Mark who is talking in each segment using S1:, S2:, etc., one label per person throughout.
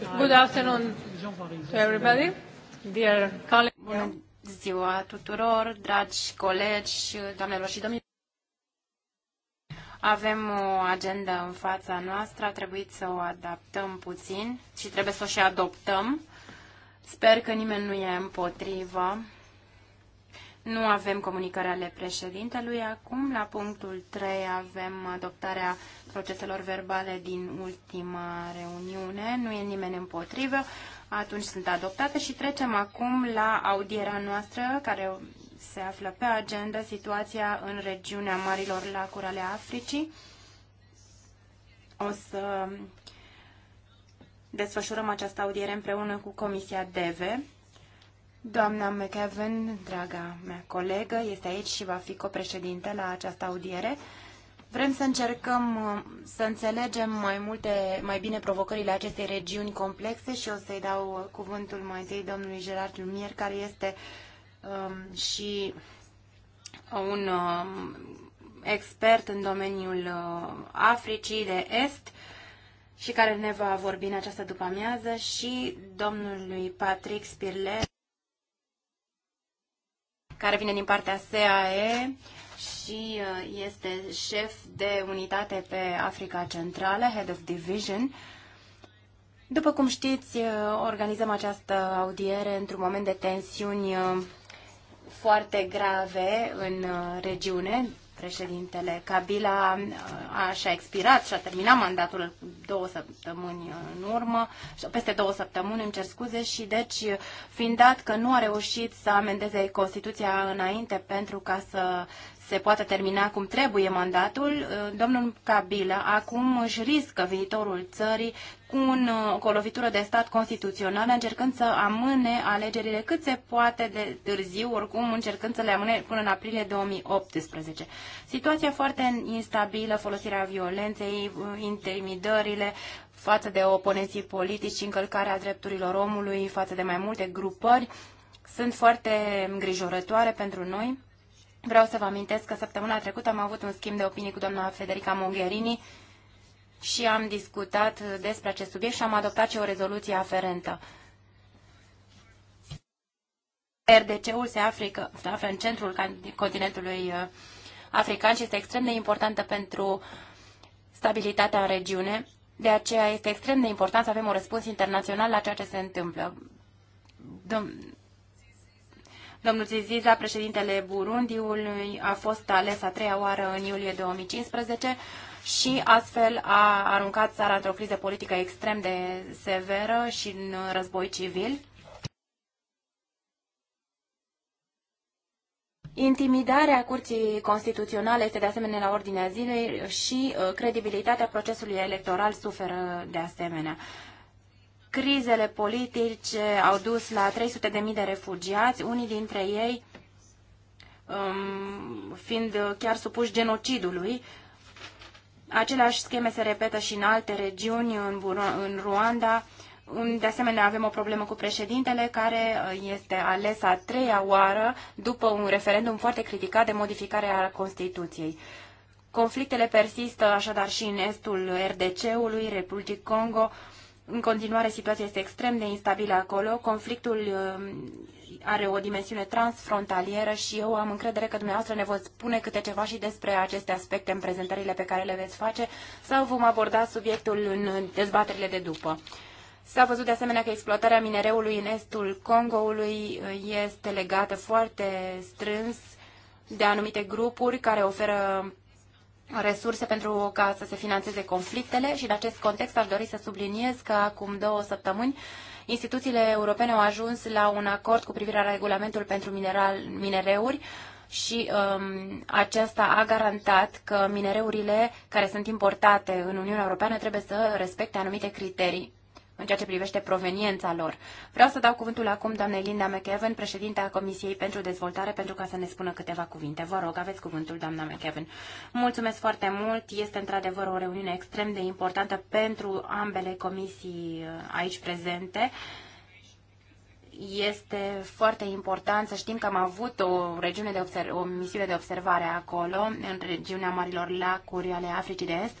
S1: Good afternoon to everybody,
S2: dear colleagues. Bună ziua tuturor, dragi colegi, doamnelor și domnilor. Avem o agenda în fața noastră, a trebuit să o adaptăm puțin și trebuie să o și adoptăm. Sper că nimeni nu e împotrivă nu avem comunicare ale președintelui acum. La punctul 3 avem adoptarea proceselor verbale din ultima reuniune. Nu e nimeni împotrivă. Atunci sunt adoptate și trecem acum la audierea noastră care se află pe agenda situația în regiunea Marilor Lacuri ale Africii. O să desfășurăm această audiere împreună cu Comisia DEVE. Doamna McEwen, draga mea colegă, este aici și va fi copreședinte la această audiere. Vrem să încercăm uh, să înțelegem mai multe, mai bine provocările acestei regiuni complexe și o să-i dau cuvântul mai întâi domnului Gerard Lumier, care este um, și uh, un um, expert în domeniul uh, Africii de Est și care ne va vorbi în această după-amiază și domnului Patrick Spirler care vine din partea SAE și uh, este șef de unitate pe Africa Centrală, Head of Division. După cum știți, uh, organizăm această audiere într-un moment de tensiuni uh, foarte grave în regiune, președintele Kabila uh, a, și-a expirat și a terminat mandatul două săptămâni uh, în urmă, peste două săptămâni, îmi cer scuze, și deci, uh, fiind dat că nu a reușit să amendeze Constituția înainte pentru ca să se poată termina cum trebuie mandatul, domnul Kabila acum își riscă viitorul țării un, uh, cu o lovitură de stat constituțională, încercând să amâne alegerile cât se poate de târziu, oricum încercând să le amâne până în aprilie 2018. Situația foarte instabilă, folosirea violenței, uh, intimidările față de oponenții politici, încălcarea drepturilor omului față de mai multe grupări, sunt foarte îngrijorătoare pentru noi. Vreau să vă amintesc că săptămâna trecută am avut un schimb de opinii cu doamna Federica Mogherini, și am discutat despre acest subiect și am adoptat și o rezoluție aferentă. RDC-ul se, se află în centrul continentului uh, african și este extrem de importantă pentru stabilitatea în regiune. De aceea este extrem de important să avem un răspuns internațional la ceea ce se întâmplă. Dom- Domnul Ziziza, președintele Burundiului, a fost ales a treia oară în iulie 2015 și astfel a aruncat țara într-o criză politică extrem de severă și în război civil. Intimidarea Curții Constituționale este de asemenea la ordinea zilei și uh, credibilitatea procesului electoral suferă de asemenea. Crizele politice au dus la 300.000 de refugiați, unii dintre ei um, fiind chiar supuși genocidului Aceleași scheme se repetă și în alte regiuni, în, Bur- în Ruanda. De asemenea, avem o problemă cu președintele care uh, este ales a treia oară după un referendum foarte criticat de modificare a Constituției. Conflictele persistă așadar și în estul RDC-ului, Republicii Congo, în continuare, situația este extrem de instabilă acolo. Conflictul um, are o dimensiune transfrontalieră și eu am încredere că dumneavoastră ne veți spune câte ceva și despre aceste aspecte în prezentările pe care le veți face sau vom aborda subiectul în dezbaterile de după. S-a văzut de asemenea că exploatarea minereului în estul Congoului este legată foarte strâns de anumite grupuri care oferă resurse pentru ca să se financeze conflictele și în acest context aș dori să subliniez că acum două săptămâni instituțiile europene au ajuns la un acord cu privire la regulamentul pentru mineral, minereuri și um, aceasta a garantat că minereurile care sunt importate în Uniunea Europeană trebuie să respecte anumite criterii în ceea ce privește proveniența lor. Vreau să dau cuvântul acum doamnei Linda McEwen, președinta Comisiei pentru Dezvoltare, pentru ca să ne spună câteva cuvinte. Vă rog, aveți cuvântul, doamna McEwen. Mulțumesc foarte mult. Este într-adevăr o reuniune extrem de importantă pentru ambele comisii uh, aici prezente este foarte important să știm că am avut o, regiune de observ- o misiune de observare acolo, în regiunea Marilor Lacuri ale Africii de Est,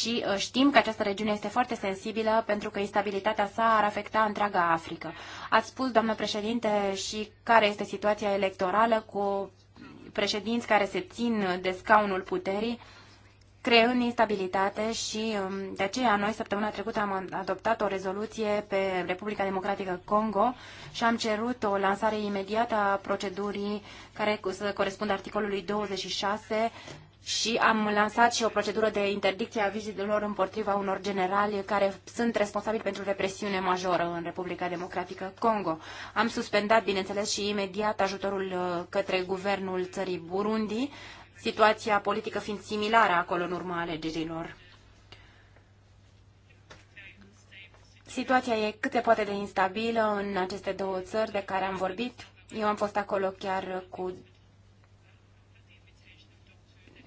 S2: și uh, știm că această regiune este foarte sensibilă pentru că instabilitatea sa ar afecta întreaga Africa. Ați spus, doamnă președinte, și care este situația electorală cu președinți care se țin de scaunul puterii, creând instabilitate și um, de aceea noi săptămâna trecută am adoptat o rezoluție pe Republica Democratică Congo și am cerut o lansare imediată a procedurii care să corespundă articolului 26 și am lansat și o procedură de interdicție a vizitelor împotriva unor generali care sunt responsabili pentru represiune majoră în Republica Democratică Congo. Am suspendat, bineînțeles, și imediat ajutorul uh, către guvernul țării Burundi, situația politică fiind similară acolo în urma alegerilor. Situația e cât se poate de instabilă în aceste două țări de care am vorbit. Eu am fost acolo chiar cu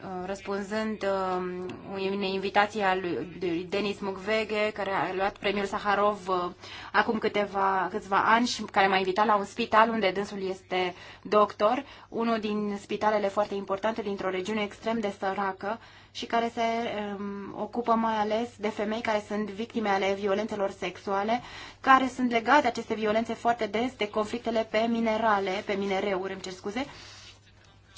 S2: Uh, răspunzând uh, unei invitații a lui Denis Mukwege, care a luat premiul Saharov uh, acum câteva, câțiva ani și care m-a invitat la un spital unde dânsul este doctor, unul din spitalele foarte importante dintr-o regiune extrem de săracă și care se um, ocupă mai ales de femei care sunt victime ale violențelor sexuale, care sunt legate aceste violențe foarte des de conflictele pe minerale, pe minereuri, îmi cer scuze.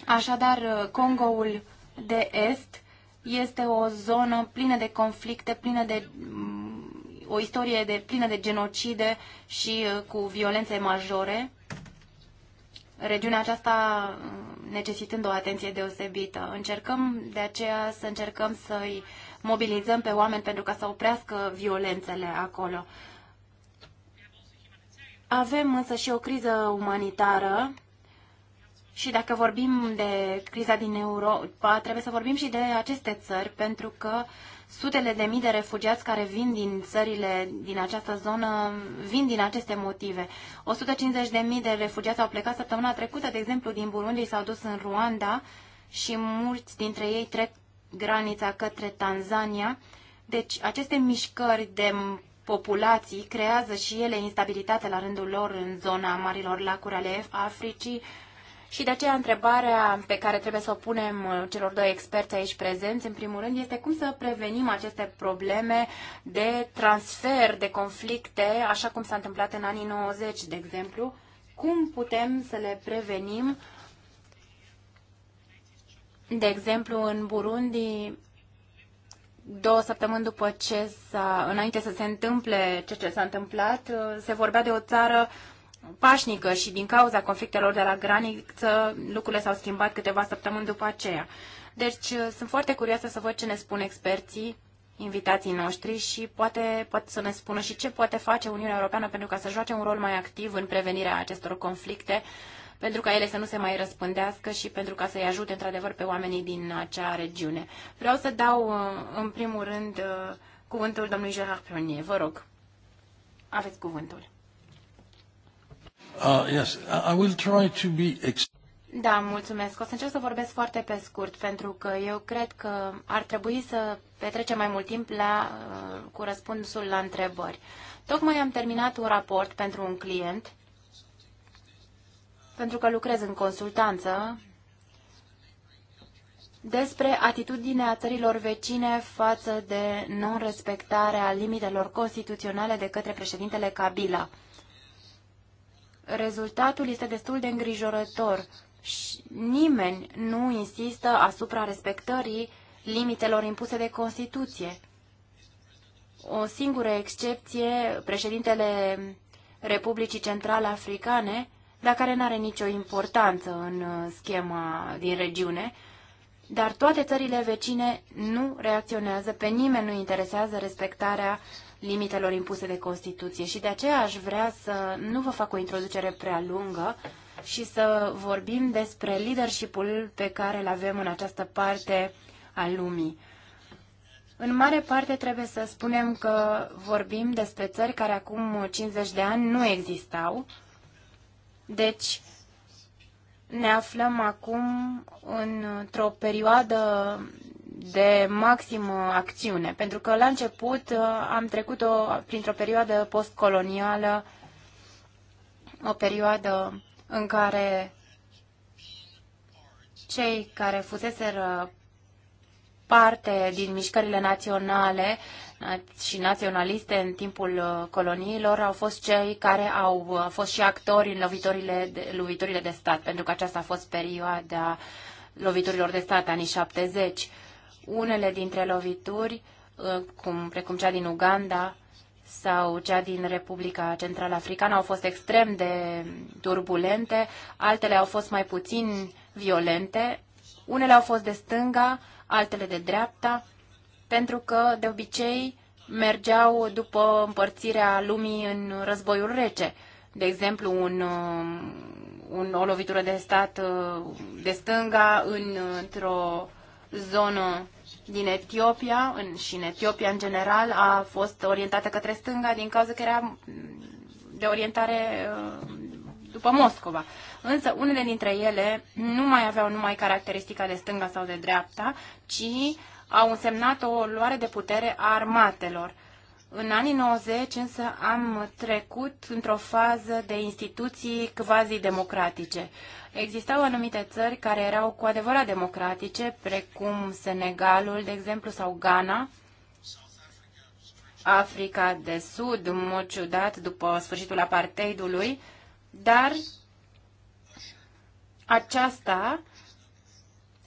S2: Așadar, Congoul de est este o zonă plină de conflicte, plină de mm, o istorie de, plină de genocide și uh, cu violențe majore. Regiunea aceasta mm, necesitând o atenție deosebită. Încercăm de aceea să încercăm să-i mobilizăm pe oameni pentru ca să oprească violențele acolo. Avem însă și o criză umanitară și dacă vorbim de criza din Europa, trebuie să vorbim și de aceste țări, pentru că sutele de mii de refugiați care vin din țările din această zonă vin din aceste motive. 150 de mii de refugiați au plecat săptămâna trecută, de exemplu, din Burundi s-au dus în Ruanda și mulți dintre ei trec granița către Tanzania. Deci aceste mișcări de populații creează și ele instabilitate la rândul lor în zona marilor lacuri ale Africii, și de aceea întrebarea pe care trebuie să o punem uh, celor doi experți aici prezenți, în primul rând, este cum să prevenim aceste probleme de transfer, de conflicte, așa cum s-a întâmplat în anii 90, de exemplu. Cum putem să le prevenim? De exemplu, în Burundi, două săptămâni după ce s-a, înainte să se întâmple ce, ce s-a întâmplat, uh, se vorbea de o țară pașnică și din cauza conflictelor de la graniță, lucrurile s-au schimbat câteva săptămâni după aceea. Deci uh, sunt foarte curioasă să văd ce ne spun experții, invitații noștri și poate, poate să ne spună și ce poate face Uniunea Europeană pentru ca să joace un rol mai activ în prevenirea acestor conflicte, pentru ca ele să nu se mai răspândească și pentru ca să-i ajute într-adevăr pe oamenii din acea regiune. Vreau să dau uh, în primul rând uh, cuvântul domnului Gerard Pionier. Vă rog, aveți cuvântul. Uh, yes, I will try to be da, mulțumesc. O să încerc să vorbesc foarte pe scurt, pentru că eu cred că ar trebui să petrecem mai mult timp la, uh, cu răspunsul la întrebări. Tocmai am terminat un raport pentru un client, pentru că lucrez în consultanță, despre atitudinea țărilor vecine față de non-respectarea limitelor constituționale de către președintele Kabila rezultatul este destul de îngrijorător și nimeni nu insistă asupra respectării limitelor impuse de Constituție. O singură excepție, președintele Republicii Centrale Africane, dar care nu are nicio importanță în uh, schema din regiune, dar toate țările vecine nu reacționează, pe nimeni nu interesează respectarea uh, limitelor impuse de Constituție. Și de aceea aș vrea să nu vă fac o introducere prea lungă și să vorbim despre leadership-ul pe care îl avem în această parte a lumii. În mare parte trebuie să spunem că vorbim despre țări care acum 50 de ani nu existau. Deci ne aflăm acum într-o perioadă de maximă acțiune, pentru că la început uh, am trecut-o printr-o perioadă postcolonială, o perioadă în care cei care fuseseră parte din mișcările naționale și naționaliste în timpul uh, coloniilor au fost cei care au, uh, fost și actori în loviturile de, loviturile de stat, pentru că aceasta a fost perioada loviturilor de stat, anii 70. Unele dintre lovituri, uh, cum, precum cea din Uganda sau cea din Republica Central Africană, au fost extrem de turbulente, altele au fost mai puțin violente, unele au fost de stânga, altele de dreapta, pentru că, de obicei, mergeau după împărțirea lumii în războiul rece. De exemplu, un, um, un, o lovitură de stat uh, de stânga într-o zonă din Etiopia în, și în Etiopia în general a fost orientată către stânga din cauza că era mm, de orientare uh, după Moscova. Însă unele dintre ele nu mai aveau numai caracteristica de stânga sau de dreapta, ci au însemnat o luare de putere a armatelor. În anii 90 însă am trecut într-o fază de instituții quasi-democratice. Existau anumite țări care erau cu adevărat democratice, precum Senegalul, de exemplu, sau Ghana, Africa de Sud, în mod ciudat, după sfârșitul apartheidului, dar aceasta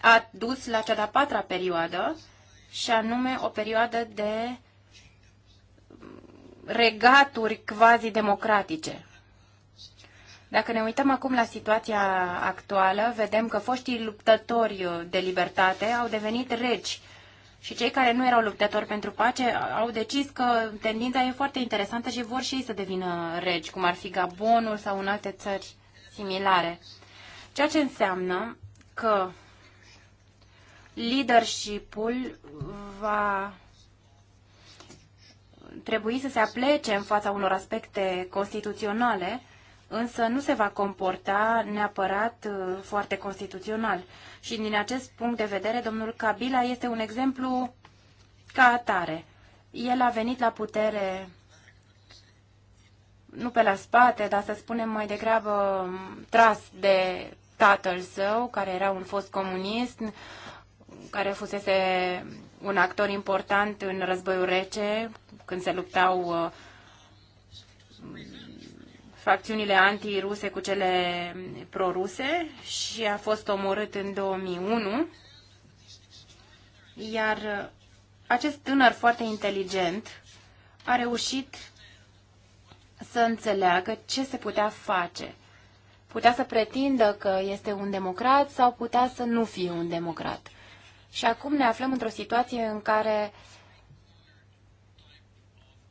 S2: a dus la cea de-a patra perioadă, și anume o perioadă de regaturi quasi-democratice. Dacă ne uităm acum la situația actuală, vedem că foștii luptători de libertate au devenit regi și cei care nu erau luptători pentru pace au decis că tendința e foarte interesantă și vor și ei să devină regi, cum ar fi Gabonul sau în alte țări similare. Ceea ce înseamnă că leadership-ul va trebui să se aplece în fața unor aspecte constituționale, însă nu se va comporta neapărat uh, foarte constituțional. Și din acest punct de vedere, domnul Kabila este un exemplu ca atare. El a venit la putere nu pe la spate, dar să spunem mai degrabă um, tras de tatăl său, care era un fost comunist, care fusese un actor important în războiul rece, când se luptau uh, facțiunile antiruse cu cele proruse și a fost omorât în 2001. Iar uh, acest tânăr foarte inteligent a reușit să înțeleagă ce se putea face. Putea să pretindă că este un democrat sau putea să nu fie un democrat. Și acum ne aflăm într-o situație în care uh,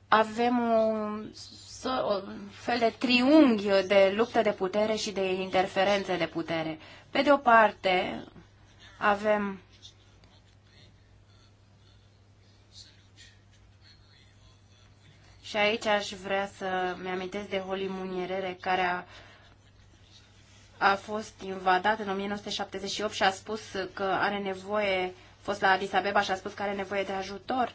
S2: avem un fel de triunghi de luptă de putere și de interferențe de putere. Pe de o parte, avem Și aici aș vrea să mi-amintesc de Holly Munierere, care a, a fost invadat în 1978 și a spus că are nevoie, a fost la Addis Abeba și a spus că are nevoie de ajutor.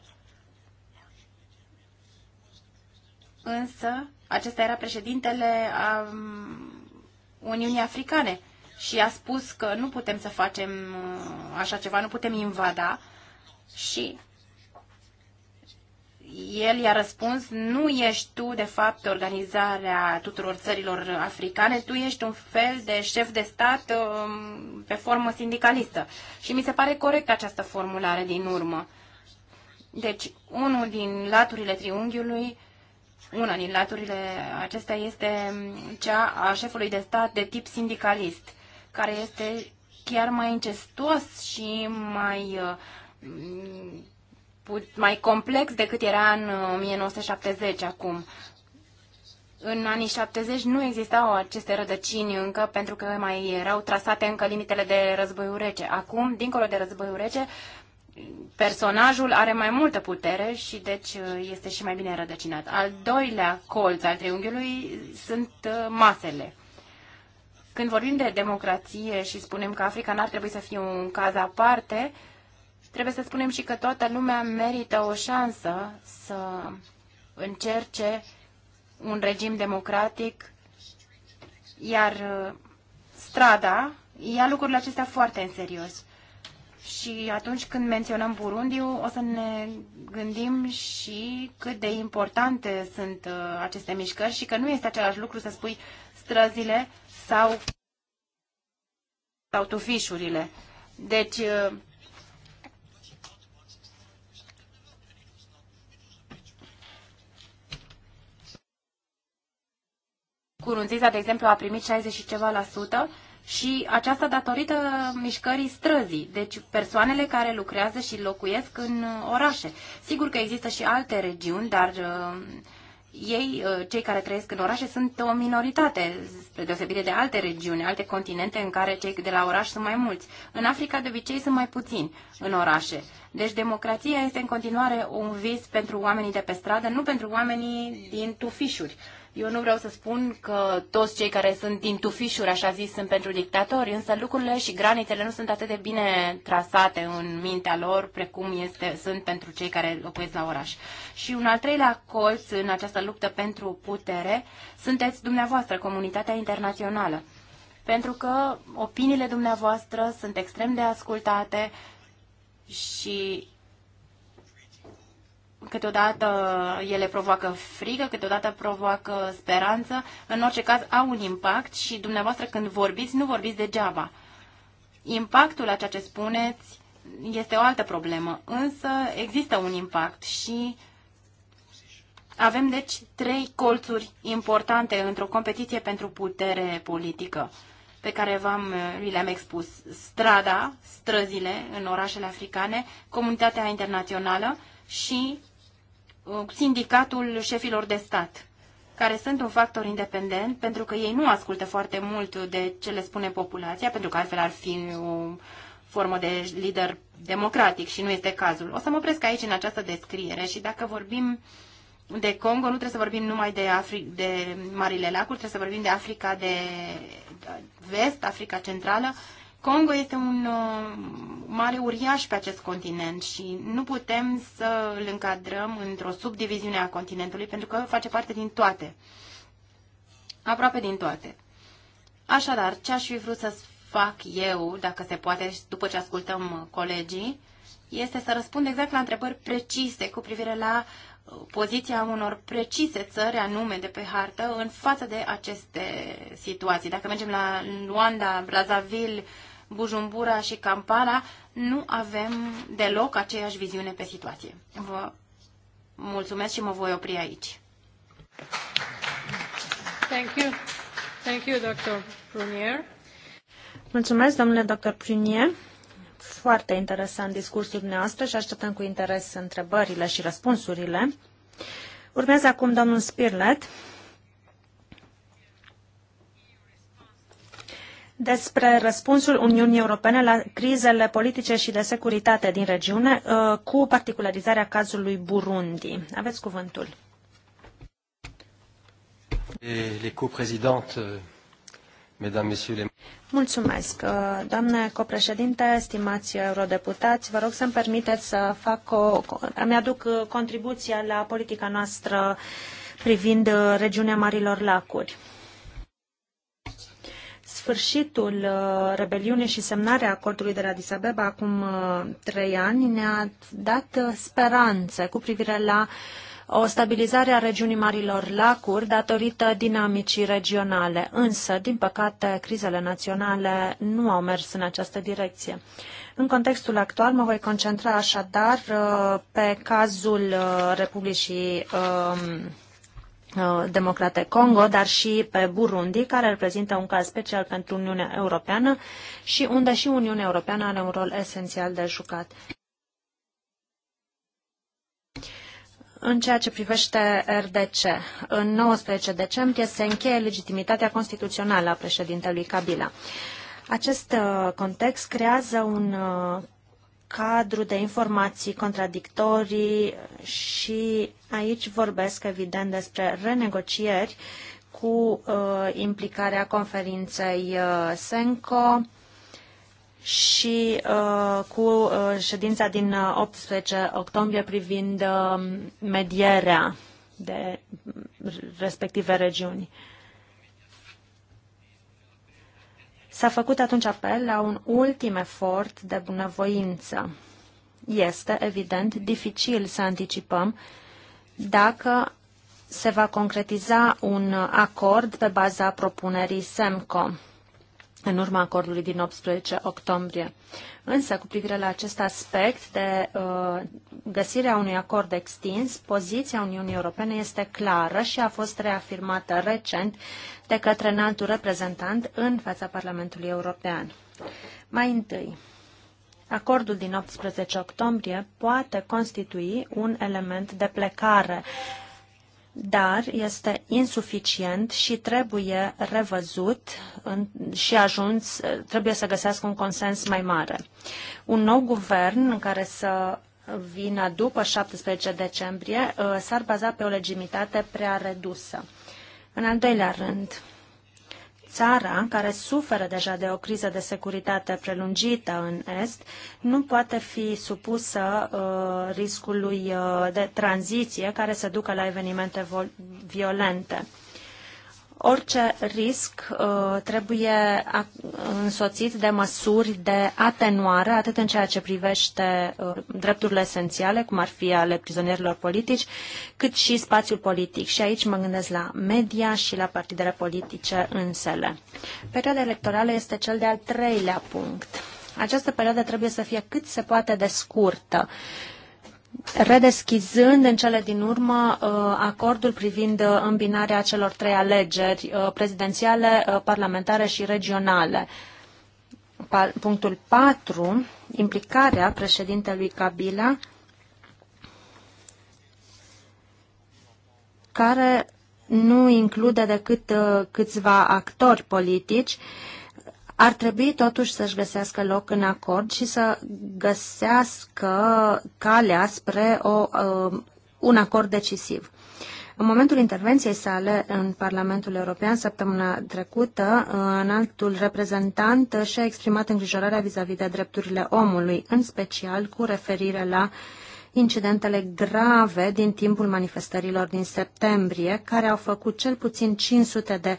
S2: însă acesta era președintele a um, Uniunii Africane și a spus că nu putem să facem uh, așa ceva, nu putem invada și el i-a răspuns, nu ești tu de fapt organizarea tuturor țărilor africane, tu ești un fel de șef de stat um, pe formă sindicalistă. Și mi se pare corect această formulare din urmă. Deci, unul din laturile triunghiului una din laturile acestea este cea a șefului de stat de tip sindicalist, care este chiar mai incestuos și mai, uh, mai complex decât era în 1970 uh, acum. În anii 70 nu existau aceste rădăcini încă pentru că mai erau trasate încă limitele de războiul rece. Acum, dincolo de războiul rece, personajul are mai multă putere și deci uh, este și mai bine rădăcinat. Al doilea colț al triunghiului sunt uh, masele. Când vorbim de democrație și spunem că Africa n-ar trebui să fie un caz aparte, trebuie să spunem și că toată lumea merită o șansă să încerce un regim democratic, iar uh, strada ia lucrurile acestea foarte în serios. Și atunci când menționăm Burundiu, o să ne gândim și cât de importante sunt uh, aceste mișcări și că nu este același lucru să spui străzile sau, sau tufișurile. Deci, uh, Curunziza, de exemplu, a primit 60 și ceva la sută și aceasta datorită mișcării străzii, deci persoanele care lucrează și locuiesc în uh, orașe. Sigur că există și alte regiuni, dar uh, ei, uh, cei care trăiesc în orașe, sunt o minoritate, spre deosebire de alte regiuni, alte continente în care cei de la oraș sunt mai mulți. În Africa, de obicei, sunt mai puțini în orașe. Deci democrația este în continuare un vis pentru oamenii de pe stradă, nu pentru oamenii din tufișuri. Eu nu vreau să spun că toți cei care sunt din tufișuri, așa zis, sunt pentru dictatori, însă lucrurile și granițele nu sunt atât de bine trasate în mintea lor, precum este, sunt pentru cei care locuiesc la oraș. Și un al treilea colț în această luptă pentru putere sunteți dumneavoastră, comunitatea internațională. Pentru că opiniile dumneavoastră sunt extrem de ascultate și Câteodată ele provoacă frică, câteodată provoacă speranță. În orice caz au un impact și dumneavoastră când vorbiți, nu vorbiți degeaba. Impactul a ceea ce spuneți este o altă problemă, însă există un impact și avem deci trei colțuri importante într-o competiție pentru putere politică pe care v-am, le-am expus. Strada, străzile în orașele africane, comunitatea internațională și Uh, sindicatul șefilor de stat, care sunt un factor independent, pentru că ei nu ascultă foarte mult de ce le spune populația, pentru că altfel ar fi o formă de lider democratic și nu este cazul. O să mă opresc aici în această descriere și dacă vorbim de Congo, nu trebuie să vorbim numai de, Afri- de Marile Lacuri, trebuie să vorbim de Africa de Vest, Africa Centrală Congo este un uh, mare uriaș pe acest continent și nu putem să îl încadrăm într-o subdiviziune a continentului pentru că face parte din toate. Aproape din toate. Așadar, ce aș fi vrut să fac eu, dacă se poate, după ce ascultăm uh, colegii, este să răspund exact la întrebări precise cu privire la uh, poziția unor precise țări anume de pe hartă în față de aceste situații. Dacă mergem la Luanda, Brazzaville, Bujumbura și Kampala, nu avem deloc aceeași viziune pe situație. Vă mulțumesc și mă voi opri aici.
S3: Thank you. Thank you, Dr. Prunier. Mulțumesc,
S4: domnule Dr. Prunier. Foarte interesant discursul dumneavoastră și așteptăm cu interes întrebările și răspunsurile. Urmează acum domnul Spirlet despre răspunsul Uniunii Europene la crizele politice și de securitate din regiune, uh, cu particularizarea cazului Burundi. Aveți cuvântul. Euh, Mulțumesc, uh, doamne copreședinte, stimați eurodeputați. Vă rog să-mi permiteți să fac o, îmi aduc uh, contribuția la politica noastră privind regiunea Marilor Lacuri sfârșitul uh, rebeliunii și semnarea acordului de la Disabeba acum uh, trei ani ne-a dat uh, speranțe cu privire la o stabilizare a regiunii Marilor Lacuri datorită dinamicii regionale. Însă, din păcate, crizele naționale nu au mers în această direcție. În contextul actual mă voi concentra așadar pe cazul Republicii um, Uh, democrate Congo, mhm. dar și pe Burundi, care reprezintă un caz special pentru Uniunea Europeană și unde și Uniunea Europeană are un rol esențial de jucat. În ceea ce privește RDC, în 19 decembrie se încheie legitimitatea constituțională a președintelui Kabila. Acest uh, context creează un uh, cadru de informații contradictorii și aici vorbesc evident despre renegocieri cu uh, implicarea conferinței uh, SENCO și uh, cu uh, ședința din 18 uh, octombrie privind uh, medierea de respective regiuni. Uh, S-a făcut atunci apel la un ultim efort de bunăvoință. Este, evident, dificil să anticipăm dacă se va concretiza un acord pe baza propunerii SEMCO în urma acordului din 18 octombrie. Însă, cu privire la acest aspect de uh, găsirea unui acord extins, poziția Uniunii Europene este clară și a fost reafirmată recent de către înaltul reprezentant în fața Parlamentului European. Mai întâi, acordul din 18 octombrie poate constitui un element de plecare dar este insuficient și trebuie revăzut și ajuns, trebuie să găsească un consens mai mare. Un nou guvern în care să vină după 17 decembrie uh, s-ar baza pe o legitimitate prea redusă. În al doilea rând, Țara, care suferă deja de o criză de securitate prelungită în Est, nu poate fi supusă uh, riscului uh, de tranziție care să ducă la evenimente violente. Orice risc uh, trebuie însoțit de măsuri de atenuare, atât în ceea ce privește uh, drepturile esențiale, cum ar fi ale prizonierilor politici, cât și spațiul politic. Și aici mă gândesc la media și la partidele politice sele. Perioada electorală este cel de-al treilea punct. Această perioadă trebuie să fie cât se poate de scurtă redeschizând în cele din urmă uh, acordul privind uh, îmbinarea celor trei alegeri uh, prezidențiale, parlamentare și regionale. Punctul 4, implicarea președintelui Kabila, care nu include decât câțiva actori politici, ar trebui totuși să-și găsească loc în acord și să găsească calea spre o, um, un acord decisiv. În momentul intervenției sale în Parlamentul European săptămâna trecută, în altul reprezentant și-a exprimat îngrijorarea vis-a-vis -vis de drepturile omului, în special cu referire la incidentele grave din timpul manifestărilor din septembrie, care au făcut cel puțin 500 de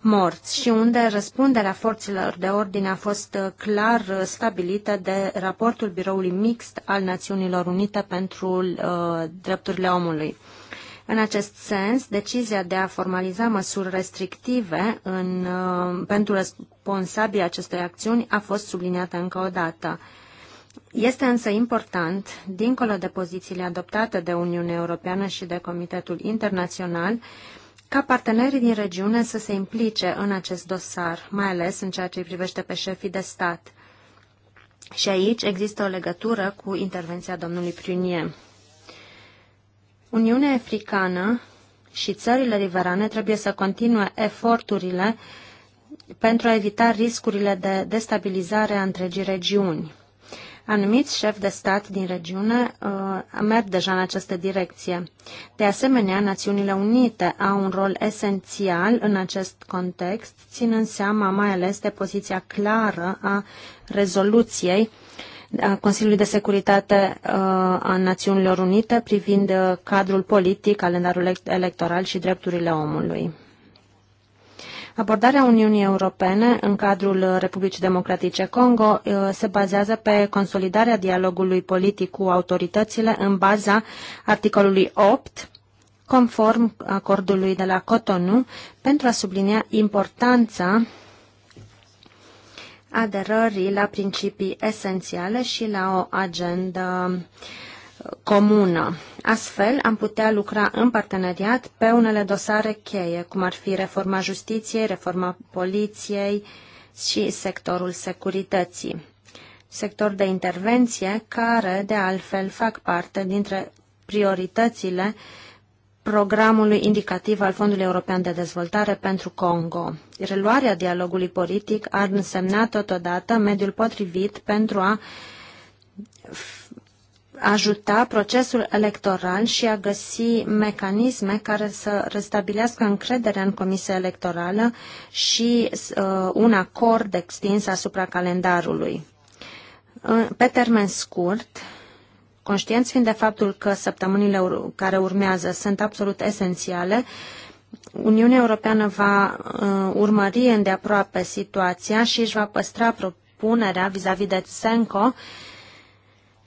S4: morți și unde răspunderea forțelor de ordine a fost uh, clar uh, stabilită de raportul biroului mixt al Națiunilor Unite pentru uh, drepturile omului. În acest sens, decizia de a formaliza măsuri restrictive în, uh, pentru responsabilii acestei acțiuni a fost subliniată încă o dată. Este însă important, dincolo de pozițiile adoptate de Uniunea Europeană și de Comitetul Internațional, uh, ca partenerii din regiune să se implice în acest dosar, mai ales în ceea ce îi privește pe șefii de stat. Și aici există o legătură cu intervenția domnului Prunier. Uniunea Africană și țările riverane trebuie să continue eforturile pentru a evita riscurile de destabilizare a întregii regiuni. Anumiți șefi de stat din regiune uh, merg deja în această direcție. De asemenea, Națiunile Unite au un rol esențial în acest context, ținând seama mai ales de poziția clară a rezoluției a Consiliului de Securitate uh, a Națiunilor Unite privind uh, cadrul politic, calendarul electoral și drepturile omului. Abordarea Uniunii Europene în cadrul Republicii Democratice Congo uh, se bazează pe consolidarea dialogului politic cu autoritățile în baza articolului 8 conform acordului de la Cotonou, pentru a sublinia importanța aderării la principii esențiale și la o agendă uh, comună. Astfel, am putea lucra în parteneriat pe unele dosare cheie, cum ar fi reforma justiției, reforma poliției și sectorul securității. Sector de intervenție care, de altfel, fac parte dintre prioritățile programului indicativ al Fondului European de Dezvoltare pentru Congo. Reluarea dialogului politic ar însemna totodată mediul potrivit pentru a ajuta procesul electoral și a găsi mecanisme care să restabilească încrederea în Comisia Electorală și uh, un acord extins asupra calendarului. Uh, pe termen scurt, conștienți fiind de faptul că săptămânile care urmează sunt absolut esențiale, Uniunea Europeană va uh, urmări îndeaproape situația și își va păstra propunerea vis-a-vis -vis de Tsenko uh,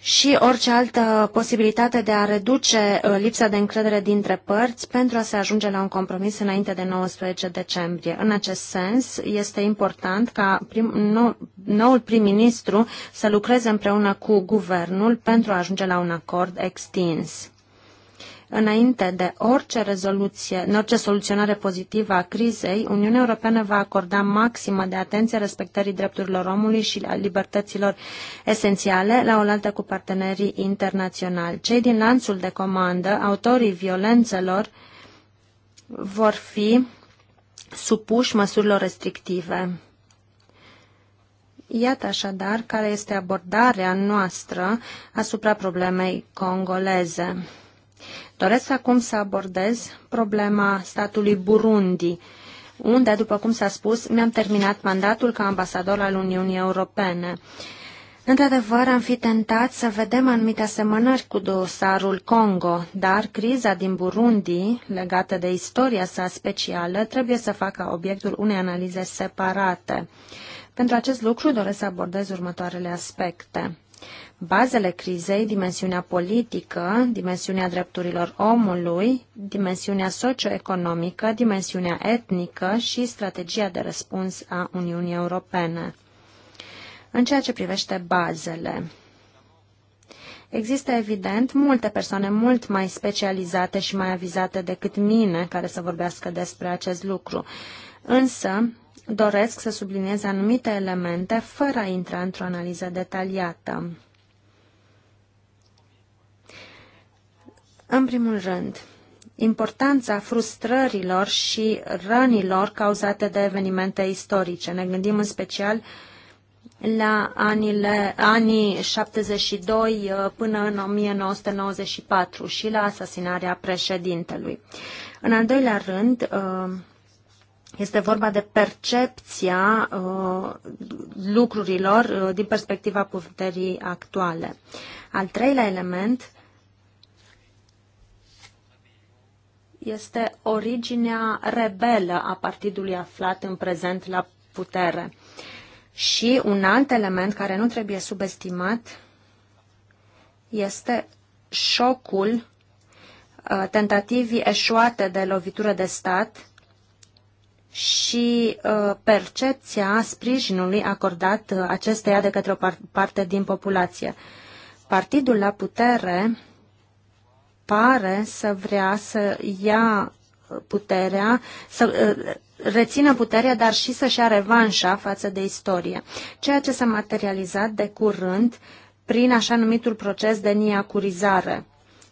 S4: și orice altă posibilitate de a reduce uh, lipsa de încredere dintre părți pentru a se ajunge la un compromis înainte de 19 decembrie. În acest sens, este important ca prim, nou, noul prim-ministru să lucreze împreună cu guvernul pentru a ajunge la un acord extins. Înainte de orice rezoluție, în orice soluționare pozitivă a crizei, Uniunea Europeană va acorda maximă de atenție respectării drepturilor omului și a libertăților esențiale la oaltă cu partenerii internaționali. Cei din lanțul de comandă, autorii violențelor, vor fi supuși măsurilor restrictive. Iată așadar care este abordarea noastră asupra problemei congoleze. Doresc acum să abordez problema statului Burundi, unde, după cum s-a spus, mi-am terminat mandatul ca ambasador al Uniunii Europene. Într-adevăr, am fi tentat să vedem anumite asemănări cu dosarul Congo, dar criza din Burundi, legată de istoria sa specială, trebuie să facă obiectul unei analize separate. Pentru acest lucru doresc să abordez următoarele aspecte bazele crizei, dimensiunea politică, dimensiunea drepturilor omului, dimensiunea socioeconomică, dimensiunea etnică și strategia de răspuns a Uniunii Europene. În ceea ce privește bazele, Există, evident, multe persoane mult mai specializate și mai avizate decât mine care să vorbească despre acest lucru. Însă, doresc să subliniez anumite elemente fără a intra într-o analiză detaliată. În primul rând, importanța frustrărilor și rănilor cauzate de evenimente istorice. Ne gândim în special la anile, anii 72 uh, până în 1994 și la asasinarea președintelui. În al doilea rând, uh, este vorba de percepția uh, lucrurilor din perspectiva puterii actuale. Al treilea element este originea rebelă a partidului aflat în prezent la putere. Și un alt element care nu trebuie subestimat este șocul uh, tentativii eșuate de lovitură de stat și uh, percepția sprijinului acordat uh, acesteia de către o parte din populație. Partidul la putere pare să vrea să ia puterea, să uh, rețină puterea, dar și să-și ia revanșa față de istorie, ceea ce s-a materializat de curând prin așa numitul proces de niacurizare,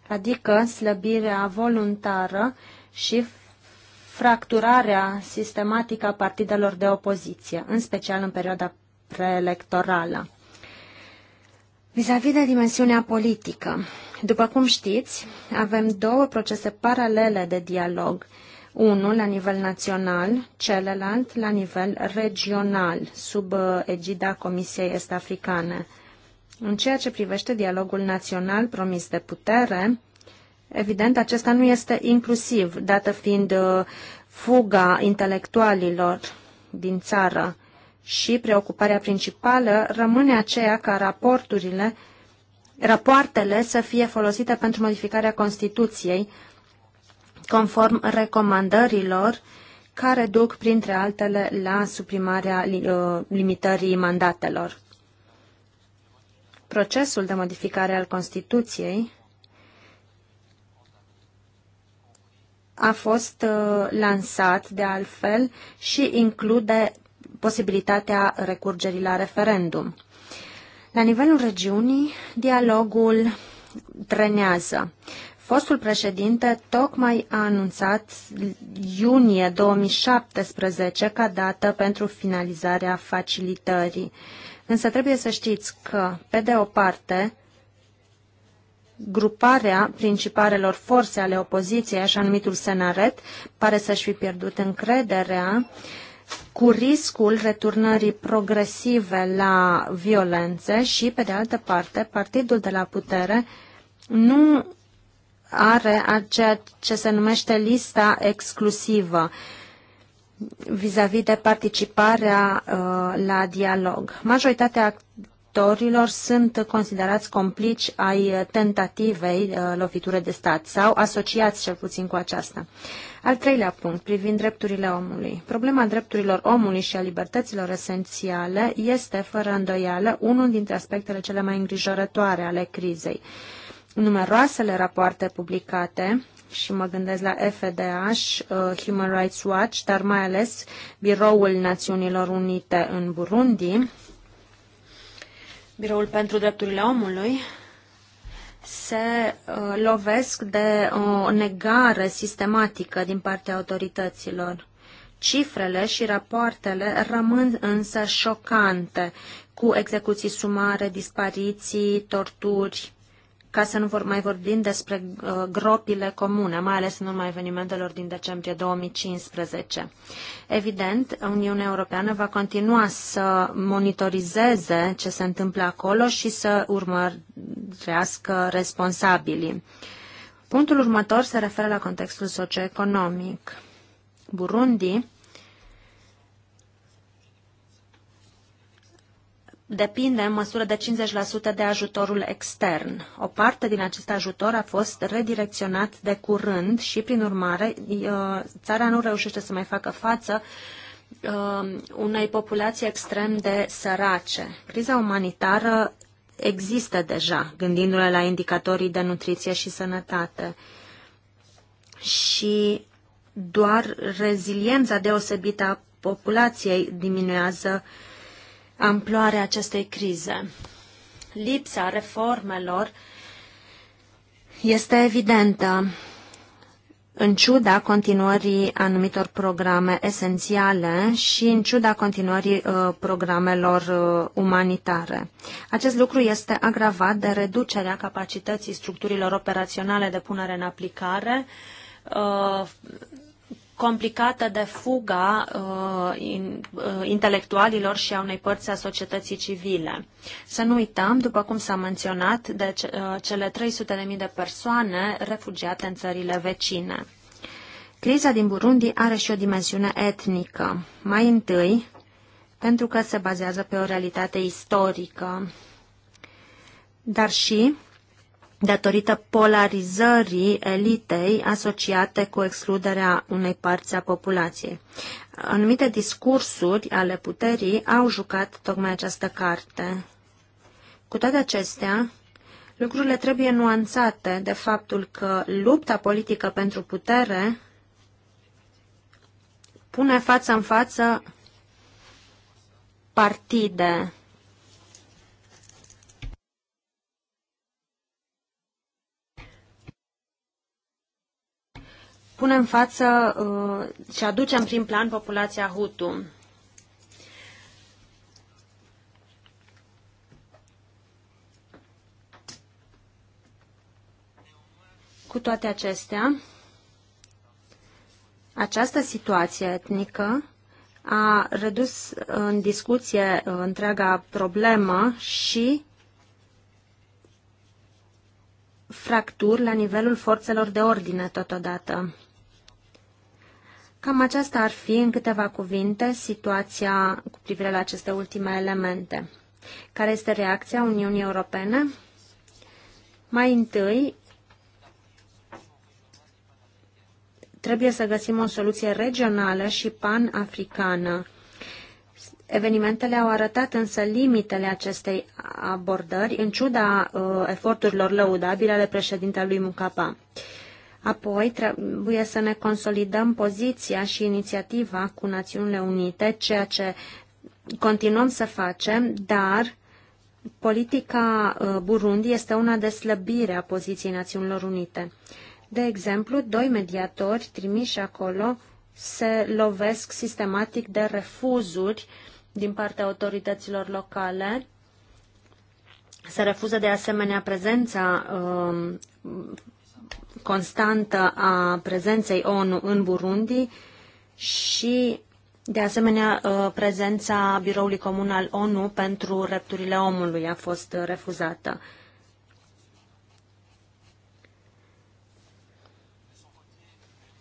S4: adică slăbirea voluntară și fracturarea sistematică a partidelor de opoziție, în special în perioada preelectorală. Vis-a-vis de dimensiunea politică, după cum știți, avem două procese paralele de dialog, unul la nivel național, celălalt la nivel regional, sub uh, egida Comisiei Est-Africane. În ceea ce privește dialogul național promis de putere, evident, acesta nu este inclusiv, dată fiind uh, fuga intelectualilor din țară și preocuparea principală rămâne aceea ca raporturile, rapoartele să fie folosite pentru modificarea Constituției, conform recomandărilor care duc, printre altele, la suprimarea uh, limitării mandatelor. Procesul de modificare al Constituției a fost uh, lansat, de altfel, și include posibilitatea recurgerii la referendum. La nivelul regiunii, dialogul trenează. Fostul președinte tocmai a anunțat iunie 2017 ca dată pentru finalizarea facilitării. Însă trebuie să știți că, pe de o parte, gruparea principalelor forțe ale opoziției, așa numitul Senaret, pare să-și fi pierdut încrederea uh, cu riscul returnării progresive la violențe și, pe de altă parte, partidul de la putere nu are ceea ce se numește lista exclusivă vis-a-vis -vis de participarea uh, la dialog. Majoritatea actorilor sunt considerați complici ai tentativei uh, lovitură de stat sau asociați cel puțin cu aceasta. Uh, al treilea punct, privind drepturile omului. Problema drepturilor omului și a libertăților esențiale este, fără îndoială, unul dintre aspectele cele mai îngrijorătoare ale crizei. Numeroasele rapoarte publicate și mă gândesc la FDH, uh, Human Rights Watch, dar mai ales Biroul Națiunilor Unite în Burundi, Biroul pentru Drepturile Omului, se uh, lovesc de uh, o negare sistematică din partea autorităților. Cifrele și rapoartele rămân însă șocante, cu execuții sumare, dispariții, torturi ca să nu vor mai vorbim despre uh, gropile comune, mai ales în urma evenimentelor din decembrie 2015. Evident, Uniunea Europeană va continua să monitorizeze ce se întâmplă acolo și să urmărească responsabilii. Punctul următor se referă la contextul socioeconomic. Burundi depinde în măsură de 50% de ajutorul extern. O parte din acest ajutor a fost redirecționat de curând și, prin urmare, uh, țara nu reușește să mai facă față uh, unei populații extrem de sărace. Criza umanitară există deja, gândindu-le la indicatorii de nutriție și sănătate. Și doar reziliența deosebită a populației diminuează uh, amploarea acestei crize. Lipsa reformelor este evidentă în ciuda continuării anumitor programe esențiale și în ciuda continuării uh, programelor uh, umanitare. Acest lucru este agravat de reducerea capacității structurilor operaționale de punere în aplicare, uh, complicată de fuga uh, in, uh, intelectualilor și a unei părți a societății civile. Să nu uităm, după cum s-a menționat, de ce, uh, cele 300.000 de persoane refugiate în țările vecine. Criza din Burundi are și o dimensiune etnică. Mai întâi, pentru că se bazează pe o realitate istorică, dar și datorită polarizării elitei asociate cu excluderea unei părți a populației. Anumite discursuri ale puterii au jucat tocmai această carte. Cu toate acestea, lucrurile trebuie nuanțate de faptul că lupta politică pentru putere pune față în față partide Punem în față uh, și aducem în prim plan populația Hutu. Cu toate acestea, această situație etnică a redus în discuție uh, întreaga problemă și fracturi la nivelul forțelor de ordine totodată. Cam aceasta ar fi, în câteva cuvinte, situația cu privire la aceste ultime elemente. Care este reacția Uniunii Europene? Mai întâi, trebuie să găsim o soluție regională și pan-africană. Evenimentele au arătat însă limitele acestei abordări, în ciuda uh, eforturilor lăudabile ale președintelui Mucapa. Uh, Apoi trebuie să ne consolidăm poziția și inițiativa cu Națiunile Unite, ceea ce continuăm să facem, dar politica uh, Burundi este una de slăbire a poziției Națiunilor Unite. De exemplu, doi mediatori trimiși acolo se lovesc sistematic de refuzuri din partea autorităților locale. Se refuză de asemenea prezența um, constantă a prezenței ONU în Burundi și, de asemenea, uh, prezența Biroului Comun al ONU pentru drepturile omului a fost refuzată.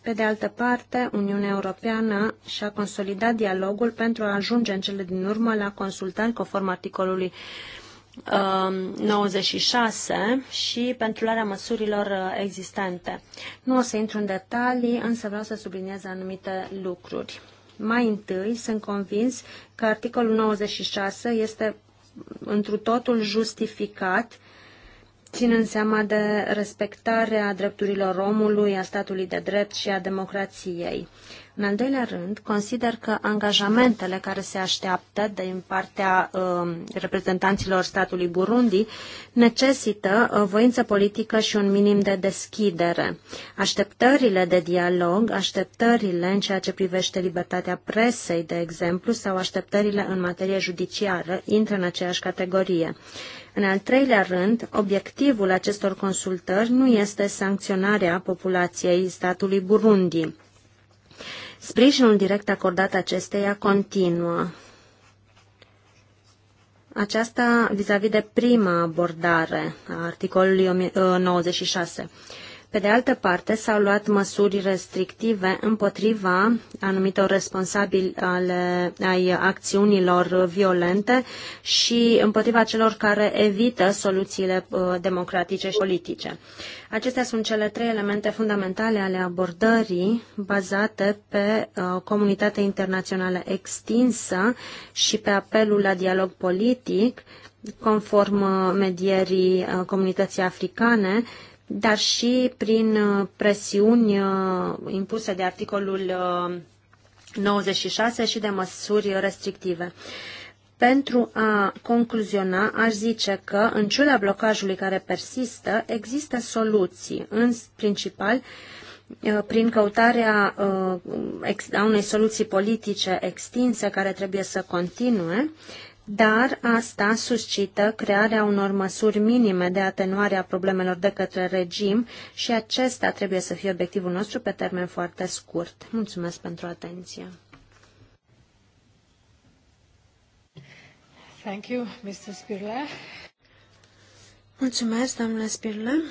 S4: Pe de altă parte, Uniunea Europeană și-a consolidat dialogul pentru a ajunge în cele din urmă la consultări conform articolului 96 um, și pentru luarea măsurilor uh, existente. Nu o să intru în detalii, însă vreau să subliniez anumite lucruri. Mai întâi, sunt convins că articolul 96 este întru totul justificat ținând seama de respectarea drepturilor omului, a statului de drept și a democrației. În al doilea rând, consider că angajamentele care se așteaptă din partea uh, reprezentanților statului Burundi necesită o uh, voință politică și un minim de deschidere. Așteptările de dialog, așteptările în ceea ce privește libertatea presei, de exemplu, sau așteptările în materie judiciară intră în aceeași categorie. În al treilea rând, obiectivul acestor consultări nu este sancționarea populației statului Burundi. Sprijinul direct acordat acesteia continuă. Aceasta vis-a-vis -vis de prima abordare a articolului 96. Pe de altă parte, s-au luat măsuri restrictive împotriva anumitor responsabili ale, ai acțiunilor violente și împotriva celor care evită soluțiile uh, democratice și politice. Acestea sunt cele trei elemente fundamentale ale abordării bazate pe uh, o comunitate internațională extinsă și pe apelul la dialog politic, conform uh, medierii comunității africane, dar și prin uh, presiuni uh, impuse de articolul 96 uh, și de măsuri restrictive. Pentru a concluziona, aș zice că, în ciuda blocajului care persistă, există soluții, în principal prin căutarea a unei soluții politice extinse care trebuie să continue dar asta suscită crearea unor măsuri minime de atenuare a problemelor de către regim și acesta trebuie să fie obiectivul nostru pe termen foarte scurt. Mulțumesc pentru atenție.
S3: Thank you, Mr. Spirle.
S4: Mulțumesc, domnule Spirle.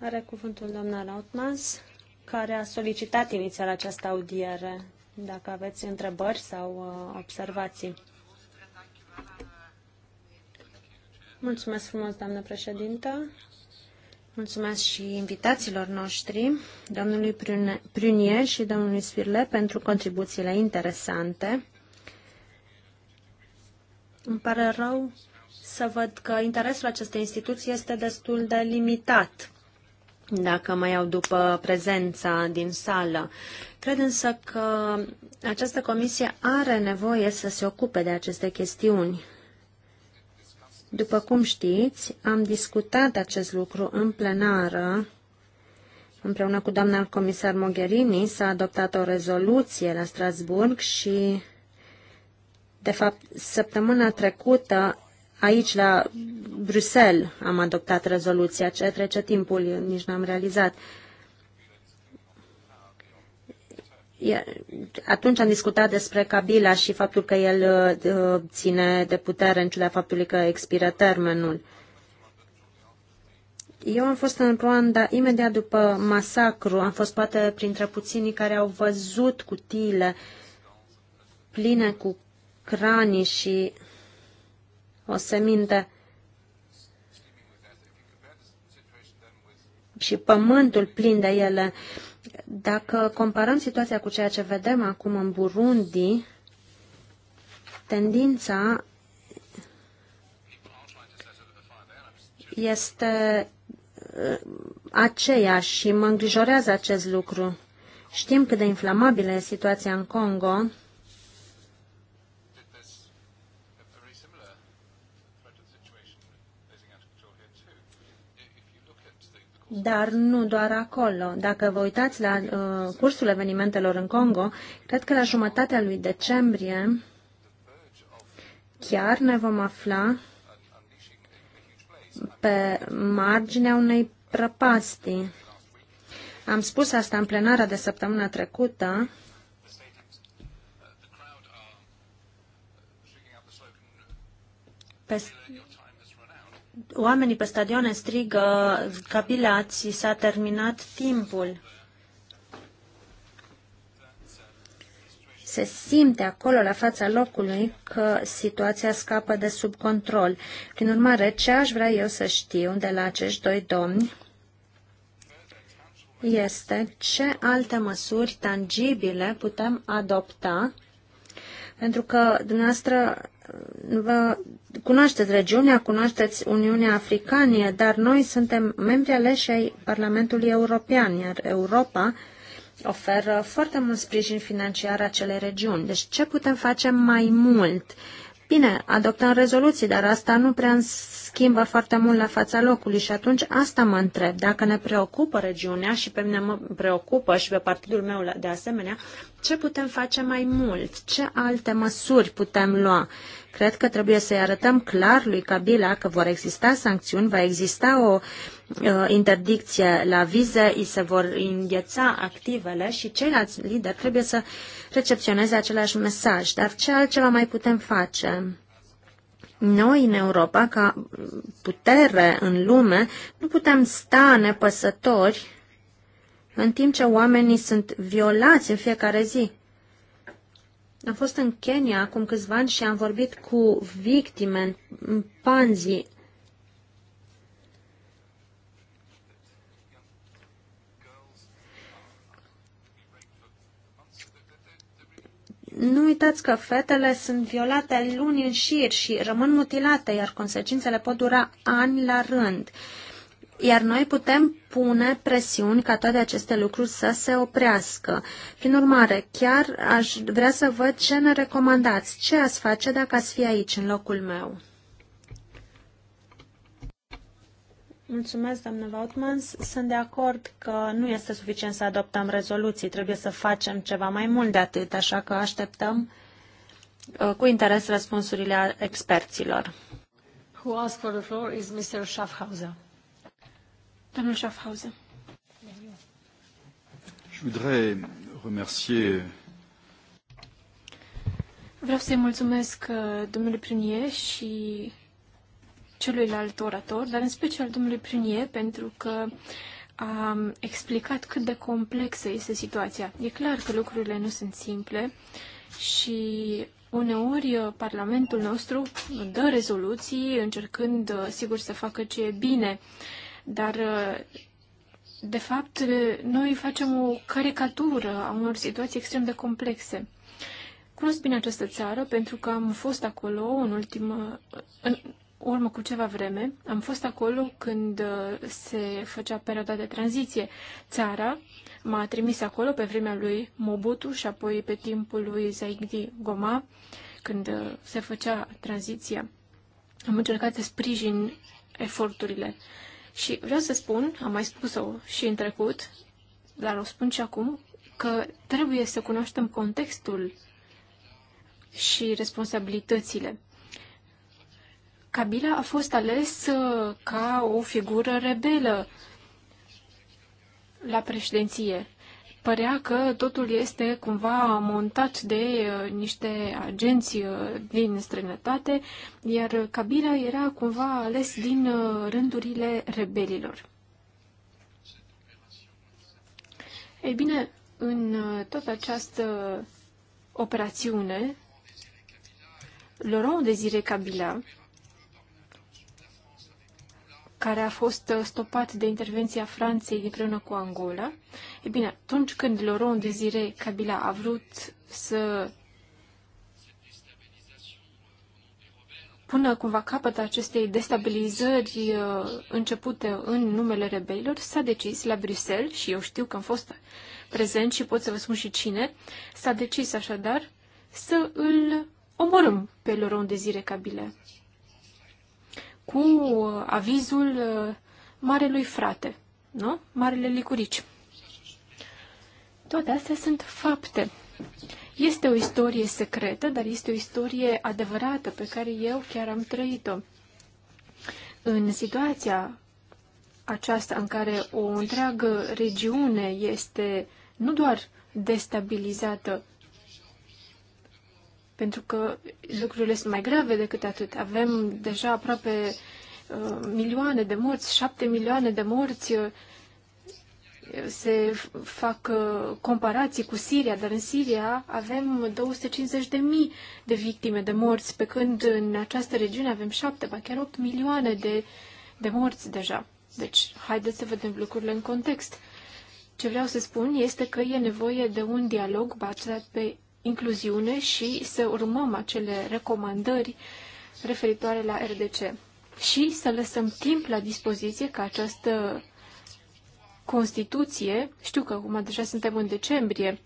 S4: Are cuvântul doamna Rautmans, care a solicitat inițial această audiere dacă aveți întrebări sau uh, observații. Mulțumesc frumos, doamnă președintă. Mulțumesc și invitațiilor noștri, domnului Prunie și domnului Sfirle, pentru contribuțiile interesante. Îmi pare rău să văd că interesul acestei instituții este destul de limitat dacă mai au după prezența din sală. Cred însă că această comisie are nevoie să se ocupe de aceste chestiuni. După cum știți, am discutat acest lucru în plenară. Împreună cu doamna comisar Mogherini s-a adoptat o rezoluție la Strasburg și, de fapt, săptămâna trecută aici la Bruxelles am adoptat rezoluția, ce trece timpul, nici n-am realizat. Atunci am discutat despre Kabila și faptul că el uh, ține de putere în ciuda faptului că expiră termenul. Eu am fost în Rwanda imediat după masacru, am fost poate printre puținii care au văzut cutiile pline cu cranii și oseminte și pământul plin de ele. Dacă comparăm situația cu ceea ce vedem acum în Burundi, tendința este uh, aceea și mă îngrijorează acest lucru. Știm cât de inflamabilă e situația în Congo dar nu doar acolo. Dacă vă uitați la uh, cursul evenimentelor în Congo, cred că la jumătatea lui decembrie chiar ne vom afla pe marginea unei prăpastii. Am spus asta în plenara de săptămâna trecută. Pe oamenii pe stadioane strigă capilați, s-a terminat timpul. Se simte acolo, la fața locului, că situația scapă de sub control. Prin urmare, ce aș vrea eu să știu de la acești doi domni este ce alte măsuri tangibile putem adopta, pentru că dumneavoastră vă cunoașteți regiunea, cunoașteți Uniunea Africanie, dar noi suntem membri aleși ai Parlamentului European, iar Europa oferă foarte mult sprijin financiar acelei regiuni. Deci ce putem face mai mult? Bine, adoptăm rezoluții, dar asta nu prea schimbă foarte mult la fața locului și atunci asta mă întreb. Dacă ne preocupă regiunea și pe mine mă preocupă și pe partidul meu de asemenea, ce putem face mai mult? Ce alte măsuri putem lua? Cred că trebuie să-i arătăm clar lui Kabila că vor exista sancțiuni, va exista o uh, interdicție la vize, îi se vor îngheța activele și ceilalți lideri trebuie să recepționeze același mesaj. Dar ce altceva mai putem face? Noi, în Europa, ca putere în lume, nu putem sta nepăsători în timp ce oamenii sunt violați în fiecare zi. Am fost în Kenya acum câțiva ani și am vorbit cu victime în Panzi. Nu uitați că fetele sunt violate luni în șir și rămân mutilate, iar consecințele pot dura ani la rând. Uh, iar noi putem pune presiuni ca toate aceste lucruri să se oprească. Prin urmare, chiar aș vrea să văd ce ne recomandați, ce ați face dacă ați fi aici, în locul meu. Mulțumesc, doamnă Vautmans. Sunt de acord că nu este suficient să adoptăm rezoluții, trebuie să facem ceva mai mult de atât, așa că așteptăm uh, cu interes răspunsurile experților.
S3: Who asked for the floor is Mr. Schaffhauser. Domnul Schaffhauser.
S4: Je voudrais remercier uh,
S3: Vreau să-i mulțumesc uh, domnului Prunier și celuilalt orator, dar în special domnului Prunier, pentru că a um, explicat cât de complexă este situația. E clar că lucrurile nu sunt simple și uneori uh, Parlamentul nostru dă rezoluții încercând, sigur, să facă ce e bine dar, de fapt, noi facem o caricatură a unor situații extrem de complexe. Cunosc bine această țară pentru că am fost acolo în ultimă, în urmă cu ceva vreme. Am fost acolo când uh, se făcea perioada de tranziție. Țara m-a trimis acolo pe vremea lui Mobutu și apoi pe timpul lui Zaigdi Goma, când uh, se făcea tranziția. Am încercat să sprijin eforturile. Și vreau să spun, am mai spus-o și în trecut, dar o spun și acum, că trebuie să cunoaștem contextul și responsabilitățile. Kabila a fost ales uh, ca o figură rebelă la președinție părea că totul este cumva montat de uh, niște agenți uh, din străinătate, iar Kabila era cumva ales din uh, rândurile rebelilor. Ei bine, în toată această operațiune, Laurent Desire Kabila care a fost uh, stopat de intervenția Franței împreună cu Angola. E bine, atunci când Laurent Desiré Kabila a vrut să pună cumva capăt acestei destabilizări uh, începute în numele rebelilor, s-a decis la Bruxelles, și eu știu că am fost prezent și pot să vă spun și cine, s-a decis așadar să îl omorâm pe Laurent Desiré Kabila cu uh, avizul uh, Marelui Frate, nu? Marele Licurici. Toate astea sunt fapte. Este o istorie secretă, dar este o istorie adevărată pe care eu chiar am trăit-o. În situația aceasta în care o întreagă regiune este nu doar destabilizată, pentru că lucrurile sunt mai grave decât atât. Avem deja aproape uh, milioane de morți, șapte milioane de morți. Uh, se fac uh, comparații cu Siria, dar în Siria avem 250.000 de de victime de morți, pe când în această regiune avem șapte, ba chiar 8 milioane de, de morți deja. Deci, haideți să vedem lucrurile în context. Ce vreau să spun este că e nevoie de un dialog bazat pe incluziune și să urmăm acele recomandări referitoare la RDC și să lăsăm timp la dispoziție ca această Constituție, știu că acum deja suntem în decembrie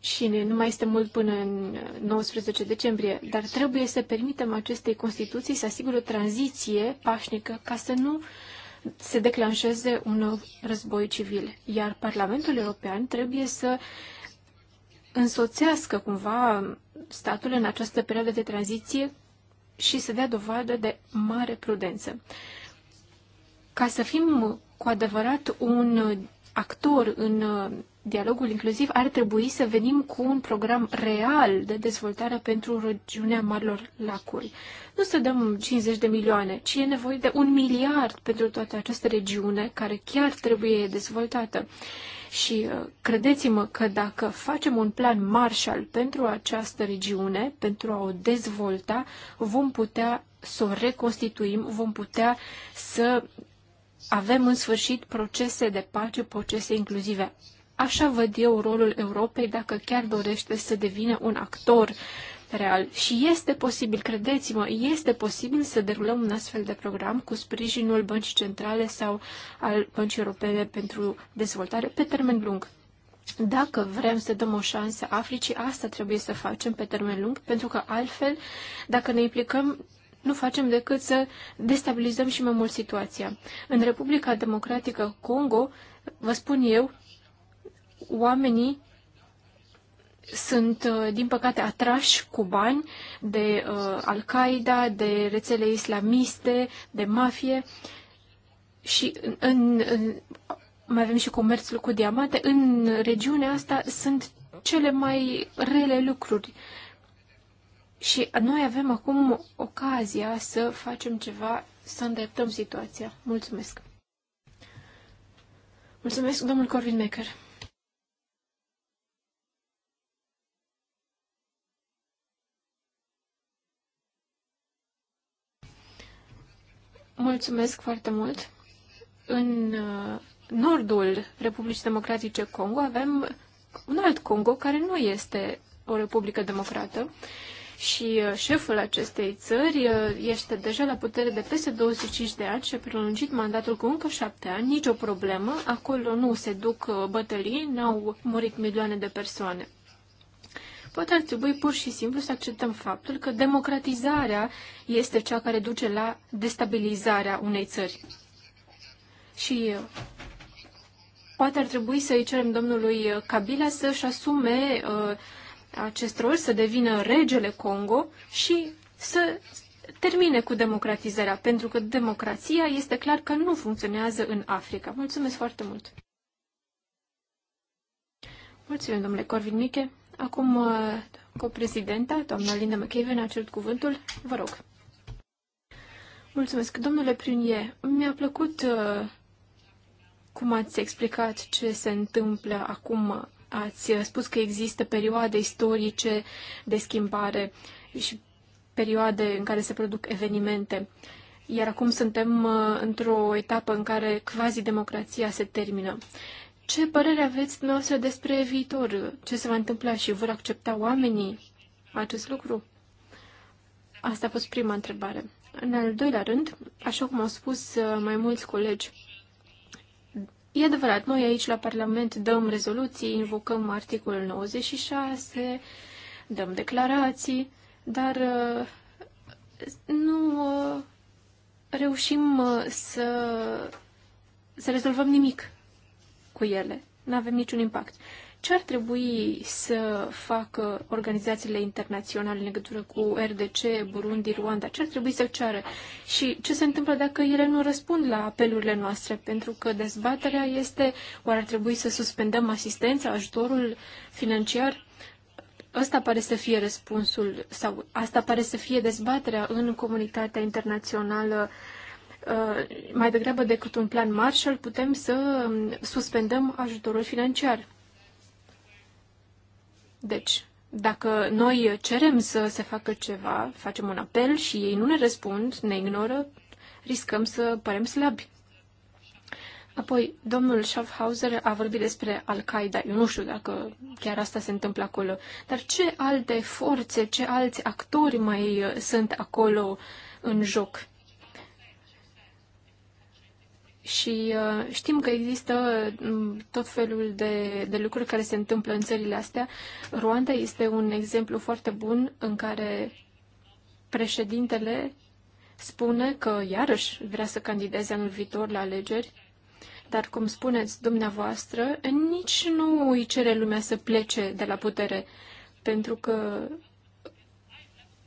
S3: și nu mai este mult până în 19 decembrie, dar trebuie să permitem acestei Constituții să asigure o tranziție pașnică ca să nu se declanșeze un război civil. Iar Parlamentul European trebuie să uh, însoțească cumva statul în această perioadă de tranziție și să dea dovadă de mare prudență. Ca să fim cu adevărat un actor în uh, dialogul inclusiv, ar trebui să venim cu un program real de dezvoltare pentru regiunea Marilor Lacuri. Nu să dăm 50 de milioane, ci e nevoie de un miliard pentru toată această regiune care chiar trebuie dezvoltată. Și uh, credeți-mă că dacă facem un plan Marshall pentru această regiune, pentru a o dezvolta, vom putea să o reconstituim, vom putea să avem în sfârșit procese de pace, procese inclusive. Așa văd eu rolul Europei dacă chiar dorește să devină un actor real. Și este posibil, credeți-mă, este posibil să derulăm un astfel de program cu sprijinul băncii centrale sau al băncii europene pentru dezvoltare pe termen lung. Dacă vrem să dăm o șansă Africii, asta trebuie să facem pe termen lung, pentru că altfel, dacă ne implicăm nu facem decât să destabilizăm și mai mult situația. În Republica Democratică Congo, vă spun eu, oamenii sunt, uh, din păcate, atrași cu bani de uh, Al-Qaeda, de rețele islamiste, de mafie și în, în, în, mai avem și comerțul cu diamante. În regiunea asta sunt cele mai rele lucruri. Uh, și noi avem acum ocazia să facem ceva, să îndreptăm situația. Mulțumesc! Mulțumesc, domnul Corvin Mecker! Mulțumesc foarte mult! În uh, nordul Republicii Democratice Congo avem un alt Congo care nu este o republică democrată și uh, șeful acestei țări uh, este deja la putere de peste 25 de ani și a prelungit mandatul cu încă șapte ani, nicio problemă, acolo nu se duc uh, bătălii, n-au murit milioane de persoane. Poate ar trebui pur și simplu să acceptăm faptul că democratizarea este cea care duce la destabilizarea unei țări. Și poate ar trebui să-i cerem domnului Kabila să-și asume uh, acest rol, să devină regele Congo și să termine cu democratizarea, pentru că democrația este clar că nu funcționează în Africa. Mulțumesc foarte mult! Mulțumim, domnule Corvin Miche. Acum, uh, co-prezidenta, doamna Linda McKeven, a cerut cuvântul. Vă rog. Mulțumesc. Domnule Prunier, mi-a plăcut uh, cum ați explicat ce se întâmplă acum Ați spus că există perioade istorice de schimbare și perioade în care se produc evenimente. Iar acum suntem uh, într-o etapă în care quasi-democrația se termină. Ce părere aveți dumneavoastră despre viitor? Ce se va întâmpla și vor accepta oamenii acest lucru? Asta a fost prima întrebare. În al doilea rând, așa cum au spus uh, mai mulți colegi, E adevărat, noi aici la Parlament dăm rezoluții, invocăm articolul 96, dăm declarații, dar uh, nu uh, reușim uh, să, să rezolvăm nimic cu ele. Nu avem niciun impact. Ce ar trebui să facă organizațiile internaționale în legătură cu RDC, Burundi, Rwanda? Ce ar trebui să ceară? Și ce se întâmplă dacă ele nu răspund la apelurile noastre? Pentru că dezbaterea este, oare ar trebui să suspendăm asistența, ajutorul financiar? Asta pare să fie răspunsul sau asta pare să fie dezbaterea în comunitatea internațională uh, mai degrabă decât un plan Marshall, putem să um, suspendăm ajutorul financiar. Deci, dacă noi cerem să se facă ceva, facem un apel și ei nu ne răspund, ne ignoră, riscăm să părem slabi. Apoi, domnul Schaffhauser a vorbit despre Al-Qaeda. Eu nu știu dacă chiar asta se întâmplă acolo, dar ce alte forțe, ce alți actori mai sunt acolo în joc? Și uh, știm că există mm, tot felul de, de lucruri care se întâmplă în țările astea. Rwanda este un exemplu foarte bun în care președintele spune că iarăși vrea să candideze anul viitor la alegeri, dar cum spuneți dumneavoastră, nici nu îi cere lumea să plece de la putere, pentru că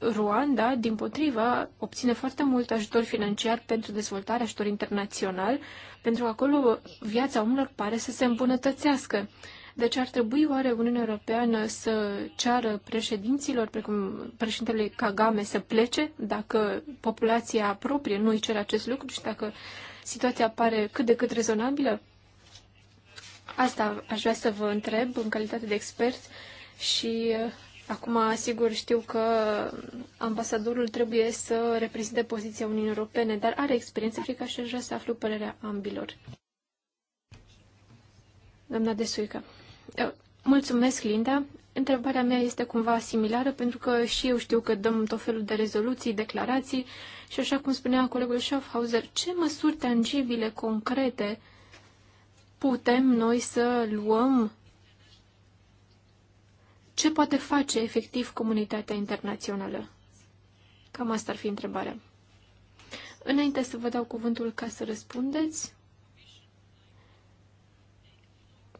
S3: Ruanda, din potrivă, obține foarte mult ajutor financiar pentru dezvoltare, ajutor internațional, pentru că acolo viața omilor pare să se îmbunătățească. Deci ar trebui oare Uniunea Europeană să ceară președinților, precum președintele Kagame, să plece dacă populația proprie nu îi cere acest lucru și dacă situația pare cât de cât rezonabilă? Asta aș vrea să vă întreb în calitate de expert și Acum, sigur, știu că ambasadorul trebuie să reprezinte poziția Uniunii Europene, dar are experiență Africa și așa să aflu părerea ambilor. Doamna Suica. Mulțumesc, Linda. Întrebarea mea este cumva similară, pentru că și eu știu că dăm tot felul de rezoluții, declarații și așa cum spunea colegul Schaffhauser, ce măsuri tangibile, concrete putem noi să luăm ce poate face efectiv comunitatea internațională? Cam asta ar fi întrebarea. Înainte să vă dau cuvântul ca să răspundeți,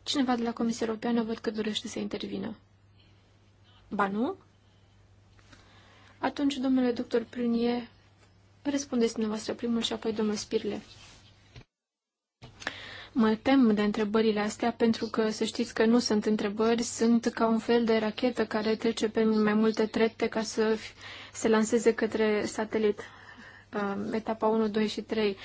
S3: cineva de la Comisia Europeană văd că dorește să intervină. Ba nu? Atunci, domnule doctor Prunie, răspundeți dumneavoastră primul și apoi domnul Spirle. Mă tem de întrebările astea pentru că să știți că nu sunt întrebări, sunt ca un fel de rachetă care trece pe mai multe trepte ca să se lanseze către satelit. Uh, etapa 1, 2 și 3.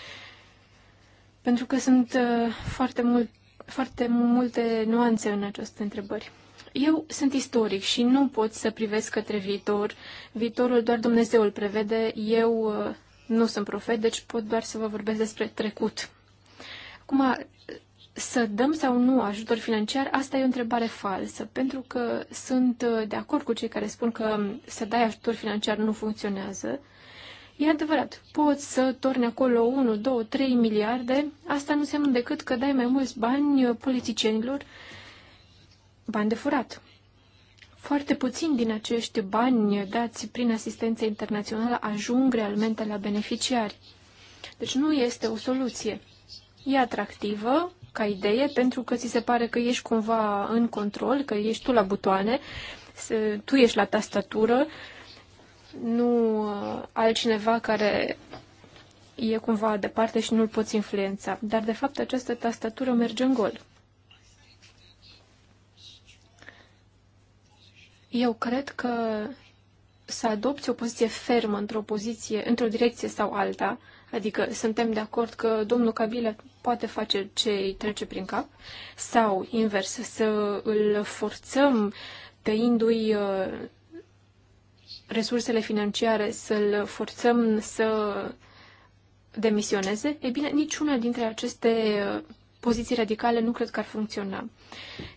S3: Pentru că sunt uh, foarte, mult, foarte multe nuanțe în aceste întrebări. Eu sunt istoric și nu pot să privesc către viitor. Viitorul doar Dumnezeu îl prevede. Eu uh, nu sunt profet, deci pot doar să vă vorbesc despre trecut. Acum, să dăm sau nu ajutor financiar, asta e o întrebare falsă, pentru că sunt uh, de acord cu cei care spun că um, să dai ajutor financiar nu funcționează. E adevărat, poți să torni acolo 1, 2, 3 miliarde, asta nu înseamnă decât că dai mai mulți bani uh, politicienilor, bani de furat. Foarte puțin din acești bani dați prin asistență internațională ajung realmente la beneficiari. Deci nu este o soluție e atractivă ca idee pentru că ți se pare că ești cumva în control, că ești tu la butoane, tu ești la tastatură, nu uh, altcineva care e cumva departe și nu-l poți influența. Dar, de fapt, această tastatură merge în gol. Eu cred că să adopți o poziție fermă într-o poziție, într-o direcție sau alta, uh, adică suntem de acord că domnul Kabila poate face ce îi trece prin cap, sau invers, să îl forțăm tăindu-i uh, resursele financiare, să-l forțăm să demisioneze, e bine, niciuna dintre aceste uh, poziții radicale nu cred că ar funcționa.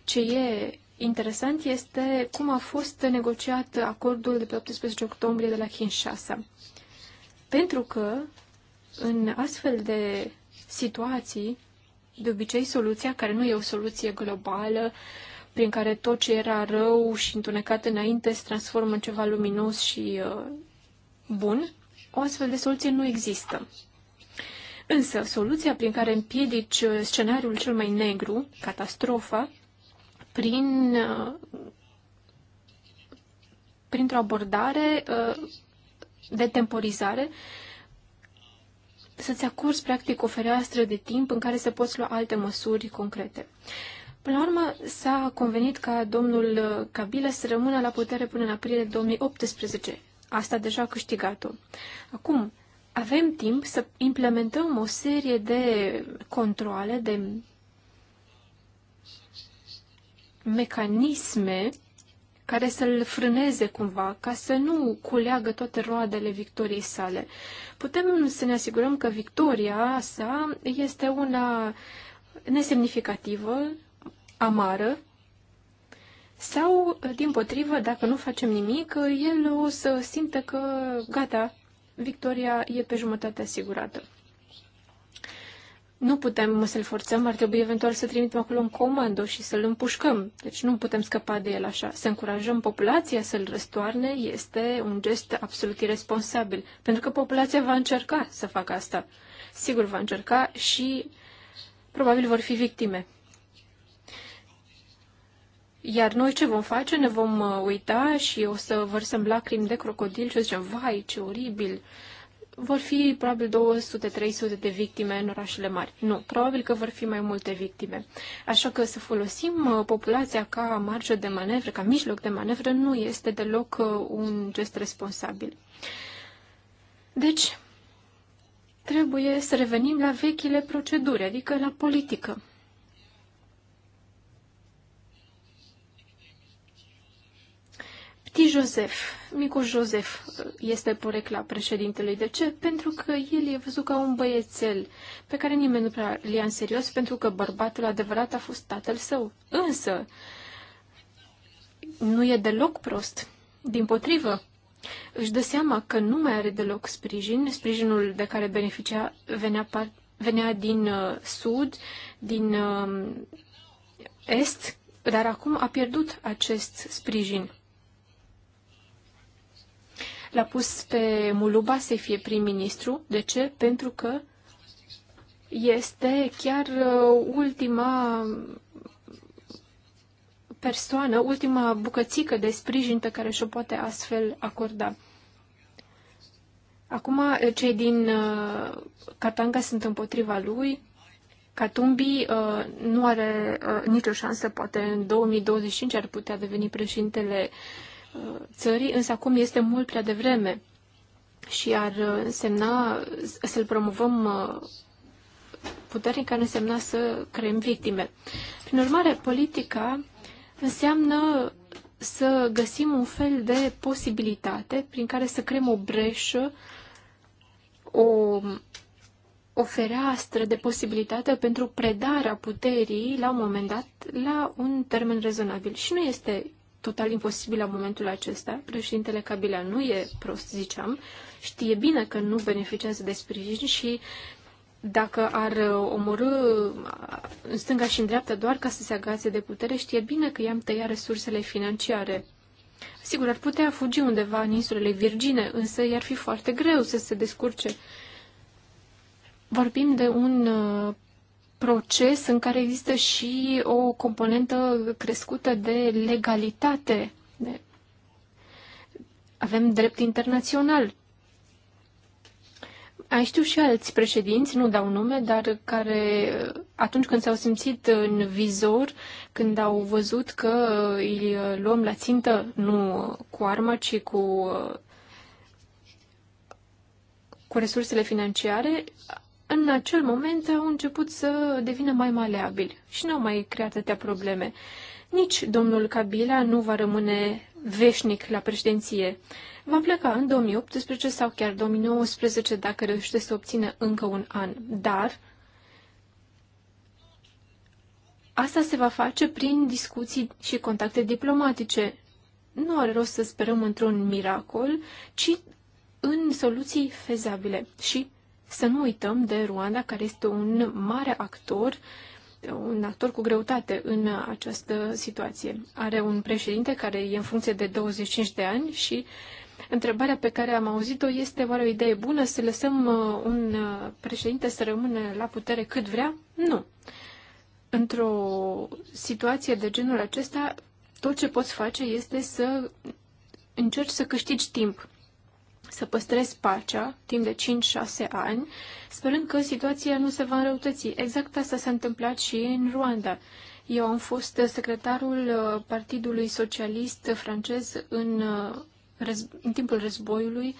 S3: Ce e interesant este cum a fost negociat acordul de pe 18 octombrie de la Kinshasa. Pentru că în astfel de situații, de obicei, soluția care nu e o soluție globală, prin care tot ce era rău și întunecat înainte se transformă în ceva luminos și uh, bun, o astfel de soluție nu există. Însă, soluția prin care împiedici uh, scenariul cel mai negru, catastrofa, prin, uh, printr-o abordare uh, de temporizare, să-ți acorzi practic o fereastră de timp în care să poți lua alte măsuri concrete. Până la urmă, s-a convenit ca domnul Kabila să rămână la putere până în aprilie 2018. Asta deja a câștigat-o. Acum, avem timp să implementăm o serie de controle, de mecanisme care să-l frâneze cumva, ca să nu culeagă toate roadele victoriei sale. Putem să ne asigurăm că victoria sa este una nesemnificativă, amară, sau, din potrivă, dacă nu facem nimic, el o să simtă că, gata, victoria e pe jumătate asigurată. Nu putem să-l forțăm, ar trebui eventual să trimitem acolo un comando și să-l împușcăm. Deci nu putem scăpa de el așa. Să încurajăm populația să-l răstoarne este un gest absolut irresponsabil, pentru că populația va încerca să facă asta. Sigur va încerca și probabil vor fi victime. Iar noi ce vom face? Ne vom uh, uita și o să vărsăm lacrimi de crocodil și o să zicem, vai, ce oribil, uh, vor fi probabil 200-300 de victime în orașele mari. Nu, probabil că vor fi mai multe victime. Așa că să folosim uh, populația ca marjă de manevră, ca mijloc de manevră, nu este deloc uh, un gest responsabil. Deci, trebuie să revenim la vechile proceduri, adică la politică. Petit Joseph, micul Joseph, este porecla președintelui. De ce? Pentru că el e văzut ca un băiețel pe care nimeni nu prea l ia în serios, pentru că bărbatul adevărat a fost tatăl său. Însă, nu e deloc prost. Din potrivă, își dă seama că nu mai are deloc sprijin. Sprijinul de care beneficia venea, par, venea din uh, sud, din uh, est, dar acum a pierdut acest sprijin. L-a pus pe Muluba să fie prim-ministru. De ce? Pentru că este chiar uh, ultima persoană, ultima bucățică de sprijin pe care și-o poate astfel acorda. Acum, uh, cei din uh, Katanga sunt împotriva lui. Katumbi uh, nu are uh, nicio șansă, poate în 2025 ar putea deveni președintele uh, țării, însă acum este mult prea devreme și ar însemna să-l promovăm uh, puternic, ar însemna să creăm victime. Prin urmare, politica înseamnă să găsim un fel de posibilitate prin care să creăm o breșă, o, o fereastră de posibilitate pentru predarea puterii la un moment dat la un termen rezonabil. Și nu este total imposibil la momentul acesta. Președintele Kabila nu e prost, ziceam, știe bine că nu beneficiază de sprijin și dacă ar uh, omorâ uh, în stânga și în dreapta doar ca să se agațe de putere, știe bine că i-am tăiat resursele financiare. Sigur, ar putea fugi undeva în insulele Virgine, însă i-ar fi foarte greu să se descurce. Vorbim de un uh, proces în care există și o componentă crescută de legalitate. Avem drept internațional. Ai știu și alți președinți, nu dau nume, dar care atunci când s-au simțit în vizor, când au văzut că îi luăm la țintă, nu cu armă ci cu, cu resursele financiare, în acel moment au început să devină mai maleabili și nu au mai creat atâtea probleme. Nici domnul Kabila nu va rămâne veșnic la președinție. Va pleca în 2018 sau chiar 2019 dacă reușește să obțină încă un an. Dar asta se va face prin discuții și contacte diplomatice. Nu are rost să sperăm într-un miracol, ci în soluții fezabile. Și să nu uităm de Ruanda, care este un mare actor, un actor cu greutate în această situație. Are un președinte care e în funcție de 25 de ani și întrebarea pe care am auzit-o este oare o idee bună să lăsăm uh, un uh, președinte să rămână la putere cât vrea? Nu. Într-o situație de genul acesta, tot ce poți face este să încerci să câștigi timp să păstrezi pacea timp de 5-6 ani, sperând că situația nu se va înrăutăți. Exact asta s-a întâmplat și în Ruanda. Eu am fost secretarul uh, Partidului Socialist francez în, uh, în timpul războiului,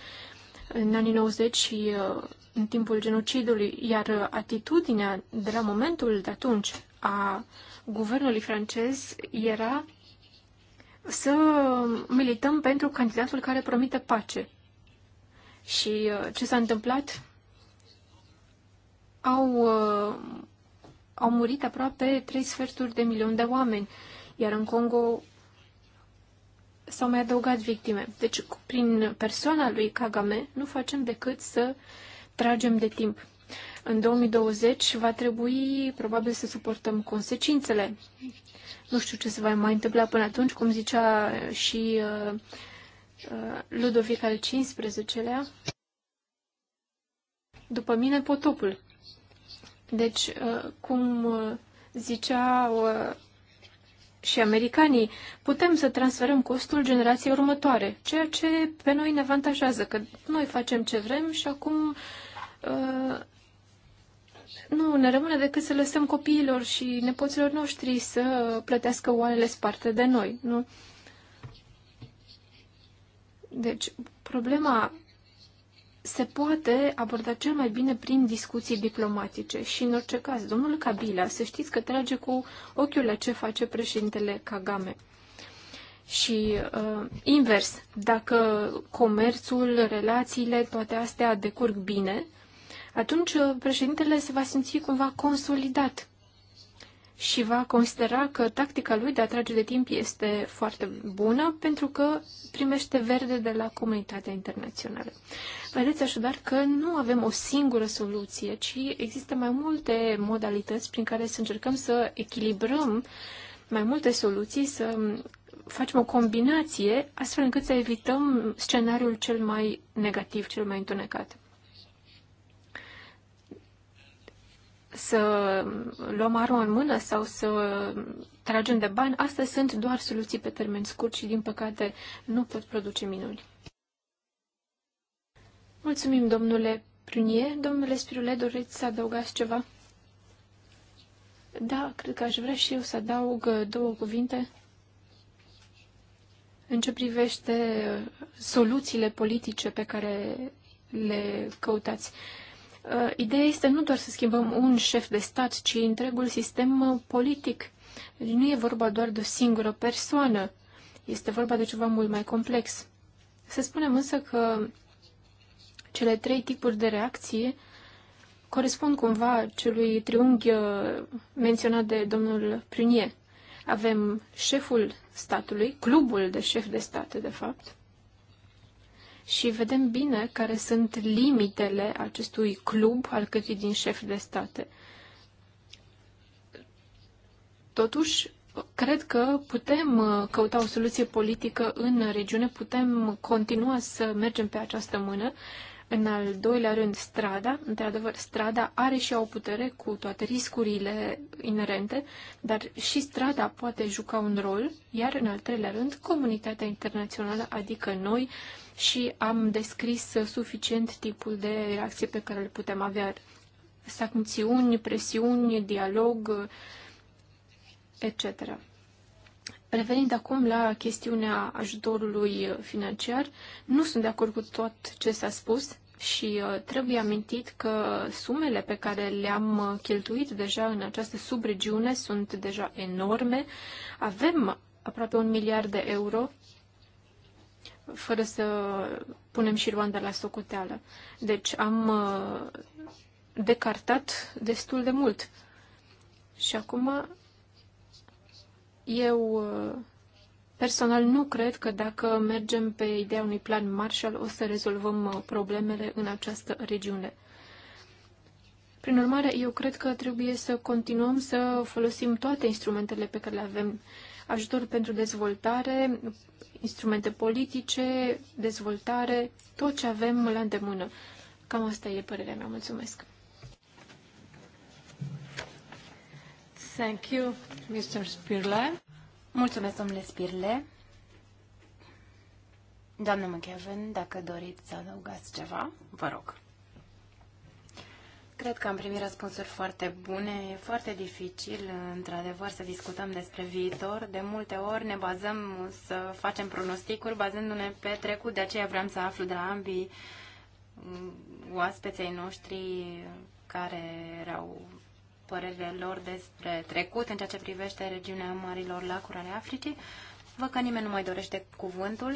S3: în anii 90 și uh, în timpul genocidului, iar atitudinea de la momentul de atunci a guvernului francez era să milităm pentru candidatul care promite pace. Și uh, ce s-a întâmplat? Au, uh, au murit aproape trei sferturi de milion de oameni, iar în Congo s-au mai adăugat victime. Deci, prin persoana lui Kagame, nu facem decât să tragem de timp. În 2020 va trebui probabil să suportăm consecințele. Nu știu ce se va mai întâmpla până atunci, cum zicea și uh, Ludovic al XV-lea, după mine potopul. Deci, uh, cum uh, ziceau uh, și americanii, putem să transferăm costul generației următoare, ceea ce pe noi ne avantajează, că noi facem ce vrem și acum nu ne rămâne decât să lăsăm copiilor și nepoților noștri să plătească oanele sparte de noi, nu? Deci, problema se poate aborda cel mai bine prin discuții diplomatice și, în orice caz, domnul Kabila, să știți că trage cu ochiul la ce face președintele Kagame. Și uh, invers, dacă comerțul, relațiile, toate astea decurg bine, atunci uh, președintele se va simți cumva consolidat și va considera că tactica lui de a trage de timp este foarte bună pentru că primește verde de la comunitatea internațională. Vedeți așadar că nu avem o singură soluție, ci există mai multe modalități prin care să încercăm să echilibrăm mai multe soluții, să facem o combinație astfel încât să evităm scenariul cel mai negativ, cel mai întunecat. să luăm aro în mână sau să tragem de bani, astea sunt doar soluții pe termen scurt și, din păcate, nu pot produce minuni. Mulțumim, domnule Prunie. Domnule Spirule, doriți să adăugați ceva? Da, cred că aș vrea și eu să adaug două cuvinte. În ce privește soluțiile politice pe care le căutați. Uh, ideea este nu doar să schimbăm un șef de stat, ci întregul sistem uh, politic. Deci nu e vorba doar de o singură persoană. Este vorba de ceva mult mai complex. Să spunem însă că cele trei tipuri de reacție corespund cumva celui triunghi uh, menționat de domnul Prunier. Avem șeful statului, clubul de șef de state, de fapt, și vedem bine care sunt limitele acestui club al câtui din șefi de state. Totuși, cred că putem uh, căuta o soluție politică în regiune, putem continua să mergem pe această mână. În al doilea rând, strada. Într-adevăr, strada are și o putere cu toate riscurile inerente, dar și strada poate juca un rol, iar în al treilea rând, comunitatea internațională, adică noi, uh, și am descris suficient tipul de reacție pe care le putem avea. Sancțiuni, presiuni, dialog, etc. Revenind acum la chestiunea ajutorului financiar, nu sunt de acord cu tot ce s-a spus și uh, trebuie amintit că sumele pe care le-am cheltuit deja în această subregiune sunt deja enorme. Avem aproape un miliard de euro fără să punem și Rwanda la socoteală. Deci am uh, decartat destul de mult. Și acum eu uh, personal nu cred că dacă mergem pe ideea unui plan Marshall o să rezolvăm uh, problemele în această regiune. Prin urmare, eu cred că trebuie să continuăm să folosim toate instrumentele pe care le avem. Ajutor pentru dezvoltare, instrumente politice, dezvoltare, tot ce avem la îndemână. Cam asta e părerea mea. Mulțumesc. Thank you, Mr. Spirle. Mulțumesc, domnule Spirle.
S2: Doamna McEwen, dacă doriți să adăugați ceva, vă rog. Cred că am primit răspunsuri foarte bune. E foarte dificil, într-adevăr, să discutăm despre viitor. De multe ori ne bazăm să facem pronosticuri bazându-ne pe trecut. De aceea vreau să aflu de la ambii mm, oaspeței noștri care erau părerile lor despre trecut în ceea ce privește regiunea Marilor Lacuri ale Africii. Văd că nimeni nu mai dorește cuvântul.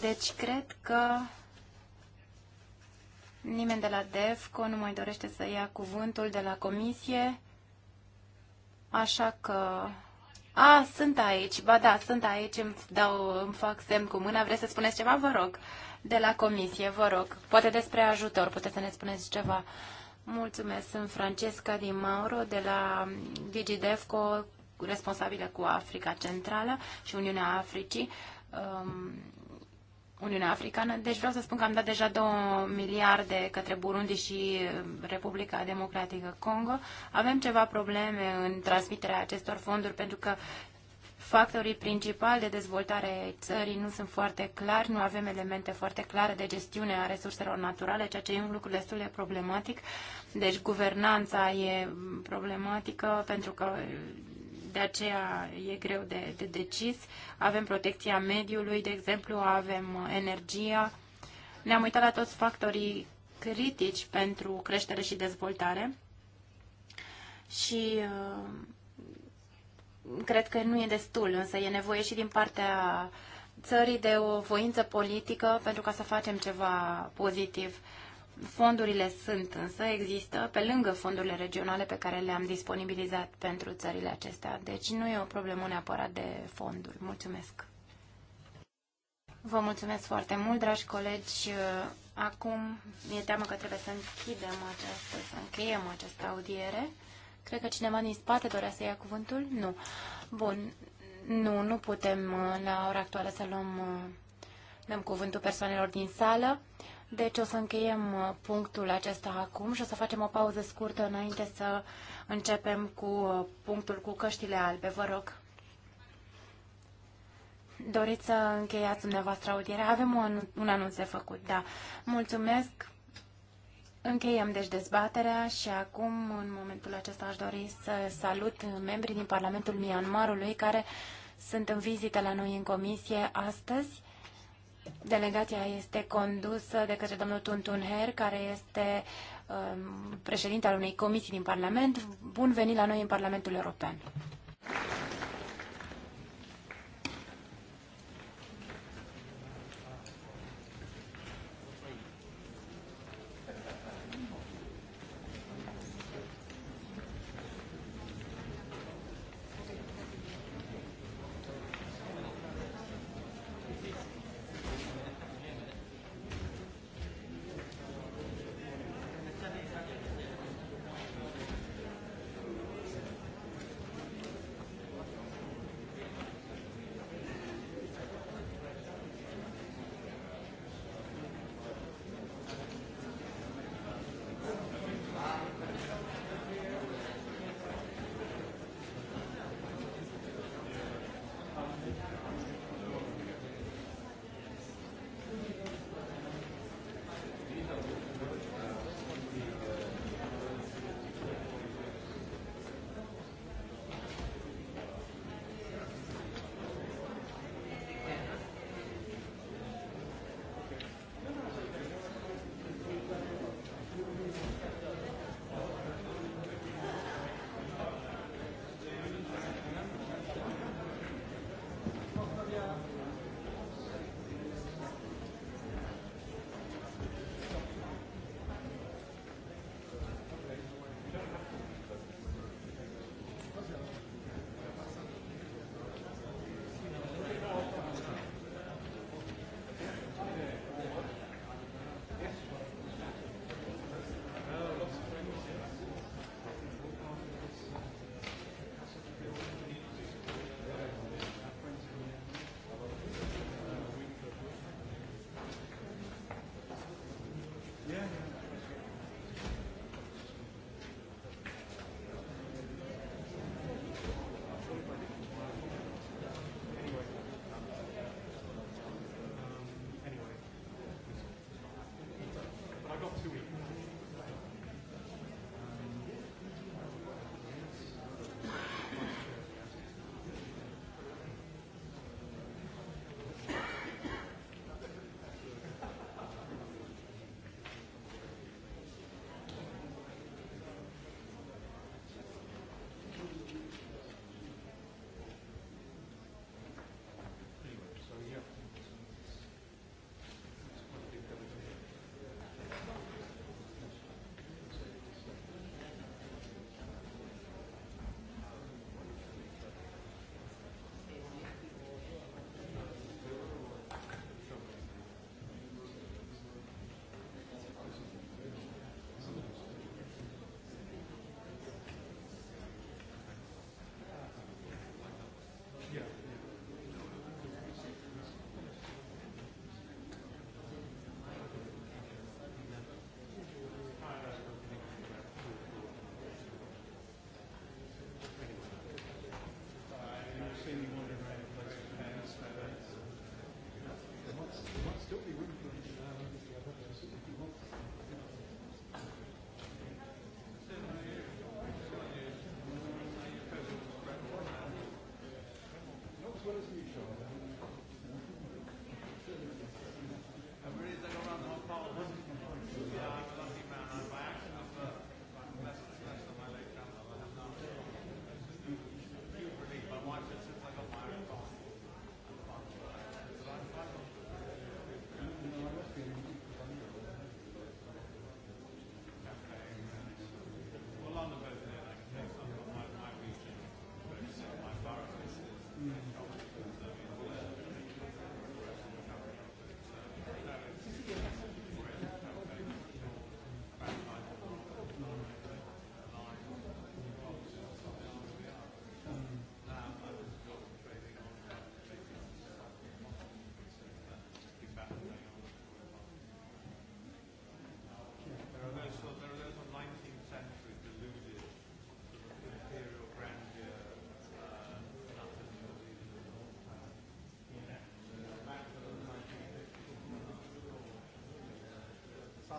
S2: Deci cred că Nimeni de la DEFCO nu mai dorește să ia cuvântul de la comisie, așa că... A, sunt aici, ba da, sunt aici, îmi, dau, îmi fac semn cu mâna. Vreți să spuneți ceva? Vă rog. De la comisie, vă rog. Poate despre ajutor, puteți să ne spuneți ceva. Mulțumesc, sunt Francesca Di Mauro de la DigiDefco, responsabilă cu Africa Centrală și Uniunea Africii. Um, Uniunea Africană. Deci vreau să spun că am dat deja 2 miliarde către Burundi și uh, Republica Democratică Congo. Avem ceva probleme în transmiterea acestor fonduri pentru că factorii principali de dezvoltare ai țării nu sunt foarte clari, nu avem elemente foarte clare de gestiune a resurselor naturale, ceea ce e un lucru destul de problematic. Deci guvernanța e problematică pentru că de aceea e greu de, de decis. Avem protecția mediului, de exemplu, avem energia. Ne-am uitat la toți factorii critici pentru creștere și dezvoltare și uh, cred că nu e destul, însă e nevoie și din partea țării de o voință politică pentru ca să facem ceva pozitiv. Fondurile sunt însă, există pe lângă fondurile regionale pe care le-am disponibilizat pentru țările acestea. Deci nu e o problemă neapărat de fonduri. Mulțumesc! Vă mulțumesc foarte mult, dragi colegi. Acum mi-e teamă că trebuie să închidem această, să încheiem această audiere. Cred că cineva din spate dorea să ia cuvântul? Nu. Bun. Nu, nu putem la ora actuală să luăm, dăm cuvântul persoanelor din sală. Deci o să încheiem uh, punctul acesta acum și o să facem o pauză scurtă înainte să începem cu uh, punctul cu căștile albe. Vă rog. Doriți să încheiați dumneavoastră audierea? Avem un, un anunț de făcut, da. Mulțumesc. Încheiem deci dezbaterea și acum, în momentul acesta, aș dori să salut membrii din Parlamentul Myanmarului care sunt în vizită la noi în comisie astăzi Delegația este condusă de către domnul Tuntunher, care este um, președinte al unei comisii din Parlament. Bun venit la noi în Parlamentul European!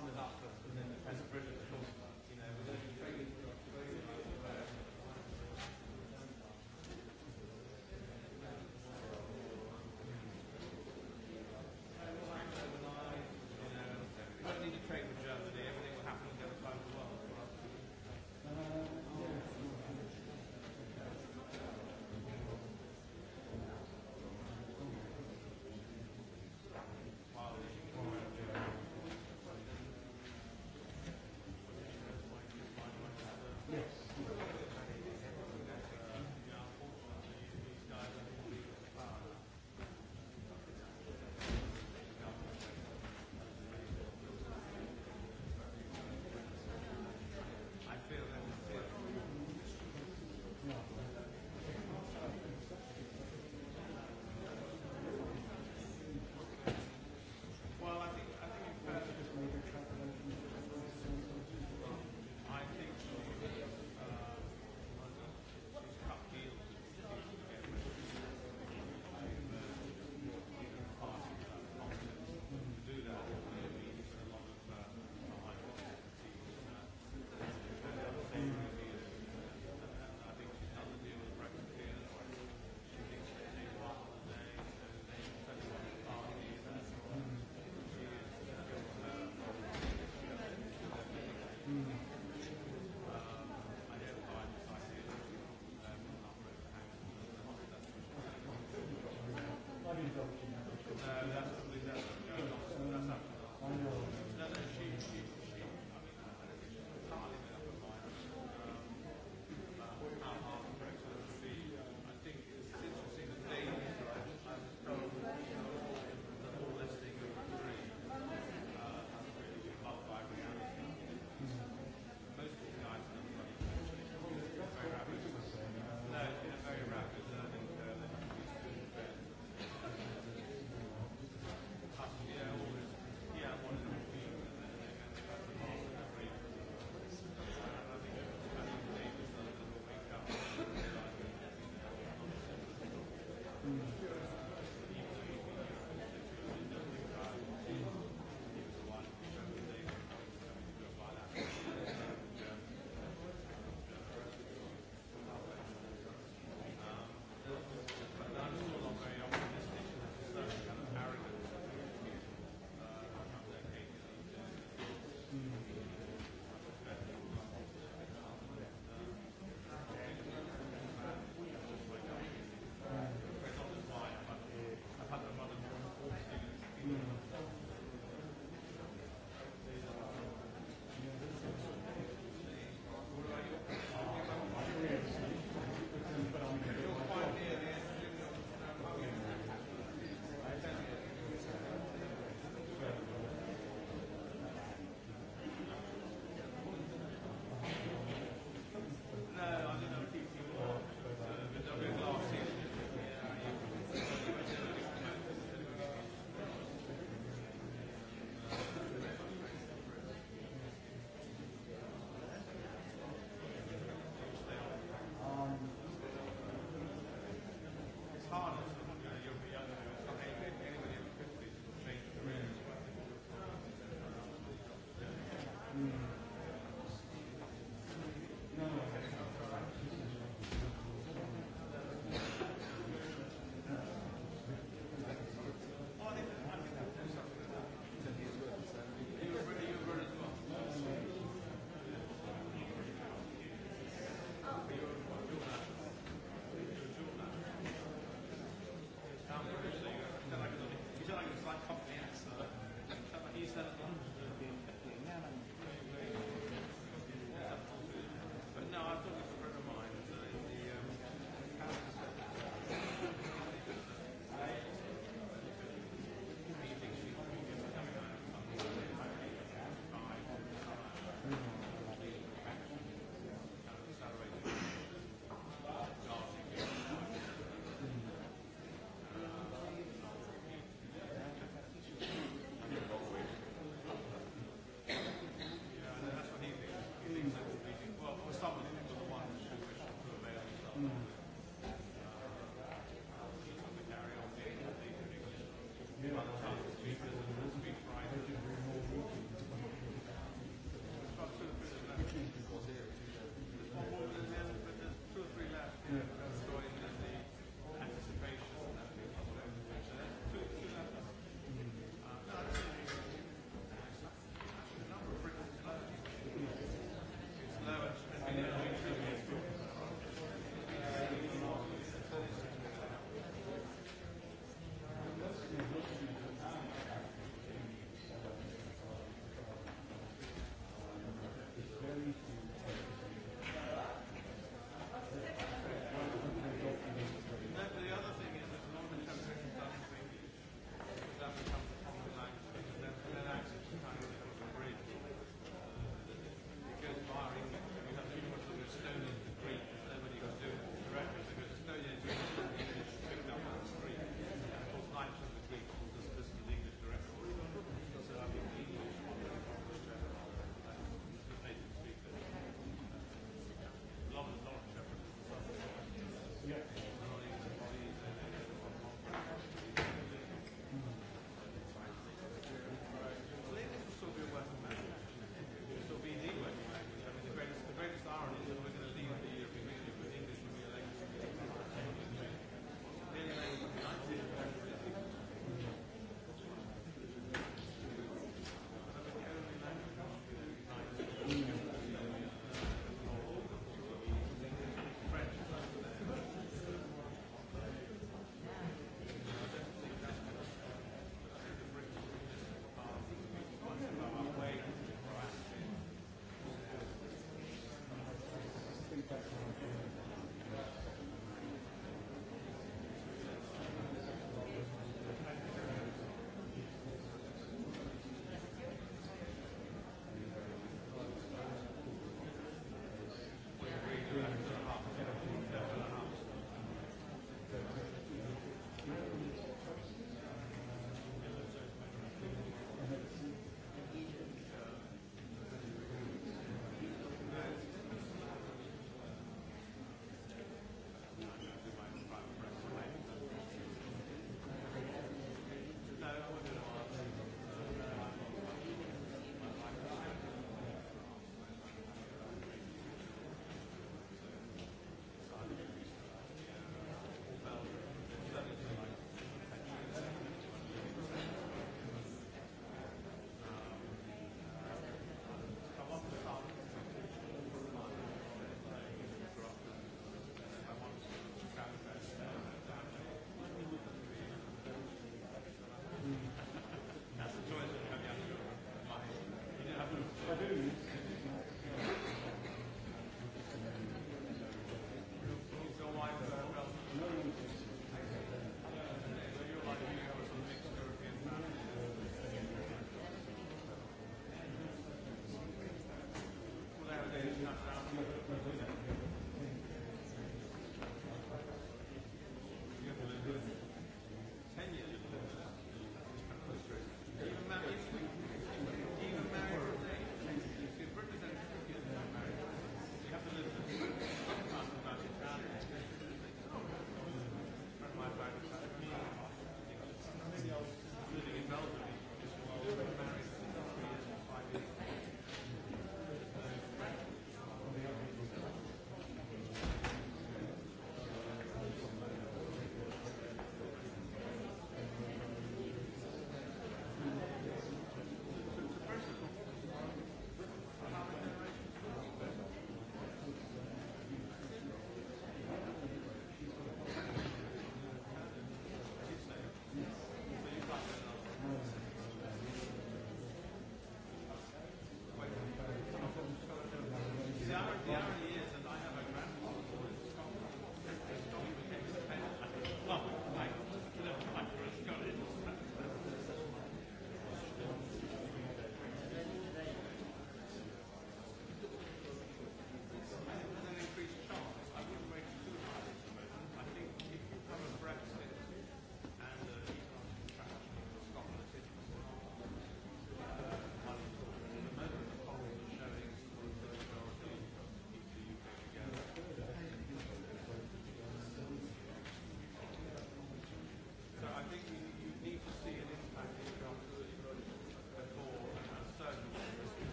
S3: coming up as a president.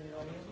S1: Amin.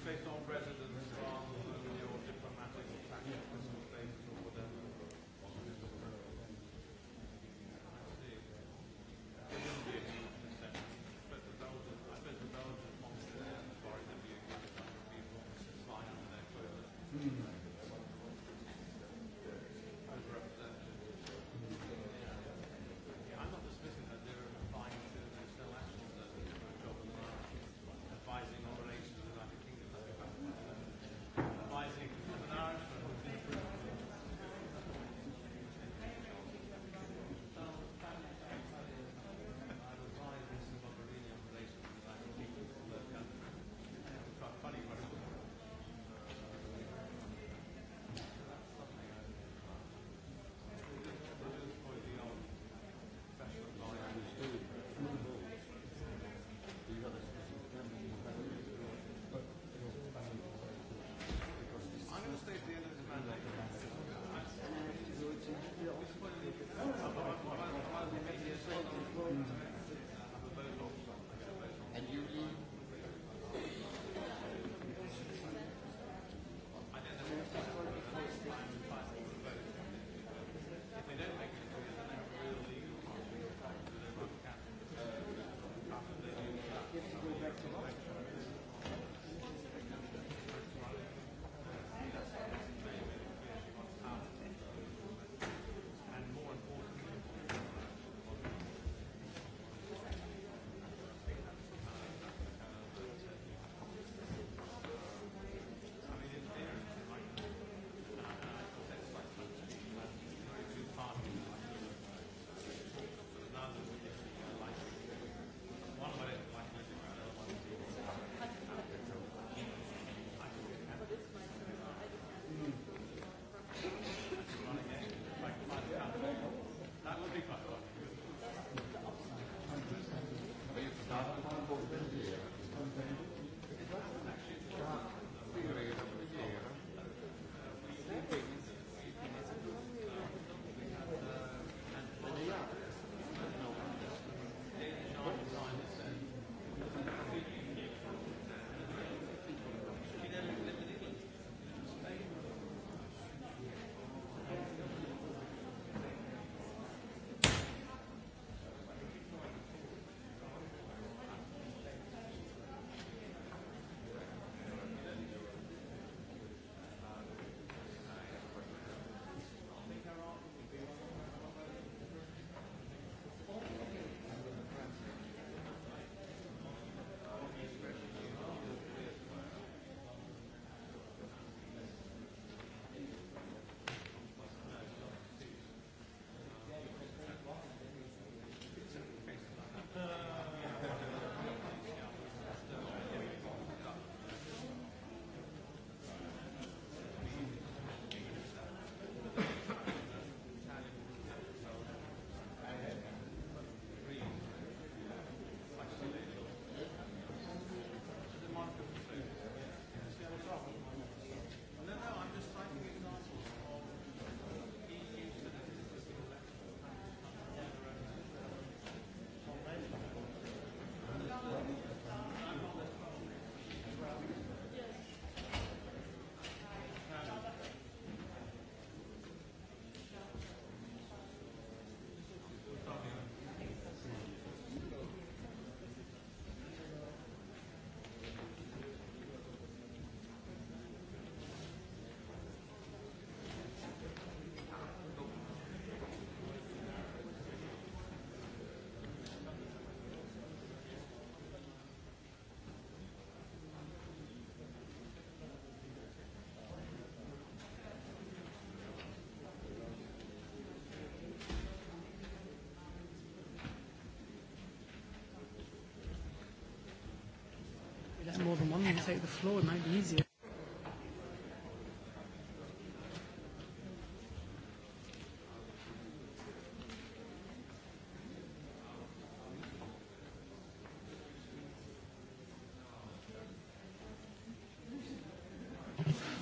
S1: based on residence.
S4: that more than one will take the
S2: floor. It might be easier.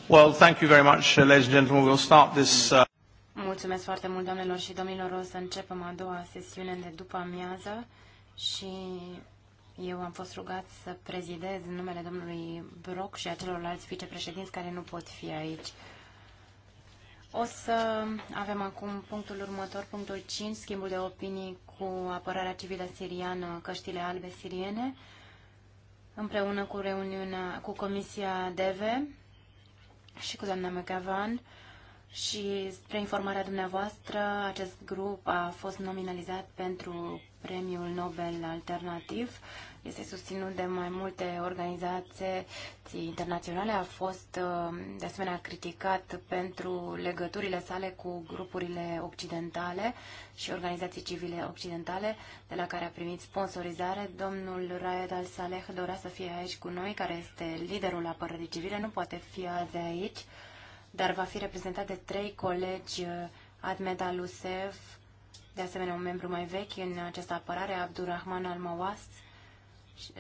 S1: Well, thank you very much, uh, ladies and gentlemen. We'll start this. Uh...
S2: Mulțumesc foarte mult, doamnelor și domnilor. O să începem a doua sesiune de după amiază și eu am fost rugat să prezidez în numele domnului Brock și a celorlalți vicepreședinți care nu pot fi aici. O să avem acum punctul următor, punctul 5, schimbul de opinii cu apărarea civilă siriană, căștile albe siriene, împreună cu reuniunea cu Comisia DEVE și cu doamna McAvan. Și spre informarea dumneavoastră, acest grup a fost nominalizat pentru premiul Nobel alternativ. Este susținut de mai multe organizații internaționale. A fost uh, de asemenea criticat pentru legăturile sale cu grupurile occidentale și organizații civile occidentale, de la care a primit sponsorizare. Domnul Raed al Saleh dorea să fie aici cu noi, care este liderul apărării civile. Nu poate fi azi aici, dar va fi reprezentat de trei colegi, uh, Admeda Lusev, de asemenea un membru mai vechi în această apărare, Abdurrahman al-Mawas,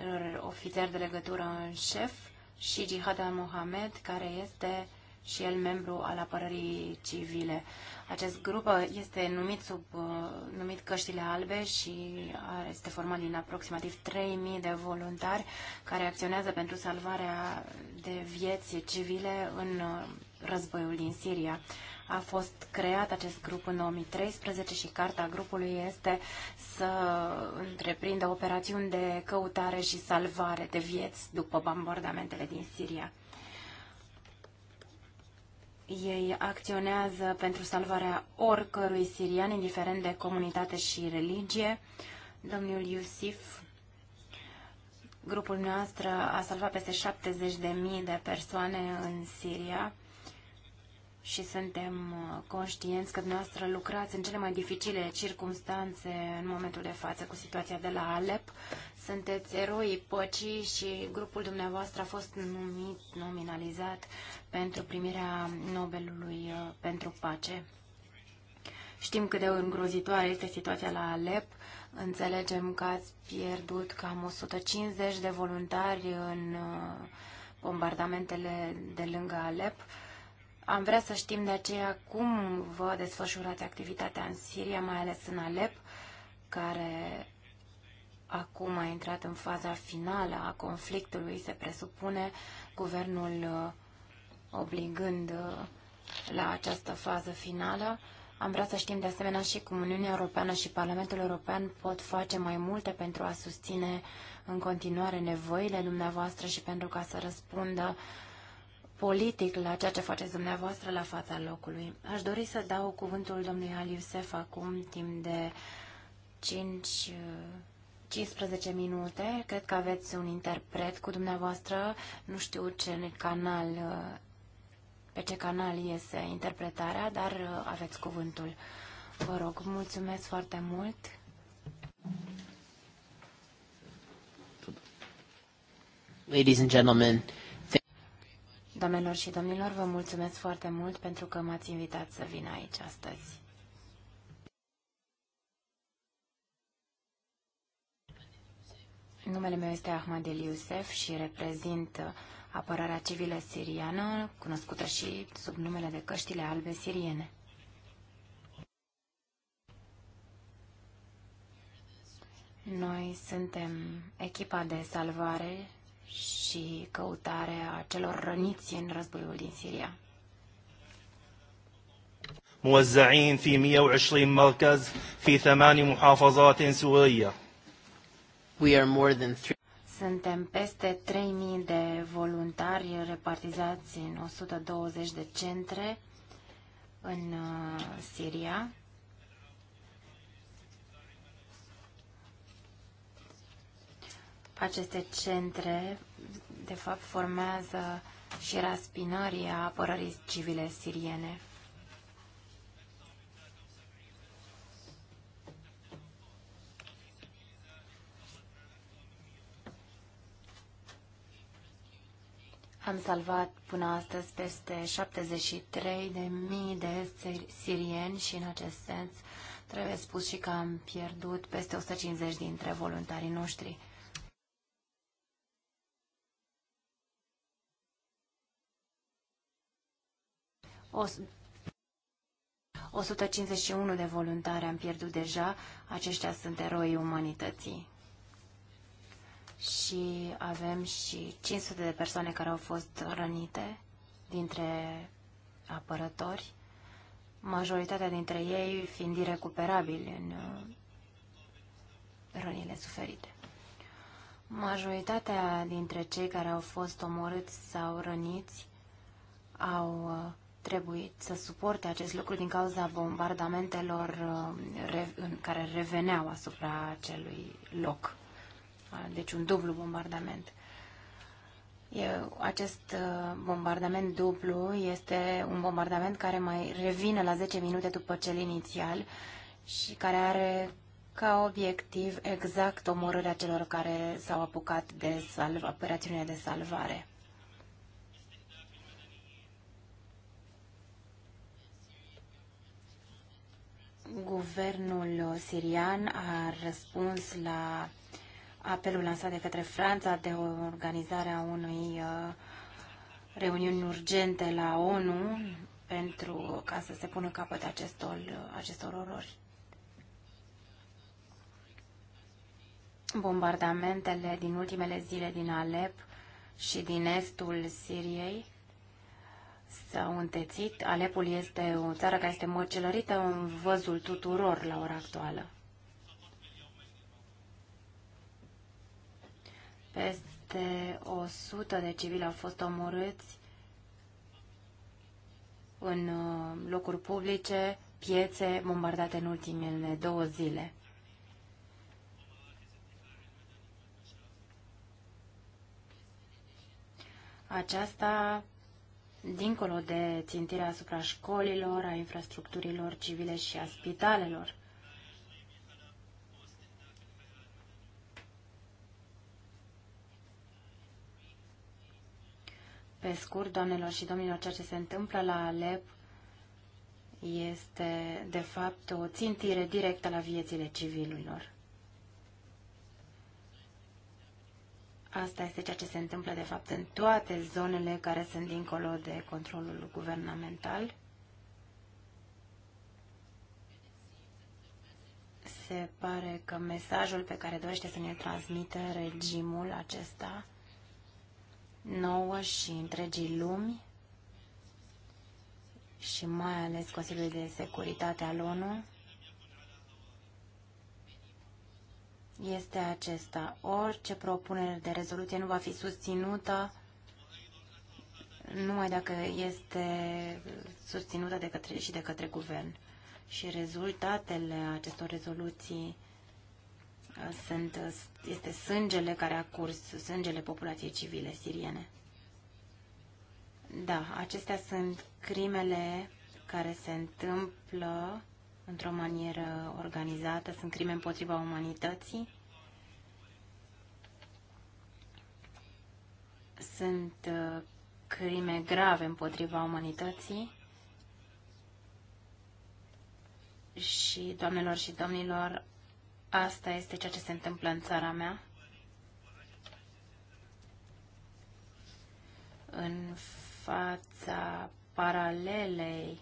S2: er, ofițer de legătură în șef, și Jihad al-Mohamed, care este și el membru al apărării civile. Acest grup uh, este numit, sub, uh, numit Căștile Albe și este format din aproximativ 3.000 de voluntari care acționează pentru salvarea de vieți civile în uh, războiul din Siria a fost creat acest grup în 2013 și carta grupului este să întreprindă operațiuni de căutare și salvare de vieți după bombardamentele din Siria. Ei acționează pentru salvarea oricărui sirian, indiferent de comunitate și religie. Domnul Iusif, grupul noastră a salvat peste 70.000 de persoane în Siria și suntem uh, conștienți că dumneavoastră lucrați în cele mai dificile circunstanțe în momentul de față cu situația de la Alep. Sunteți eroi păcii și grupul dumneavoastră a fost numit, nominalizat pentru primirea Nobelului uh, pentru pace. Știm cât de îngrozitoare este situația la Alep. Înțelegem că ați pierdut cam 150 de voluntari în uh, bombardamentele de lângă Alep am vrea să știm de aceea cum vă desfășurați activitatea în Siria, mai ales în Alep, care acum a intrat în faza finală a conflictului, se presupune, guvernul uh, obligând uh, la această fază finală. Am vrea să știm de asemenea și cum Uniunea Europeană și Parlamentul European pot face mai multe pentru a susține în continuare nevoile dumneavoastră și pentru ca să răspundă politic la ceea ce faceți dumneavoastră la fața locului. Aș dori să dau cuvântul domnului Ali Iusef acum timp de 5 15 minute. Cred că aveți un interpret cu dumneavoastră. Nu știu ce canal, pe ce canal iese interpretarea, dar aveți cuvântul. Vă rog, mulțumesc foarte mult. Ladies and gentlemen, Doamnelor și domnilor, vă mulțumesc foarte mult pentru că m-ați invitat să vin aici astăzi. Numele meu este Ahmad El Youssef și reprezint apărarea civilă siriană, cunoscută și sub numele de Căștile Albe Siriene. Noi suntem echipa de salvare și căutarea celor răniți în războiul din Siria. موزعين في 120 مركز
S3: في ثمان محافظات سورية. We are more than three.
S2: Suntem peste 3.000 de voluntari repartizați în 120 de centre în uh, Siria Aceste centre, de fapt, formează și raspinării a apărării civile siriene. Am salvat până astăzi peste 73 de mii de sirieni și în acest sens trebuie spus și că am pierdut peste 150 dintre voluntarii noștri. 151 de voluntari am pierdut deja, aceștia sunt eroi umanității. Și avem și 500 de persoane care au fost rănite dintre apărători, majoritatea dintre ei fiind irecuperabili în uh, rănile suferite. Majoritatea dintre cei care au fost omorâți sau răniți au uh, trebuit să suporte acest lucru din cauza bombardamentelor uh, care reveneau asupra acelui loc. Uh, deci un dublu bombardament. Acest uh, bombardament dublu este un bombardament care mai revine la 10 minute după cel inițial și care are ca obiectiv exact omorârea celor care s-au apucat de salva, operațiunea de salvare. Guvernul sirian a răspuns la apelul lansat de către Franța de organizarea unui uh, reuniuni urgente la ONU pentru ca să se pună capăt acestor, acestor orori. Bombardamentele din ultimele zile din Alep și din estul Siriei s întețit. Alepul este o țară care este măcelărită în văzul tuturor la ora actuală. Peste 100 de civili au fost omorâți în uh, locuri publice, piețe bombardate în ultimele două zile. Aceasta dincolo de țintirea asupra școlilor, a infrastructurilor civile și a spitalelor. Pe scurt, doamnelor și domnilor, ceea ce se întâmplă la Alep este, de fapt, o țintire directă la viețile civililor. Asta este ceea ce se întâmplă, de fapt, în toate zonele care sunt dincolo de controlul guvernamental. Se pare că mesajul pe care dorește să ne transmită regimul acesta nouă și întregii lumi și mai ales Consiliului de Securitate al ONU este acesta. Orice propunere de rezoluție nu va fi susținută numai dacă este susținută de către, și de către guvern. Și rezultatele acestor rezoluții uh, sunt, uh, este sângele care a curs, sângele populației civile siriene. Da, acestea sunt crimele care se întâmplă într-o manieră organizată, sunt crime împotriva umanității, sunt uh, crime grave împotriva umanității și, doamnelor și domnilor, asta este ceea ce se întâmplă în țara mea. În fața paralelei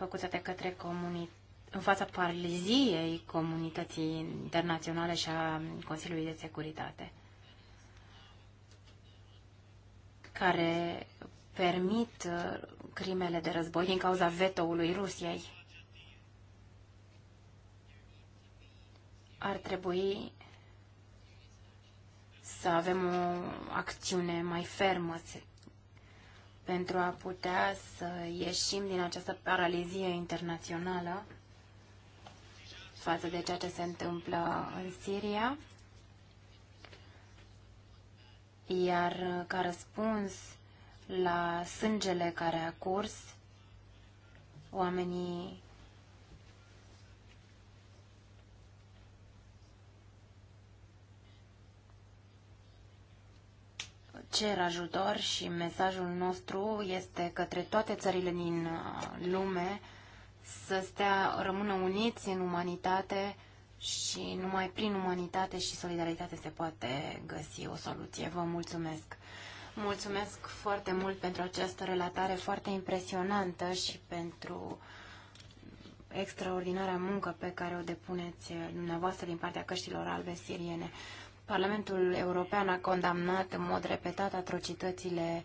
S2: făcute de către comunitate în fața paraliziei comunității internaționale și a Consiliului de Securitate, care permit uh, crimele de război din cauza vetoului Rusiei. Ar trebui să avem o acțiune mai fermă, pentru a putea să ieșim din această paralizie internațională față de ceea ce se întâmplă în Siria. Iar ca răspuns la sângele care a curs, oamenii cer ajutor și mesajul nostru este către toate țările din uh, lume să stea, rămână uniți în umanitate și numai prin umanitate și solidaritate se poate găsi o soluție. Vă mulțumesc! Mulțumesc foarte mult pentru această relatare foarte impresionantă și pentru extraordinarea muncă pe care o depuneți dumneavoastră din partea căștilor albe siriene. Parlamentul European a condamnat în mod repetat atrocitățile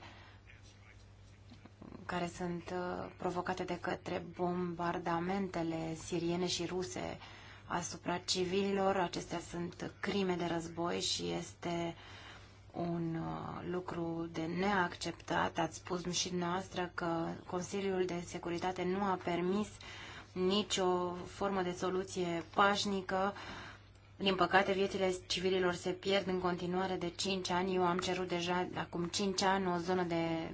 S2: care sunt uh, provocate de către bombardamentele siriene și ruse asupra civililor. Acestea sunt crime de război și este un uh, lucru de neacceptat. Ați spus și noastră că Consiliul de Securitate nu a permis nicio formă de soluție pașnică uh, din păcate, viețile civililor se pierd în continuare de 5 ani. Eu am cerut deja acum 5 ani o zonă de,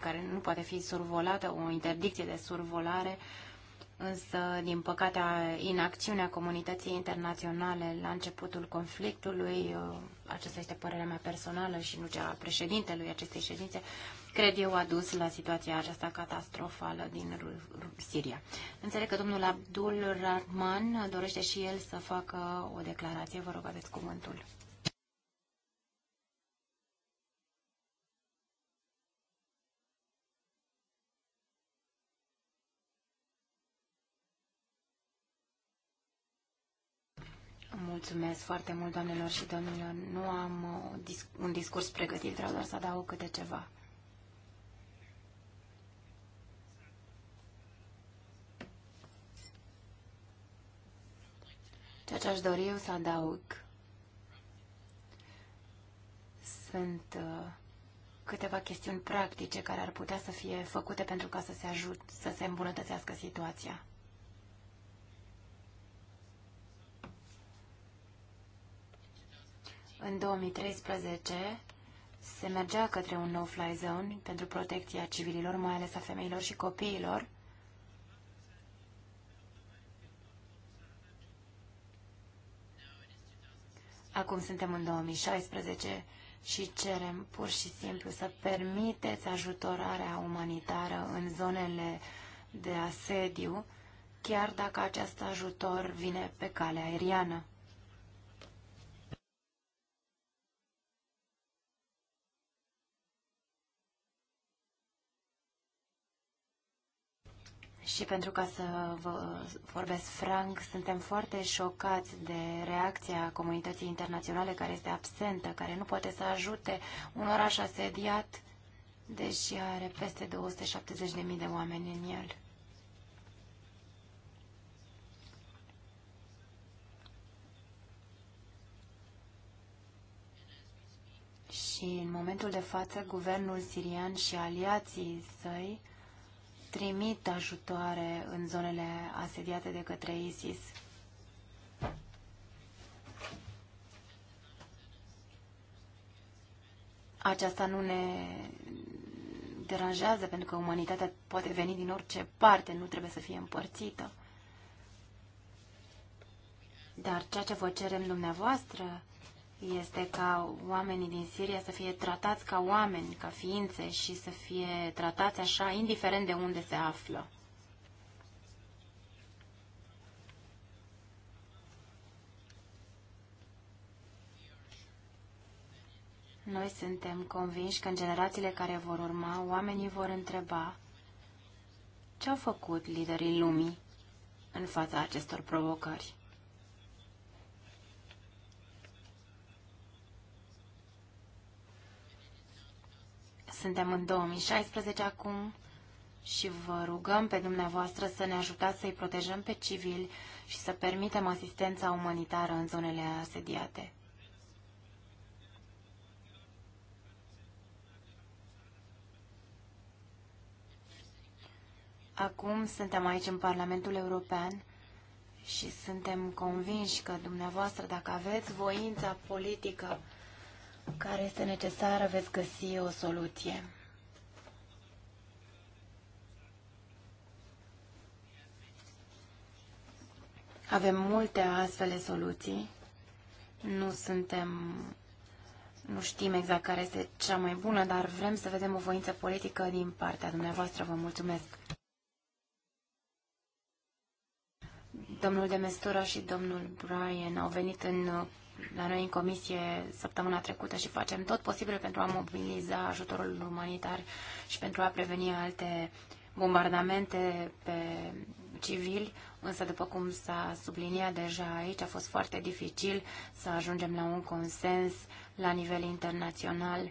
S2: care nu poate fi survolată, o interdicție de survolare, însă, din păcate, inacțiunea comunității internaționale la începutul conflictului, uh, aceasta este părerea mea personală și nu cea a președintelui acestei ședințe, cred eu, a dus la situația aceasta catastrofală din Siria. Înțeleg că domnul Abdul Rahman dorește și el să facă o declarație. Vă rog, aveți cuvântul. Mulțumesc foarte mult, doamnelor și domnilor. Nu am uh, un discurs pregătit, vreau doar să adaug câte ceva. Ceea ce aș dori eu să adaug sunt uh, câteva chestiuni practice care ar putea să fie făcute pentru ca să se ajut, să se îmbunătățească situația. În 2013 se mergea către un no-fly zone pentru protecția civililor, mai ales a femeilor și copiilor, Acum suntem în 2016 și cerem pur și simplu să permiteți ajutorarea umanitară în zonele de asediu, chiar dacă acest ajutor vine pe cale aeriană. Și pentru ca să vă vorbesc franc, suntem foarte șocați de reacția comunității internaționale care este absentă, care nu poate să ajute un oraș asediat, deși are peste 270.000 de oameni în el. Și în momentul de față, guvernul sirian și aliații săi trimit ajutoare în zonele asediate de către ISIS. Aceasta nu ne deranjează, pentru că umanitatea poate veni din orice parte, nu trebuie să fie împărțită. Dar ceea ce vă cerem dumneavoastră este ca oamenii din Siria să fie tratați ca oameni, ca ființe și să fie tratați așa, indiferent de unde se află. Noi suntem convinși că în generațiile care vor urma, oamenii vor întreba ce au făcut liderii lumii în fața acestor provocări. Suntem în 2016 acum și vă rugăm pe dumneavoastră să ne ajutați să-i protejăm pe civili și să permitem asistența umanitară în zonele asediate. Acum suntem aici în Parlamentul European și suntem convinși că dumneavoastră, dacă aveți voința politică care este necesară, veți găsi o soluție. Avem multe astfel de soluții. Nu suntem, nu știm exact care este cea mai bună, dar vrem să vedem o voință politică din partea dumneavoastră. Vă mulțumesc. Domnul Demestura și domnul Brian au venit în la noi în comisie săptămâna trecută și facem tot posibilul pentru a mobiliza ajutorul umanitar și pentru a preveni alte bombardamente pe civili, însă după cum s-a subliniat deja aici, a fost foarte dificil să ajungem la un consens la nivel internațional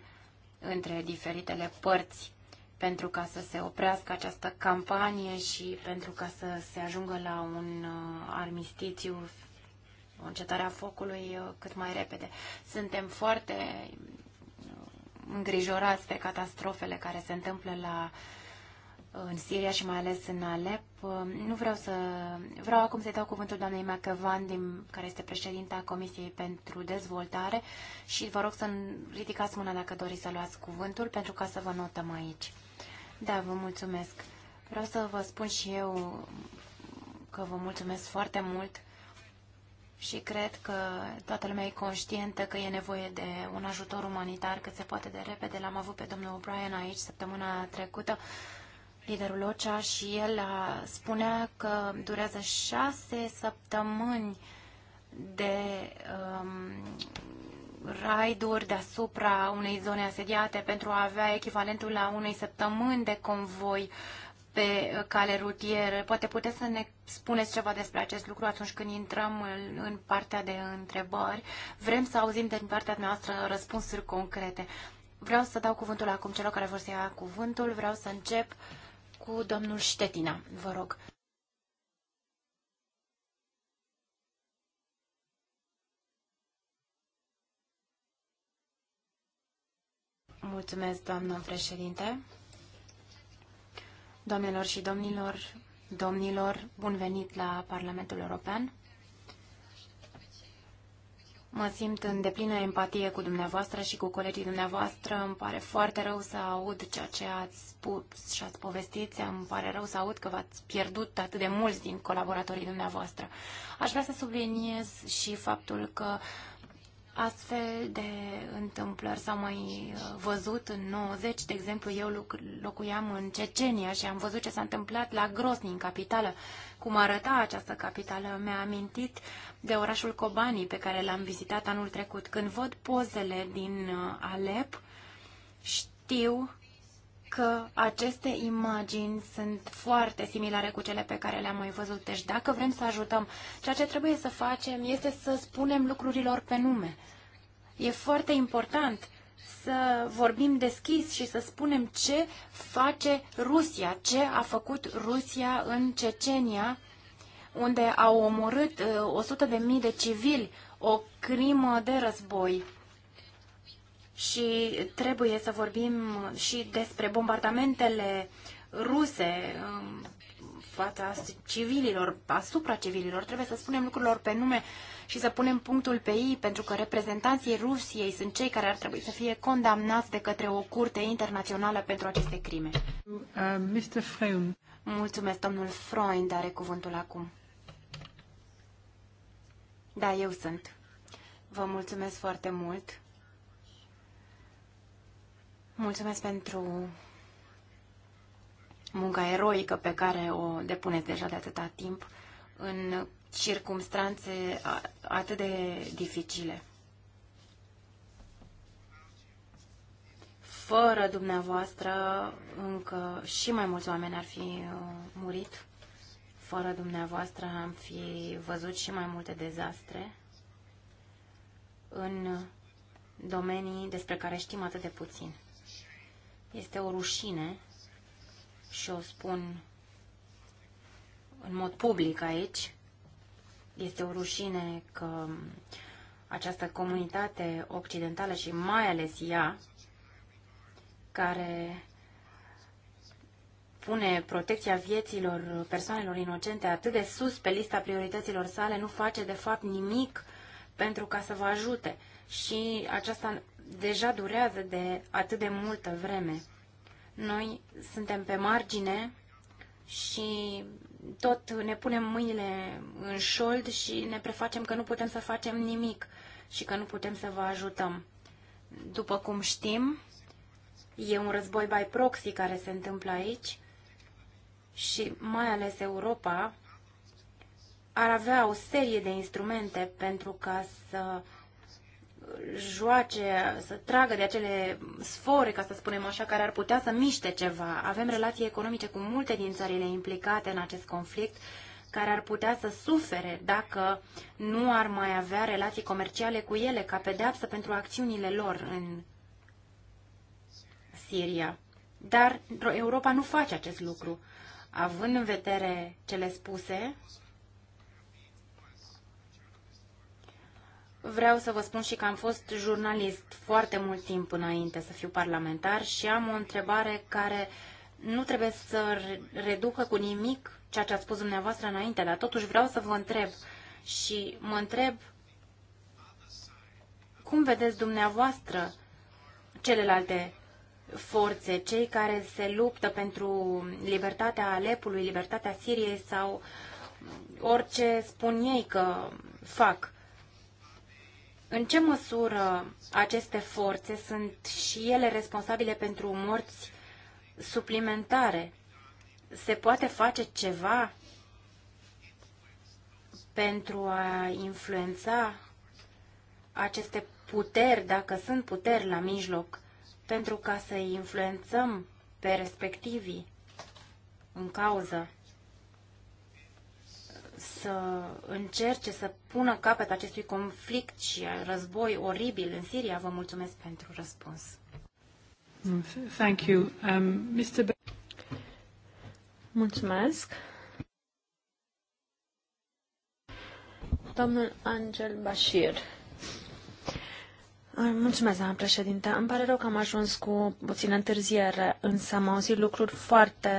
S2: între diferitele părți pentru ca să se oprească această campanie și pentru ca să se ajungă la un uh, armistițiu încetarea focului uh, cât mai repede. Suntem foarte uh, îngrijorați de catastrofele care se întâmplă la uh, în Siria și mai ales în Alep. Nu vreau să... Vreau acum să-i dau cuvântul doamnei Macăvan, din, care este președinta Comisiei pentru Dezvoltare și vă rog să ridicați mâna dacă doriți să luați cuvântul pentru ca să vă notăm aici. Da, vă mulțumesc. Vreau să vă spun și eu că vă mulțumesc foarte mult și cred că toată lumea e conștientă că e nevoie de un ajutor umanitar cât se poate de repede. L-am avut pe domnul O'Brien aici săptămâna trecută, liderul OCEA, și el a, spunea că durează șase săptămâni de um, raiduri deasupra unei zone asediate pentru a avea echivalentul la unei săptămâni de convoi pe cale rutieră. Poate puteți să ne spuneți ceva despre acest lucru atunci când intrăm în, partea de întrebări. Vrem să auzim din partea noastră răspunsuri concrete. Vreau să dau cuvântul acum celor care vor să ia cuvântul. Vreau să încep cu domnul Ștetina. Vă rog. Mulțumesc, doamnă președinte. Doamnelor și domnilor, domnilor, bun venit la Parlamentul European. Mă simt în deplină empatie cu dumneavoastră și cu colegii dumneavoastră. Îmi pare foarte rău să aud ceea ce ați spus și ați povestit. Îmi pare rău să aud că v-ați pierdut atât de mulți din colaboratorii dumneavoastră. Aș vrea să subliniez și faptul că Astfel de întâmplări s-au mai uh, văzut în 90, de exemplu, eu locuiam în Cecenia și am văzut ce s-a întâmplat la Grosni, în capitală. Cum arăta această capitală, mi-a amintit de orașul Kobani pe care l-am vizitat anul trecut. Când văd pozele din uh, Alep, știu că aceste imagini sunt foarte similare cu cele pe care le-am mai văzut. Deci dacă vrem să ajutăm, ceea ce trebuie să facem este să spunem lucrurilor pe nume. E foarte important să vorbim deschis și să spunem ce face Rusia, ce a făcut Rusia în Cecenia, unde au omorât 100.000 uh, de civili, o crimă de război și trebuie să vorbim și despre bombardamentele ruse fața civililor, asupra civililor. Trebuie să spunem lucrurilor pe nume și să punem punctul pe ei, pentru că reprezentanții Rusiei sunt cei care ar trebui să fie condamnați de către o curte internațională pentru aceste crime. Uh, Mr. Freund. Mulțumesc, domnul Freund are cuvântul acum. Da, eu sunt. Vă mulțumesc foarte mult. Mulțumesc pentru munca eroică pe care o depuneți deja de atâta timp în circumstanțe atât de dificile. Fără dumneavoastră, încă și mai mulți oameni ar fi uh, murit. Fără dumneavoastră am fi văzut și mai multe dezastre în domenii despre care știm atât de puțin. Este o rușine și o spun în mod public aici. Este o rușine că această comunitate occidentală și mai ales ea, care pune protecția vieților persoanelor inocente atât de sus pe lista priorităților sale, nu face de fapt nimic pentru ca să vă ajute. Și aceasta deja durează de atât de multă vreme. Noi suntem pe margine și tot ne punem mâinile în șold și ne prefacem că nu putem să facem nimic și că nu putem să vă ajutăm. După cum știm, e un război by proxy care se întâmplă aici și mai ales Europa ar avea o serie de instrumente pentru ca să joace, să tragă de acele sfore, ca să spunem așa, care ar putea să miște ceva. Avem relații economice cu multe din țările implicate în acest conflict, care ar putea să sufere dacă nu ar mai avea relații comerciale cu ele ca pedeapsă pentru acțiunile lor în Siria. Dar Europa nu face acest lucru. Având în vedere cele spuse, Vreau să vă spun și că am fost jurnalist foarte mult timp înainte să fiu parlamentar și am o întrebare care nu trebuie să reducă cu nimic ceea ce ați spus dumneavoastră înainte, dar totuși vreau să vă întreb și mă întreb cum vedeți dumneavoastră celelalte forțe, cei care se luptă pentru libertatea Alepului, libertatea Siriei sau orice spun ei că fac. În ce măsură aceste forțe sunt și ele responsabile pentru morți suplimentare? Se poate face ceva pentru a influența aceste puteri, dacă sunt puteri la mijloc, pentru ca să influențăm pe respectivii în cauză? să încerce să pună capăt acestui conflict și război oribil în Siria? Vă mulțumesc pentru
S3: răspuns. Thank you. Um, Mr. Be Mulțumesc.
S4: Domnul Angel Bashir. Mulțumesc, doamna președinte. Îmi pare rău că am ajuns cu puțină întârziere, însă am auzit lucruri foarte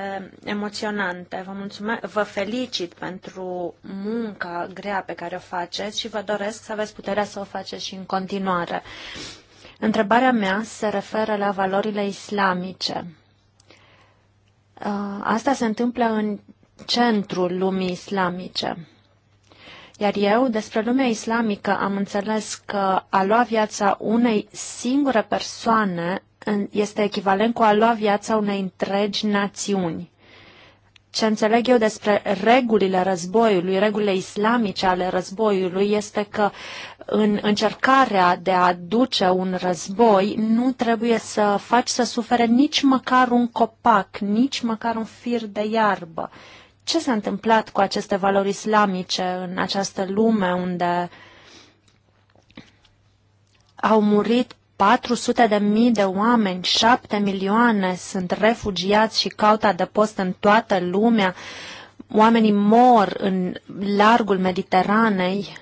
S4: emoționante. Vă, mulțumesc, vă felicit pentru munca grea pe care o faceți și vă doresc să aveți puterea să o faceți și în continuare. Întrebarea mea se referă la valorile islamice. Uh, asta se întâmplă în centrul lumii islamice. Iar eu, despre lumea islamică, am înțeles că a lua viața unei singure persoane este echivalent cu a lua viața unei întregi națiuni. Ce înțeleg eu despre regulile războiului, regulile islamice ale războiului, este că în încercarea de a duce un război, nu trebuie să faci să sufere nici măcar un copac, nici măcar un fir de iarbă ce s-a întâmplat cu aceste valori islamice în această lume unde au murit 400 de mii de oameni, 7 milioane sunt refugiați și caută adăpost în toată lumea. Oamenii mor în largul Mediteranei.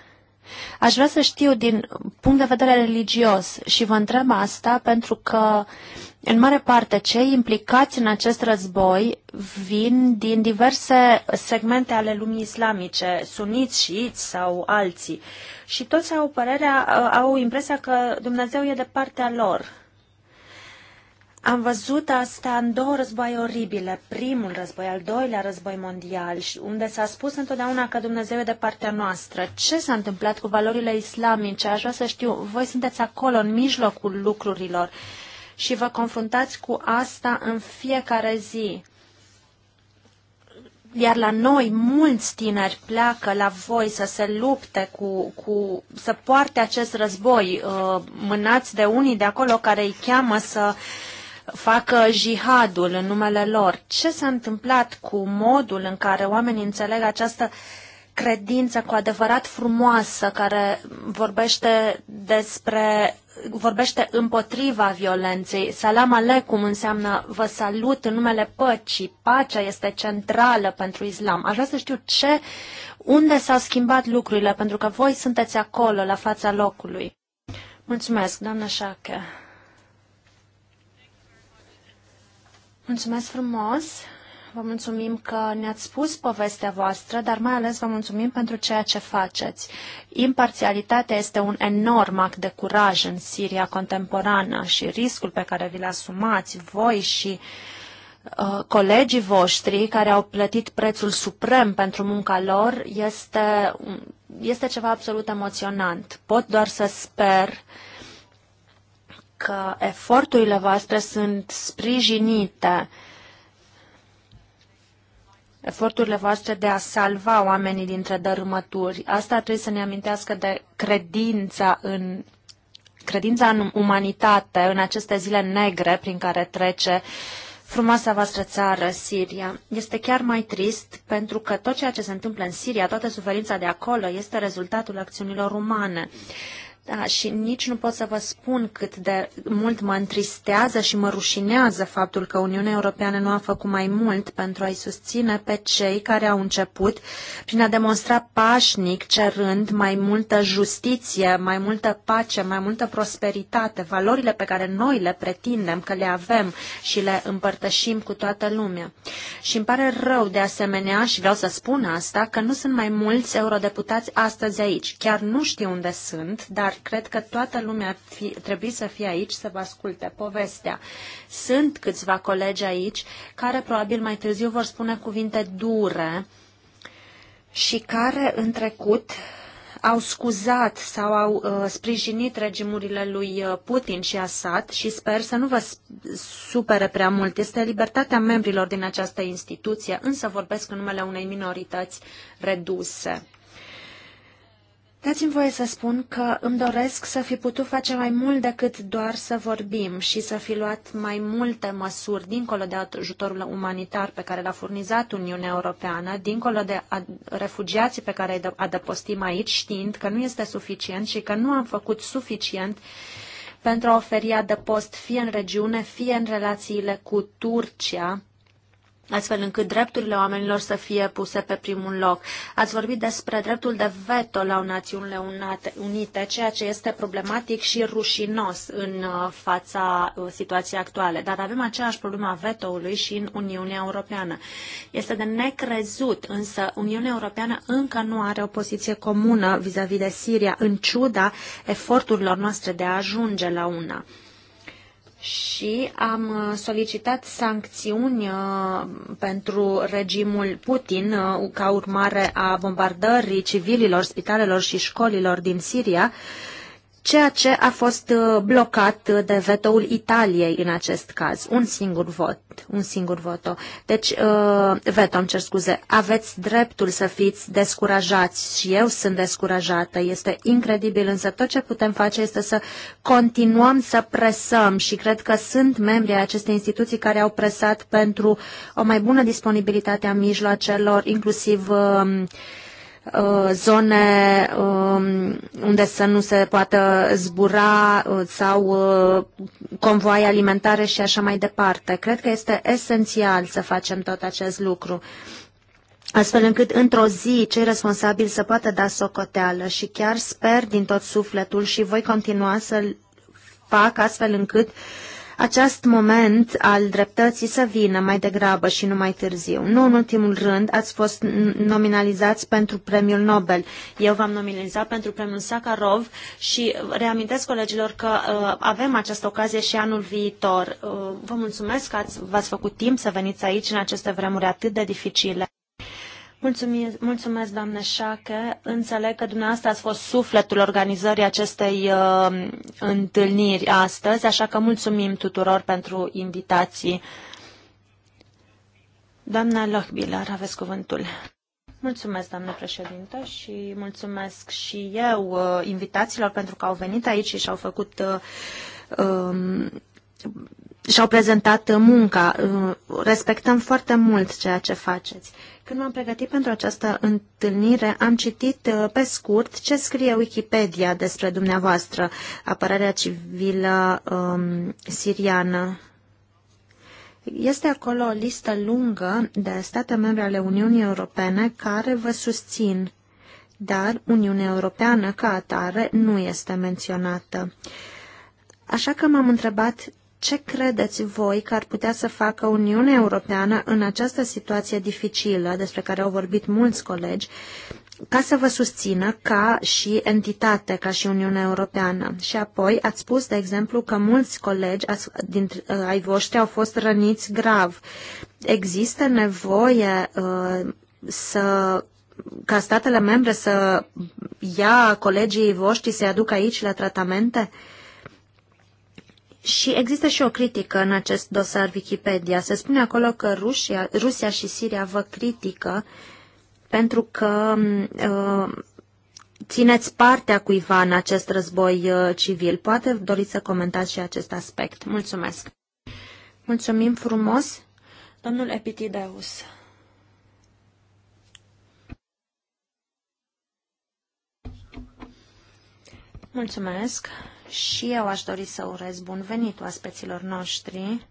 S4: Aș vrea să știu din punct de vedere religios și vă întreb asta pentru că uh, în mare parte, cei implicați în acest război vin din diverse segmente ale lumii islamice, suniți, șiiți sau alții. Și toți au părerea, au impresia că Dumnezeu e de partea lor. Am văzut asta în două războaie oribile, primul război, al doilea război mondial, unde s-a spus întotdeauna că Dumnezeu e de partea noastră. Ce s-a întâmplat cu valorile islamice? Aș vrea să știu, voi sunteți acolo, în mijlocul lucrurilor. Uh, și vă confruntați cu asta în fiecare zi. Iar la noi, mulți tineri pleacă la voi să se lupte cu, cu să poarte acest război, uh, mânați de unii de acolo care îi cheamă să facă jihadul în numele lor. Ce s-a întâmplat cu modul în care oamenii înțeleg această uh, credință cu adevărat frumoasă care vorbește despre vorbește împotriva violenței. Salam alecum înseamnă vă salut în numele păcii. Pacea este centrală pentru islam. Aș vrea să știu ce, unde s-au schimbat lucrurile, pentru că voi sunteți acolo, la fața locului. Mulțumesc, doamnă Șache. Mulțumesc frumos vă mulțumim că ne-ați spus povestea voastră, dar mai ales vă mulțumim pentru ceea ce faceți. Imparțialitatea este un enorm act de curaj în Siria contemporană și riscul pe care vi-l asumați voi și uh, colegii voștri care au plătit prețul suprem pentru munca lor este, este ceva absolut emoționant. Pot doar să sper că eforturile voastre sunt sprijinite eforturile voastre de a salva oamenii dintre dărâmături. Asta trebuie să ne amintească de credința în credința în umanitate în aceste zile negre prin care trece frumoasa voastră țară, Siria. Este chiar mai trist pentru că tot ceea ce se întâmplă în Siria, toată suferința de acolo, este rezultatul acțiunilor umane. Da, și nici nu pot să vă spun cât de mult mă întristează și mă rușinează faptul că Uniunea Europeană nu a făcut mai mult pentru a-i susține pe cei care au început prin a demonstra pașnic, cerând mai multă justiție, mai multă pace, mai multă prosperitate, valorile pe care noi le pretindem că le avem și le împărtășim cu toată lumea. Și îmi pare rău de asemenea, și vreau să spun asta, că nu sunt mai mulți eurodeputați astăzi aici. Chiar nu știu unde sunt, dar Cred că toată lumea ar fi, trebui să fie aici să vă asculte povestea. Sunt câțiva colegi aici care probabil mai târziu vor spune cuvinte dure și care în trecut au scuzat sau au uh, sprijinit regimurile lui uh, Putin și Assad și sper să nu vă supere prea mult. Este libertatea membrilor din această instituție, însă vorbesc în numele unei minorități reduse. Dați-mi voie să spun că îmi doresc să fi putut face mai mult decât doar să vorbim și să fi luat mai multe măsuri dincolo de ajutorul umanitar pe care l-a furnizat Uniunea Europeană, dincolo de refugiații pe care îi adăpostim aici, știind că nu este suficient și că nu am făcut suficient pentru a oferi adăpost fie în regiune, fie în relațiile cu Turcia, astfel încât drepturile oamenilor să fie puse pe primul loc. Ați vorbit despre dreptul de veto la Națiunile Unite, ceea ce este problematic și rușinos în uh, fața uh, situației actuale. Dar avem aceeași problemă a vetoului și în Uniunea Europeană. Este de necrezut, însă Uniunea Europeană încă nu are o poziție comună vis-a-vis -vis de Siria, în ciuda eforturilor noastre de a ajunge la una și am uh, solicitat sancțiuni uh, pentru regimul Putin uh, ca urmare a bombardării civililor, spitalelor și școlilor din Siria ceea ce a fost uh, blocat de vetoul Italiei în acest caz. Un singur vot, un singur voto. Deci, uh, veto, îmi cer scuze, aveți dreptul să fiți descurajați și eu sunt descurajată. Este incredibil, însă tot ce putem face este să continuăm să presăm și cred că sunt membri ai acestei instituții care au presat pentru o mai bună disponibilitate a mijloacelor, inclusiv uh, Uh, zone um, unde să nu se poată zbura uh, sau uh, convoaie alimentare și așa mai departe. Cred că este esențial să facem tot acest lucru astfel încât într-o zi cei responsabili să poată da socoteală și chiar sper din tot sufletul și voi continua să fac astfel încât uh, acest moment al dreptății să vină mai degrabă și nu mai târziu. Nu în ultimul rând ați fost nominalizați pentru premiul Nobel. Eu v-am nominalizat pentru premiul Sakharov și reamintesc colegilor că uh, avem această ocazie și anul viitor. Uh, vă mulțumesc că ați, v-ați făcut timp să veniți aici în aceste vremuri atât de dificile. Mulțumesc mulțumesc, doamne Șache. Înțeleg că dumneavoastră ați fost sufletul organizării acestei uh, întâlniri astăzi, așa că mulțumim tuturor pentru invitații. Doamna Lohbilar, aveți cuvântul. Mulțumesc, doamnă președintă, și mulțumesc și eu uh, invitațiilor pentru că au venit aici și și-au făcut uh, um, și-au prezentat munca. Uh, respectăm foarte mult ceea ce faceți. Când m-am pregătit pentru această întâlnire, am citit uh, pe scurt ce scrie Wikipedia despre dumneavoastră, apărarea civilă um, siriană. Este acolo o listă lungă de state membre ale Uniunii Europene care vă susțin, dar Uniunea Europeană ca atare nu este menționată. Așa că m-am întrebat ce credeți voi că ar putea să facă Uniunea Europeană în această situație dificilă despre care au vorbit mulți colegi ca să vă susțină ca și entitate, ca și Uniunea Europeană. Și apoi ați spus, de exemplu, că mulți colegi dintre, uh, ai voștri au fost răniți grav. Există nevoie uh, să ca statele membre să ia colegii voștri să-i aducă aici la tratamente? Uh, și există și o critică în acest dosar Wikipedia. Se spune acolo că Rusia, Rusia și Siria vă critică pentru că uh, țineți partea cuiva în acest război uh, civil. Poate doriți să comentați și acest aspect. Mulțumesc. Mulțumim frumos, domnul Epitideus. Mulțumesc. Și eu aș dori să urez bun venit oaspeților noștri.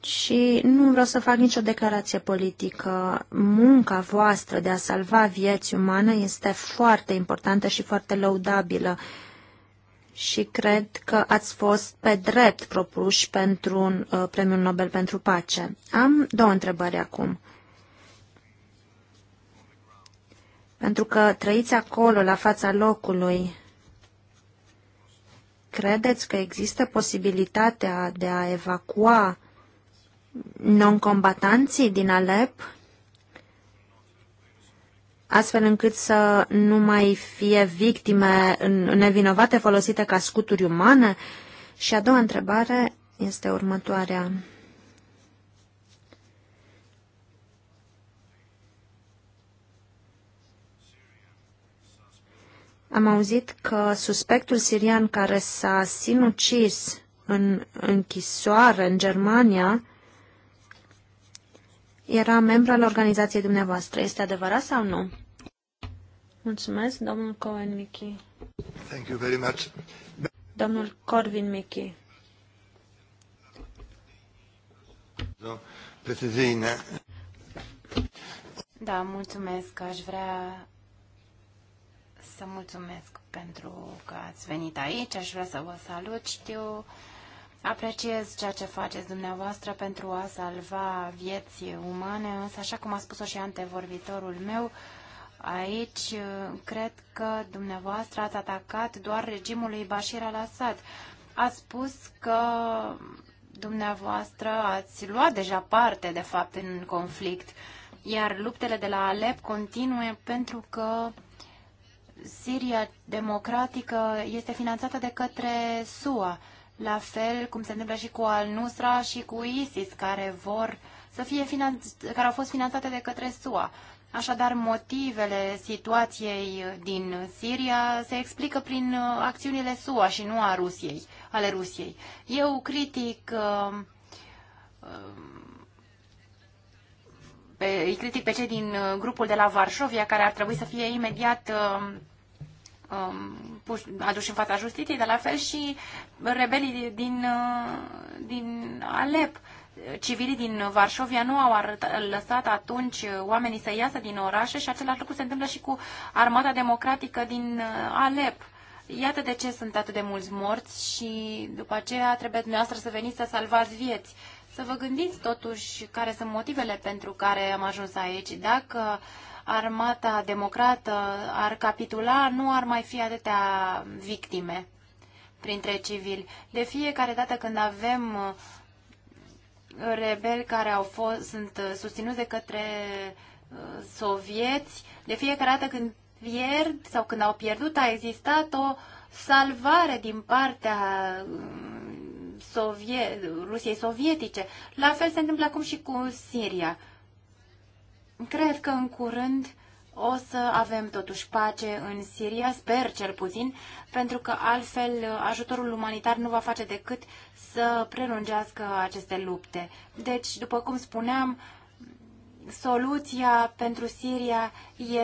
S4: și nu vreau să fac nicio declarație politică. Munca voastră de a salva vieți umane este foarte importantă și foarte lăudabilă și cred că ați fost pe drept propuși pentru un uh, premiul Nobel pentru pace. Am două întrebări acum. Pentru că trăiți acolo, la fața locului, credeți că există posibilitatea de a evacua non-combatanții din Alep astfel încât să nu mai fie victime nevinovate folosite ca scuturi umane? Și a doua întrebare este următoarea. Am auzit că suspectul sirian care s-a sinucis în închisoare în Germania era membru al organizației dumneavoastră. Este adevărat sau nu? Mulțumesc, domnul Cohen miki
S3: Thank you very much.
S4: Domnul Corvin miki
S2: Da, mulțumesc. Aș vrea să mulțumesc pentru că ați venit aici. Aș vrea să vă salut. Știu Apreciez ceea ce faceți dumneavoastră pentru a salva vieți umane, însă, așa cum a spus-o și antevorbitorul meu, aici uh, cred că dumneavoastră ați atacat doar regimul lui Bashir al-Assad. A spus că dumneavoastră ați luat deja parte, de fapt, în conflict, iar luptele de la Alep continuă pentru că Siria democratică este finanțată de către SUA la fel cum se întâmplă și cu Al-Nusra și cu ISIS, care vor să fie finanț- care au fost finanțate de către SUA. Așadar, motivele situației din Siria se explică prin uh, acțiunile SUA și nu a Rusiei, ale Rusiei. Eu critic uh, uh, pe, critic pe cei din uh, grupul de la Varșovia, care ar trebui să fie imediat uh, um, puși, aduși în fața justiției, dar la fel și rebelii din, uh, din Alep. Civilii din Varșovia nu au lăsat atunci oamenii să iasă din orașe și același lucru se întâmplă și cu armata democratică din uh, Alep. Iată de ce sunt atât de mulți morți și după aceea trebuie dumneavoastră să veniți să salvați vieți. Să vă gândiți totuși care sunt motivele pentru care am ajuns aici. Dacă uh, armata democrată ar capitula, nu ar mai fi atâtea victime printre civili. De fiecare dată când avem uh, rebeli care au fost, sunt uh, susținuți de către uh, sovieți, de fiecare dată când pierd sau când au pierdut a existat o salvare din partea Sovie- Rusiei sovietice. La fel se întâmplă acum și cu Siria. Cred că în curând o să avem totuși pace în Siria, sper cel puțin, pentru că altfel uh, ajutorul umanitar nu va face decât să prelungească aceste lupte. Deci, după cum spuneam, soluția pentru Siria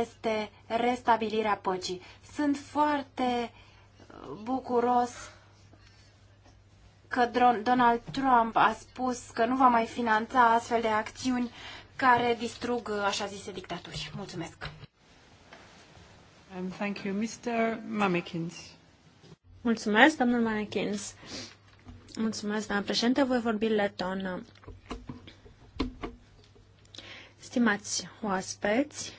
S2: este restabilirea păcii. Sunt foarte uh, bucuros că Donald Trump a spus că nu va mai finanța astfel de acțiuni care distrug așa zise dictaturi. Mulțumesc!
S1: Um,
S4: thank
S3: you, Mr.
S4: Mamikins. Mulțumesc, domnul Mamikins. Mulțumesc, doamna președinte. Voi vorbi letonă. Stimați oaspeți,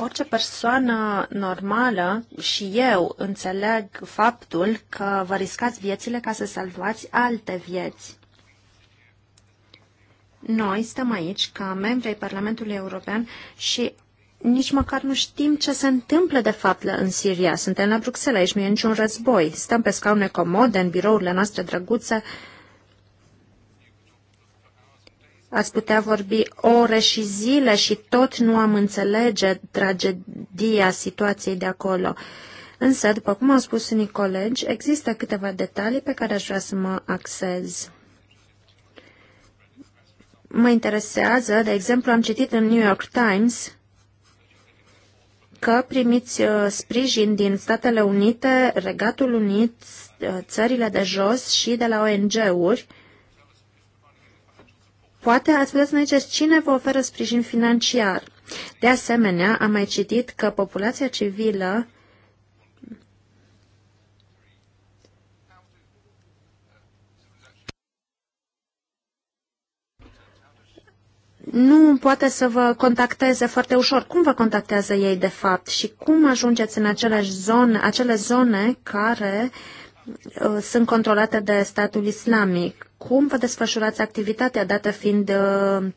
S4: Orice persoană normală și eu înțeleg faptul că vă riscați viețile ca să salvați alte vieți. Noi stăm aici ca membri ai Parlamentului European și nici măcar nu știm ce se întâmplă de fapt în Siria. Suntem la Bruxelles, aici nu e niciun război. Stăm pe scaune comode, în birourile noastre drăguțe, uh, Ați putea vorbi ore și zile și tot nu am înțelege tragedia situației de acolo. Însă, după cum au spus unii colegi, există câteva detalii pe care aș vrea să mă axez. Mă interesează, de exemplu, am citit în New York Times că primiți uh, sprijin din Statele Unite, Regatul Unit, uh, țările de jos și de la ONG-uri, Poate ați vrea să ne ziceți cine vă oferă sprijin financiar. De asemenea, am mai citit că populația civilă nu poate să vă contacteze foarte ușor. Cum vă contactează ei, de fapt, și cum ajungeți în aceleași zone, acele zone care uh, Uh, sunt controlate de statul islamic. Cum vă desfășurați activitatea, dată fiind uh,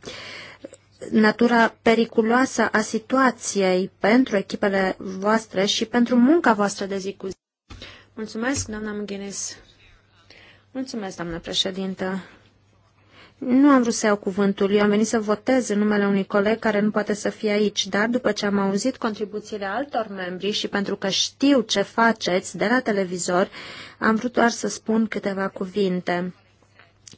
S4: natura periculoasă a situației pentru echipele voastre și pentru munca voastră de zi cu zi? Mulțumesc, doamna Mughinis. Mulțumesc, doamnă președintă. Nu am vrut să iau cuvântul, eu am venit să votez în numele unui coleg care nu poate să fie aici, dar după ce am auzit contribuțiile altor membri și pentru că știu ce faceți de la televizor, am vrut doar să spun câteva cuvinte.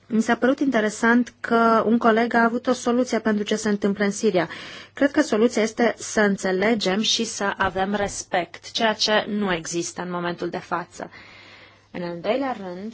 S4: Mi s-a părut interesant că un coleg a avut o soluție pentru ce se întâmplă în Siria. Cred că soluția este să înțelegem și să avem respect, ceea ce nu există în momentul de față. În al doilea rând,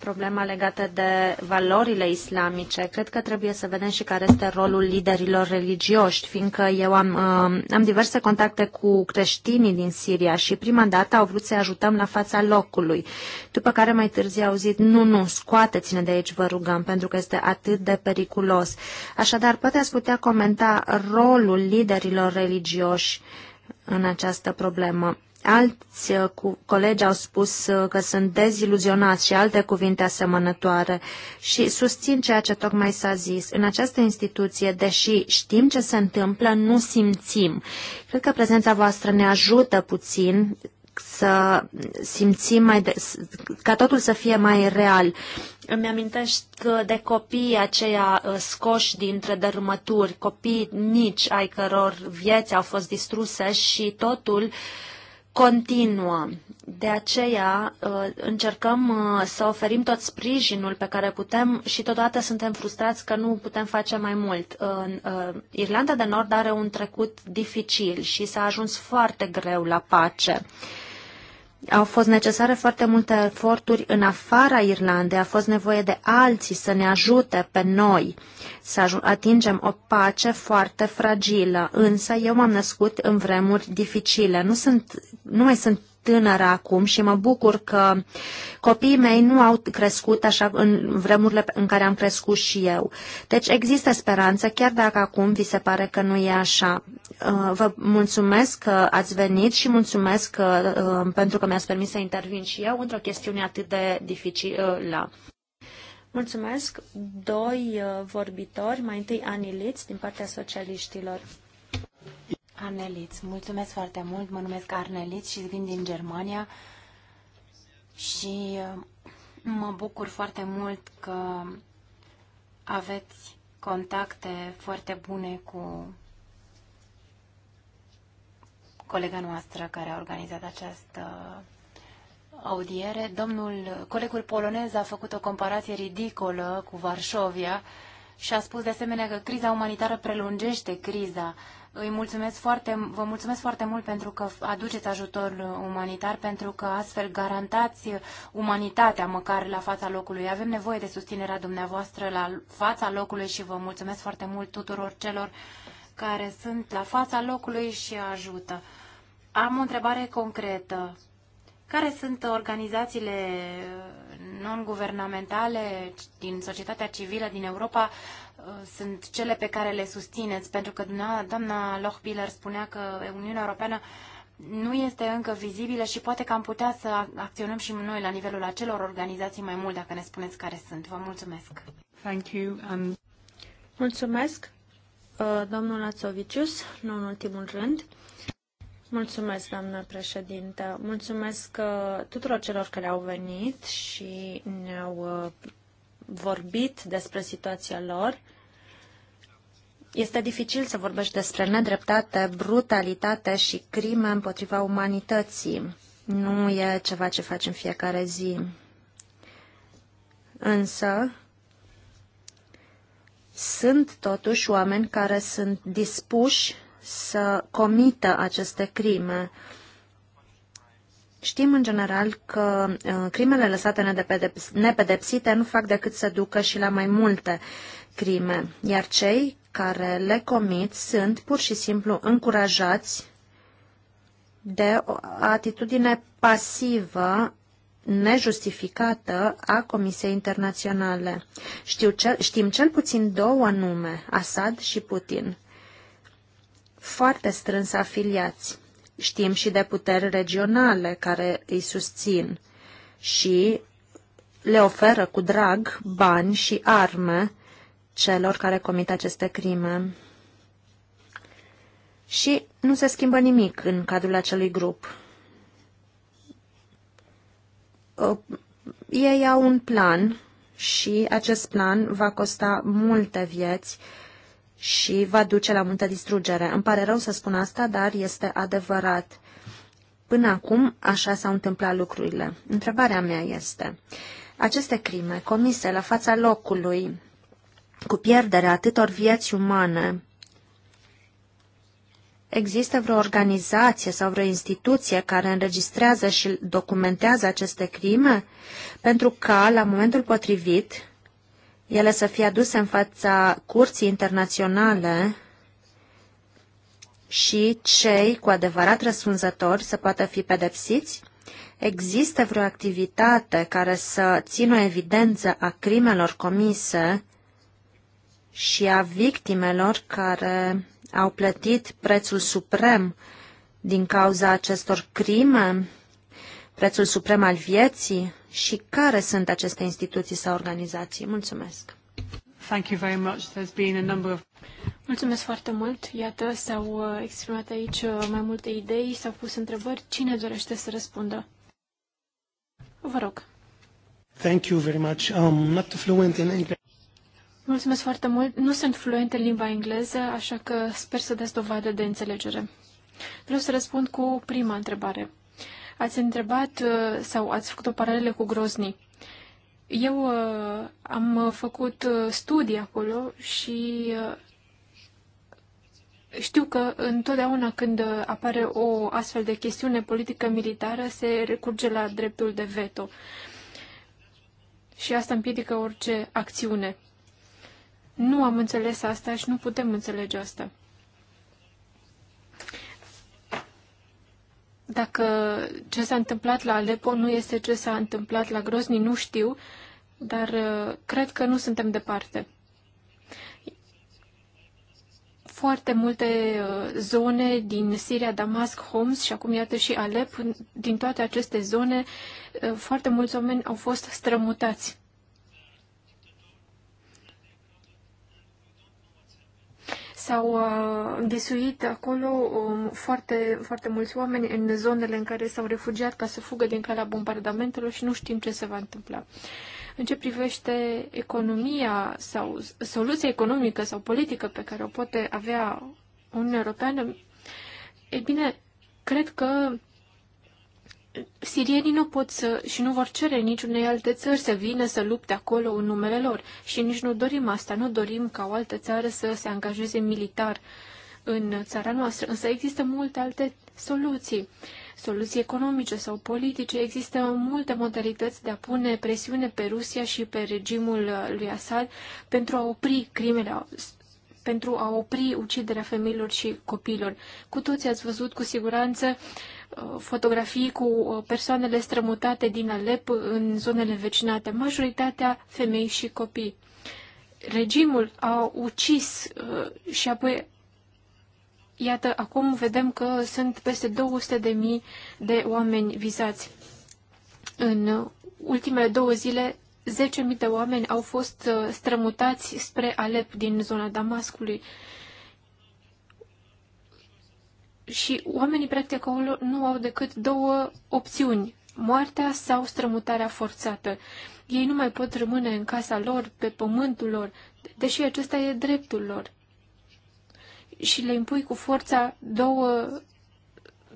S4: problema legată de valorile islamice, cred că trebuie să vedem și care este rolul liderilor religioși, fiindcă eu am, um, am diverse contacte cu creștinii din Siria și prima dată au vrut să-i ajutăm la fața locului, după care mai târziu au zis, nu, nu, scoateți-ne de aici, vă rugăm, pentru că este atât de periculos. Așadar, poate ați putea comenta rolul liderilor religioși în această problemă. Alți uh, cu, colegi au spus uh, că sunt deziluzionați și alte cuvinte asemănătoare și susțin ceea ce tocmai s-a zis. În această instituție, deși știm ce se întâmplă, nu simțim. Cred că prezența voastră ne ajută puțin să simțim mai de, ca totul să fie mai real. Îmi amintești de copiii aceia uh, scoși dintre dărâmături, copii mici ai căror vieți au fost distruse și totul uh, continuă. De aceea uh, încercăm uh, să oferim tot sprijinul pe care putem și totodată suntem frustrați că nu putem face mai mult. Uh, Irlanda de Nord are un trecut dificil și s-a ajuns foarte greu la pace. Au fost necesare foarte multe eforturi în afara Irlandei, a fost nevoie de alții să ne ajute pe noi să atingem o pace foarte fragilă. Însă eu m-am născut în vremuri dificile. Nu, sunt, nu mai sunt tânără acum și mă bucur că copiii mei nu au crescut așa în vremurile în care am crescut și eu. Deci există speranță, chiar dacă acum vi se pare că nu e așa. Uh, vă mulțumesc că ați venit și mulțumesc că, uh, uh, pentru că mi-ați permis să intervin și eu într-o chestiune atât de dificilă. Mulțumesc. Doi vorbitori, mai
S2: întâi Ani din partea socialiștilor. Arneliț, mulțumesc foarte mult. Mă numesc Arneliț și vin din Germania și uh, mă bucur foarte mult că aveți contacte foarte bune cu colega noastră care a organizat această audiere. Domnul, colegul polonez a făcut o comparație ridicolă cu Varșovia și a spus de asemenea că criza umanitară prelungește criza îi mulțumesc foarte, vă mulțumesc foarte mult pentru că aduceți ajutor umanitar, pentru că astfel garantați umanitatea măcar la fața locului. Avem nevoie de susținerea dumneavoastră la fața locului și vă mulțumesc foarte mult tuturor celor care sunt la fața locului și ajută. Am o întrebare concretă. Care sunt organizațiile non-guvernamentale din societatea civilă din Europa sunt cele pe care le susțineți, pentru că doamna Lochbiller spunea că Uniunea Europeană nu este încă vizibilă și poate că am putea să acționăm și noi la nivelul acelor organizații mai mult, dacă ne spuneți care sunt. Vă mulțumesc! Thank you. Um...
S4: Mulțumesc, uh, domnul Lațovicius, nu în ultimul rând. Mulțumesc, doamnă președintă. Mulțumesc uh, tuturor celor care au venit și ne-au uh, vorbit despre situația lor. Este dificil să vorbești despre nedreptate, brutalitate și crime împotriva umanității. Nu e ceva ce facem fiecare zi. Însă, sunt totuși oameni care sunt dispuși să comită aceste crime Știm în general că uh, crimele lăsate nepedepsite nu fac decât să ducă și la mai multe crime, iar cei care le comit sunt pur și simplu încurajați de o atitudine pasivă nejustificată a Comisiei Internaționale. Știu cel, știm cel puțin două nume, Assad și Putin, foarte strâns afiliați. Știm și de puteri regionale care îi susțin și le oferă cu drag bani și arme celor care comit aceste crime. Și nu se schimbă nimic în cadrul acelui grup. Ei au un plan și acest plan va costa multe vieți și va duce la multă distrugere. Îmi pare rău să spun asta, dar este adevărat. Până acum, așa s-au întâmplat lucrurile. Întrebarea mea este, aceste crime comise la fața locului, cu pierderea atâtor vieți umane, Există vreo organizație sau vreo instituție care înregistrează și documentează aceste crime? Pentru ca, la momentul potrivit, ele să fie aduse în fața curții internaționale și cei cu adevărat răspunzători să poată fi pedepsiți? Există vreo activitate care să țină evidență a crimelor comise și a victimelor care au plătit prețul suprem din cauza acestor crime, prețul suprem al vieții? și care sunt aceste instituții sau organizații. Mulțumesc!
S1: Thank you very much. There's been a number of...
S3: Mulțumesc foarte mult. Iată, s-au uh, exprimat aici uh, mai multe idei, s-au pus întrebări. Cine dorește să răspundă? Vă rog.
S1: Thank you very much. I'm um, not fluent in English.
S3: Mulțumesc foarte mult. Nu sunt fluent în limba engleză, așa că sper să dați dovadă de înțelegere. Vreau să răspund cu prima întrebare. Ați întrebat uh, sau ați făcut o paralelă cu Grozny. Eu uh, am făcut uh, studii acolo și știu că întotdeauna când apare o astfel de chestiune politică militară se recurge la dreptul de veto. Și asta împiedică orice acțiune. Nu am înțeles asta și nu putem înțelege asta. Dacă ce s-a întâmplat la Alepo nu este ce s-a întâmplat la Grozny, nu știu, dar uh, cred că nu suntem departe. Foarte multe uh, zone din Siria, Damasc, Homs și acum iată și Alep, din toate aceste zone, uh, foarte mulți oameni au fost strămutați. S-au uh, înghesuit acolo um, foarte, foarte mulți oameni în zonele în care s-au refugiat ca să fugă din calea bombardamentelor și nu știm ce se va întâmpla. În ce privește economia sau soluția economică sau politică pe care o poate avea Uniunea Europeană, e bine, cred că sirienii nu pot să și nu vor cere niciunei alte țări să vină să lupte acolo în numele lor și nici nu dorim asta, nu dorim ca o altă țară să se angajeze militar în țara noastră, însă există multe alte soluții, soluții economice sau politice, există multe modalități de a pune presiune pe Rusia și pe regimul lui Assad pentru a opri crimele pentru a opri uciderea femeilor și copiilor. Cu toții ați văzut cu siguranță uh, Uh, fotografii cu uh, persoanele strămutate din Alep în zonele vecinate, majoritatea femei și copii. Regimul a ucis uh, și apoi, iată, acum vedem că sunt peste 200.000 de oameni vizați. În ultimele două zile, 10.000 de oameni au fost strămutați spre Alep din zona Damascului și oamenii practic acolo nu au decât două opțiuni, moartea sau strămutarea forțată. Ei nu mai pot rămâne în casa lor, pe pământul lor, deși acesta e dreptul lor. Și le impui cu forța două,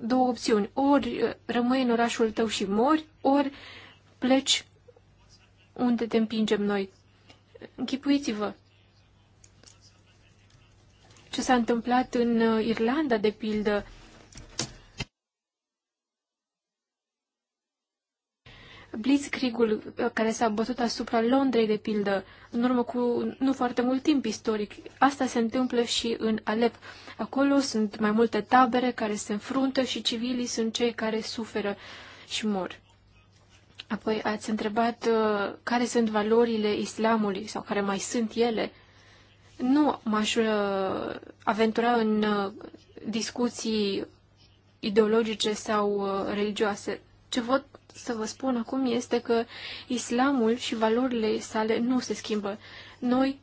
S3: două opțiuni. Ori uh, rămâi în orașul tău și mori, ori pleci unde te împingem noi. Închipuiți-vă, ce s-a întâmplat în uh, Irlanda, de pildă. Blitzkriegul uh, care s-a bătut asupra Londrei, de pildă, în urmă cu nu foarte mult timp istoric. Asta se întâmplă și în Alep. Acolo sunt mai multe tabere care se înfruntă și civilii sunt cei care suferă și mor. Apoi ați întrebat uh, care sunt valorile islamului sau care mai sunt ele. Nu m-aș uh, aventura în uh, discuții ideologice sau uh, religioase. Ce văd să vă spun acum este că islamul și valorile sale nu se schimbă. Noi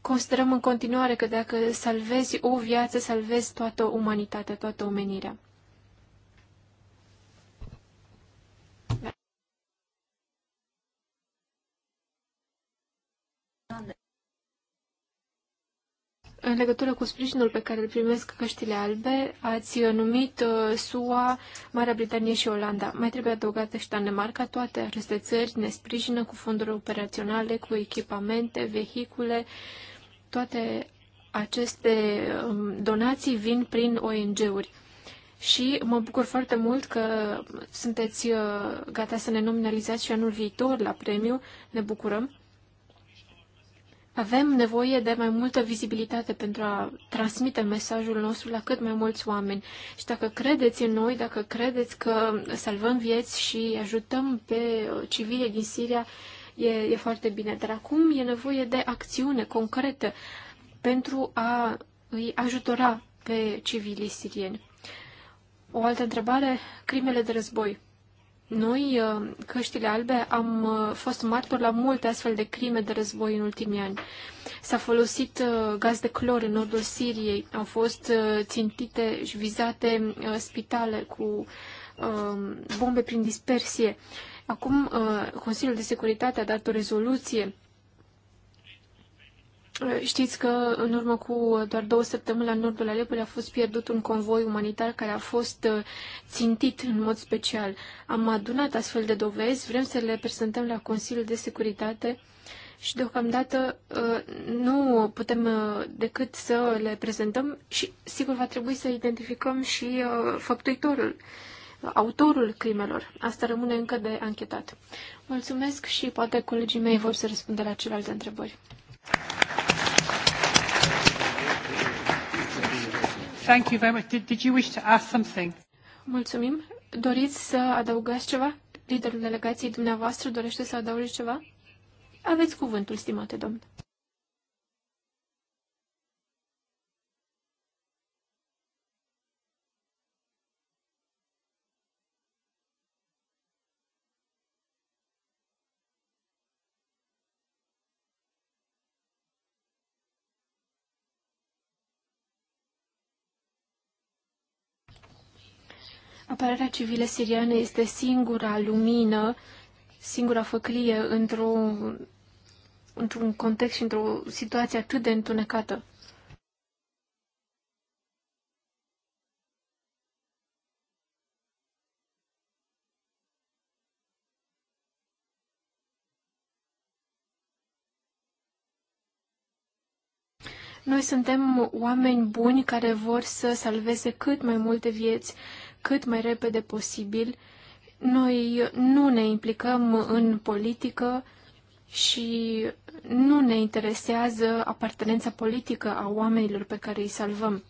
S3: considerăm în continuare că dacă salvezi o viață, salvezi toată umanitatea, toată omenirea. În legătură cu sprijinul pe care îl primesc căștile albe, ați uh, numit uh, SUA, Marea Britanie și Olanda. Mai trebuie adăugată și Danemarca. Toate aceste țări ne sprijină cu fonduri operaționale, cu echipamente, vehicule. Toate aceste um, donații vin prin ONG-uri. Și mă bucur foarte mult că sunteți uh, gata să ne nominalizați și anul viitor la premiu. Ne bucurăm. Avem nevoie de mai multă vizibilitate pentru a transmite mesajul nostru la cât mai mulți oameni. Și dacă credeți în noi, dacă credeți că salvăm vieți și ajutăm pe civile din Siria, e, e foarte bine. Dar acum e nevoie de acțiune concretă pentru a îi ajutora pe civilii sirieni. O altă întrebare, crimele de război. Noi, uh, căștile albe, am uh, fost martori la multe astfel de crime de război în ultimii ani. S-a folosit uh, gaz de clor în nordul Siriei, au fost țintite și vizate spitale cu um, bombe prin dispersie. Acum Consiliul de Securitate a dat o rezoluție Știți că în urmă cu doar două săptămâni la nordul Alepului a fost pierdut un convoi umanitar care a fost uh, țintit în mod special. Am adunat astfel de dovezi, vrem să le prezentăm la Consiliul de Securitate și deocamdată uh, nu putem uh, decât să le prezentăm și sigur va trebui să identificăm și făptuitorul, autorul crimelor. Asta rămâne încă de anchetat. Mulțumesc și poate colegii mei vor să răspundă la celelalte întrebări. Thank you very much. Did, did you wish to ask something? Mulțumim. Doriți să adăugați ceva? Liderul delegației dumneavoastră dorește să adauge ceva? Aveți cuvântul, stimate domnule. Apărarea civilă siriană este singura lumină, singura făclie într-o, într-un context și într-o situație atât de întunecată. Noi suntem oameni buni care vor să salveze cât mai multe vieți cât mai repede posibil. Noi nu ne implicăm în politică și nu ne interesează apartenența politică a oamenilor pe care îi salvăm.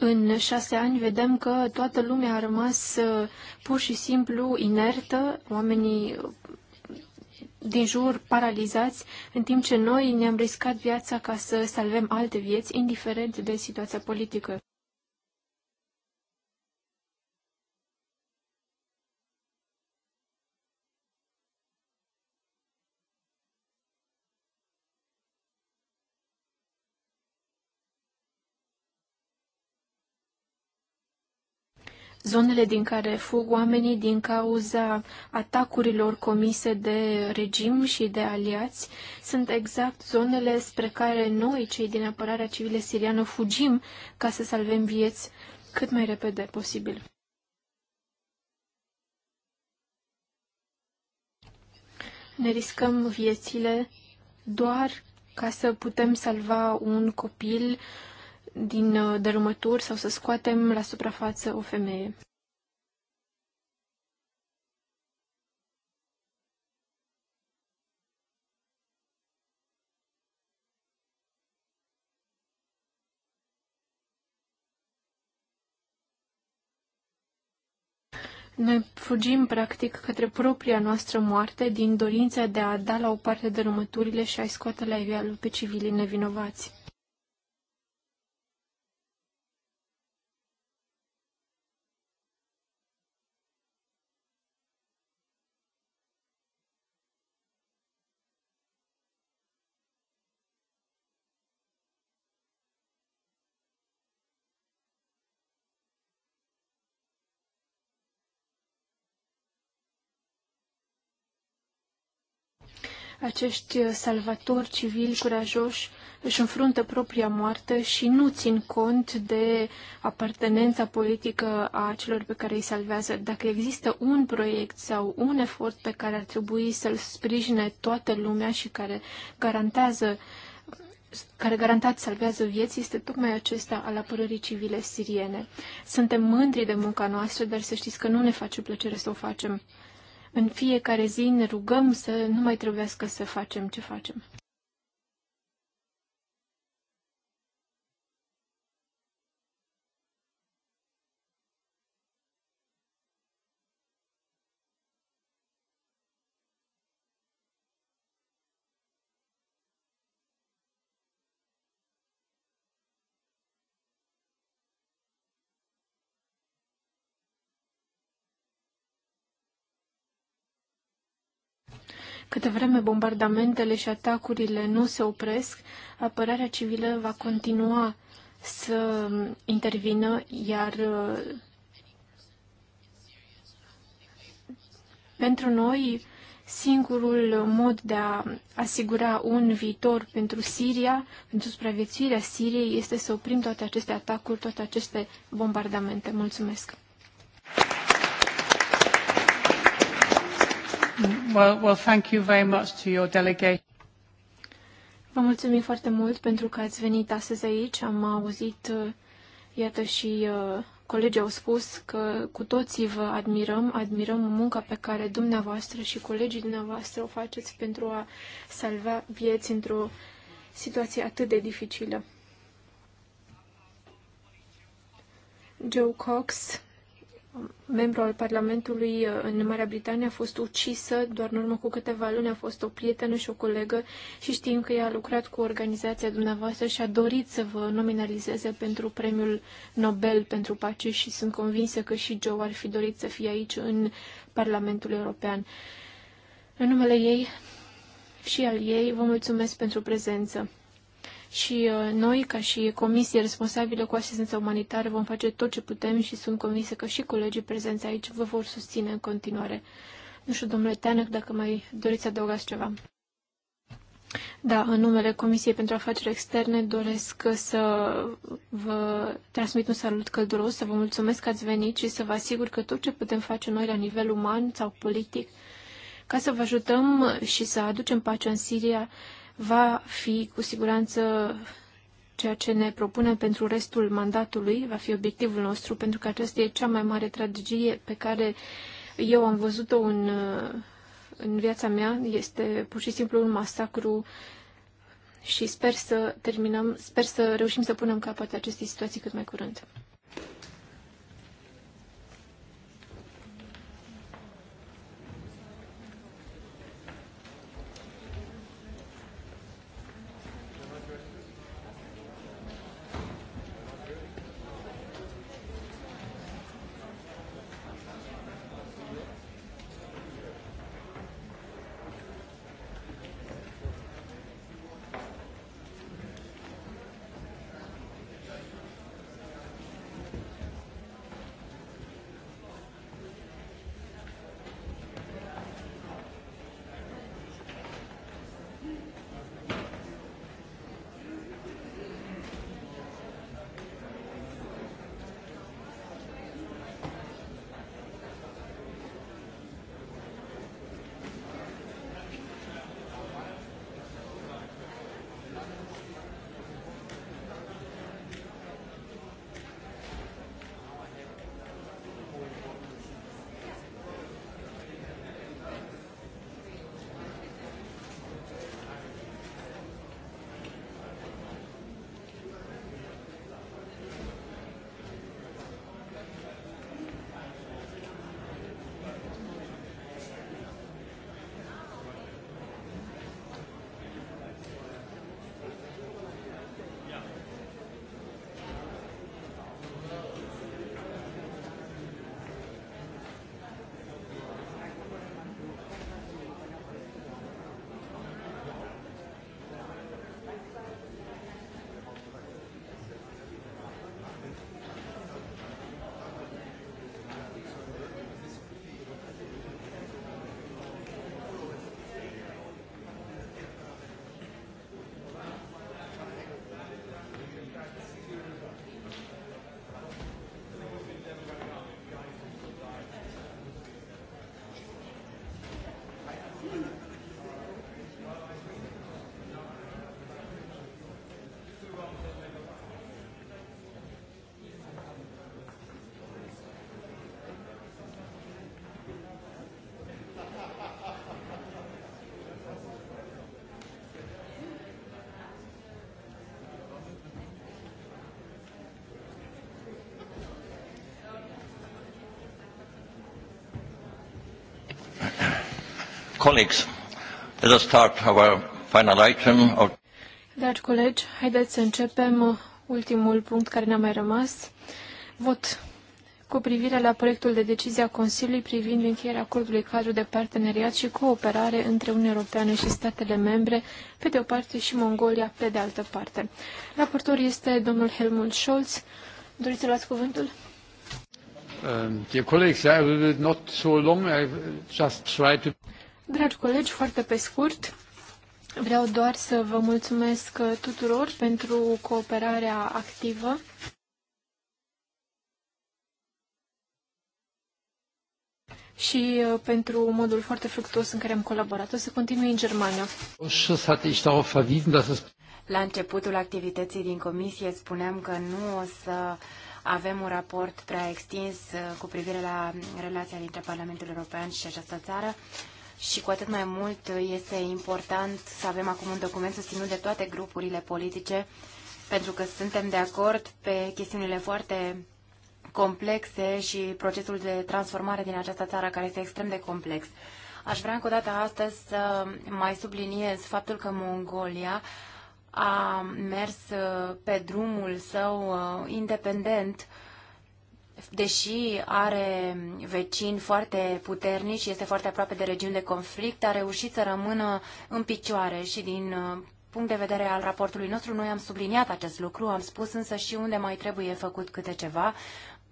S3: În șase ani vedem că toată lumea a rămas uh, pur și simplu inertă, oamenii uh, din jur paralizați, în timp ce noi ne-am riscat viața ca să salvem alte vieți, indiferent de situația politică. zonele din care fug oamenii din cauza atacurilor comise de regim și de aliați sunt exact zonele spre care noi, cei din apărarea civilă siriană, fugim ca să salvem vieți cât mai repede posibil. Ne riscăm viețile doar ca să putem salva un copil, uh, din uh, dărâmături sau să scoatem la suprafață o femeie. Noi fugim, practic, către propria noastră moarte din dorința de a da la o parte dărâmăturile și a-i scoate la iveală pe civilii nevinovați. Acești uh, salvatori civili curajoși își înfruntă propria moarte și nu țin cont de apartenența politică a celor pe care îi salvează. Dacă există un proiect sau un efort pe care ar trebui să-l sprijine toată lumea și care garantează care garantat salvează vieți este tocmai acesta al apărării civile siriene. Suntem mândri de munca noastră, dar să știți că nu ne face plăcere să o facem în fiecare zi ne rugăm să nu mai trebuiască să facem ce facem. Câte vreme bombardamentele și atacurile nu se opresc, apărarea civilă va continua să intervină, iar uh, pentru noi singurul mod de a asigura un viitor pentru Siria, pentru supraviețuirea Siriei, este să oprim toate aceste atacuri, toate aceste bombardamente. Mulțumesc! Vă mulțumim foarte mult pentru că ați venit astăzi aici. Am auzit, uh, iată și uh, colegii au spus că cu toții vă admirăm, admirăm munca pe care dumneavoastră și colegii dumneavoastră o faceți pentru a salva vieți într-o situație atât de dificilă. Joe Cox membru al Parlamentului uh, în Marea Britanie a fost ucisă, doar în urmă cu câteva luni a fost o prietenă și o colegă și știm că ea a lucrat cu organizația dumneavoastră și a dorit să vă nominalizeze pentru premiul Nobel pentru pace și sunt convinsă că și Joe ar fi dorit să fie aici în Parlamentul European. În numele ei și al ei vă mulțumesc pentru prezență și uh, noi, ca și comisie responsabilă cu asistența umanitară, vom face tot ce putem și sunt convinsă că și colegii prezenți aici vă vor susține în continuare. Nu știu, domnule Teanec, dacă mai doriți să adăugați ceva. Da, în numele Comisiei pentru Afaceri Externe doresc să vă transmit un salut călduros, să vă mulțumesc că ați venit și să vă asigur că tot ce putem face noi la nivel uman sau politic ca să vă ajutăm și să aducem pace în Siria va fi cu siguranță ceea ce ne propunem pentru restul mandatului, va fi obiectivul nostru, pentru că aceasta e cea mai mare tragedie pe care eu am văzut-o în, în viața mea. Este pur și simplu un masacru și sper să terminăm, sper să reușim să punem capăt acestei situații cât mai curând. colleagues, let us start our final item. Of... Dragi colegi, haideți să începem ultimul punct care ne-a mai rămas. Vot cu privire la proiectul de decizie a Consiliului privind încheierea acordului cadru de parteneriat și cooperare între Uniunea Europeană și statele membre, pe de o parte, și Mongolia, pe de altă parte. Raportor este domnul Helmut Scholz. Doriți să luați cuvântul? Um, dear colleagues, I will not so long. I just try to... Dragi colegi, foarte pe scurt, vreau doar să vă mulțumesc tuturor pentru cooperarea activă. și uh, pentru modul foarte fructuos în care am colaborat. O să continui în Germania. La
S2: începutul activității din comisie spuneam că nu o să avem un raport prea extins uh, cu privire la relația dintre Parlamentul European și această țară și cu atât mai mult este important să avem acum un document susținut de toate grupurile politice, pentru că suntem de acord pe chestiunile foarte complexe și procesul de transformare din această țară, care este extrem de complex. Aș vrea încă o dată astăzi să mai subliniez faptul că Mongolia a mers uh, pe drumul său uh, independent deși are vecini foarte puternici și este foarte aproape de regiuni de conflict, a reușit să rămână în picioare și din uh, punct de vedere al raportului nostru, noi am subliniat acest lucru, am spus însă și unde mai trebuie făcut câte ceva.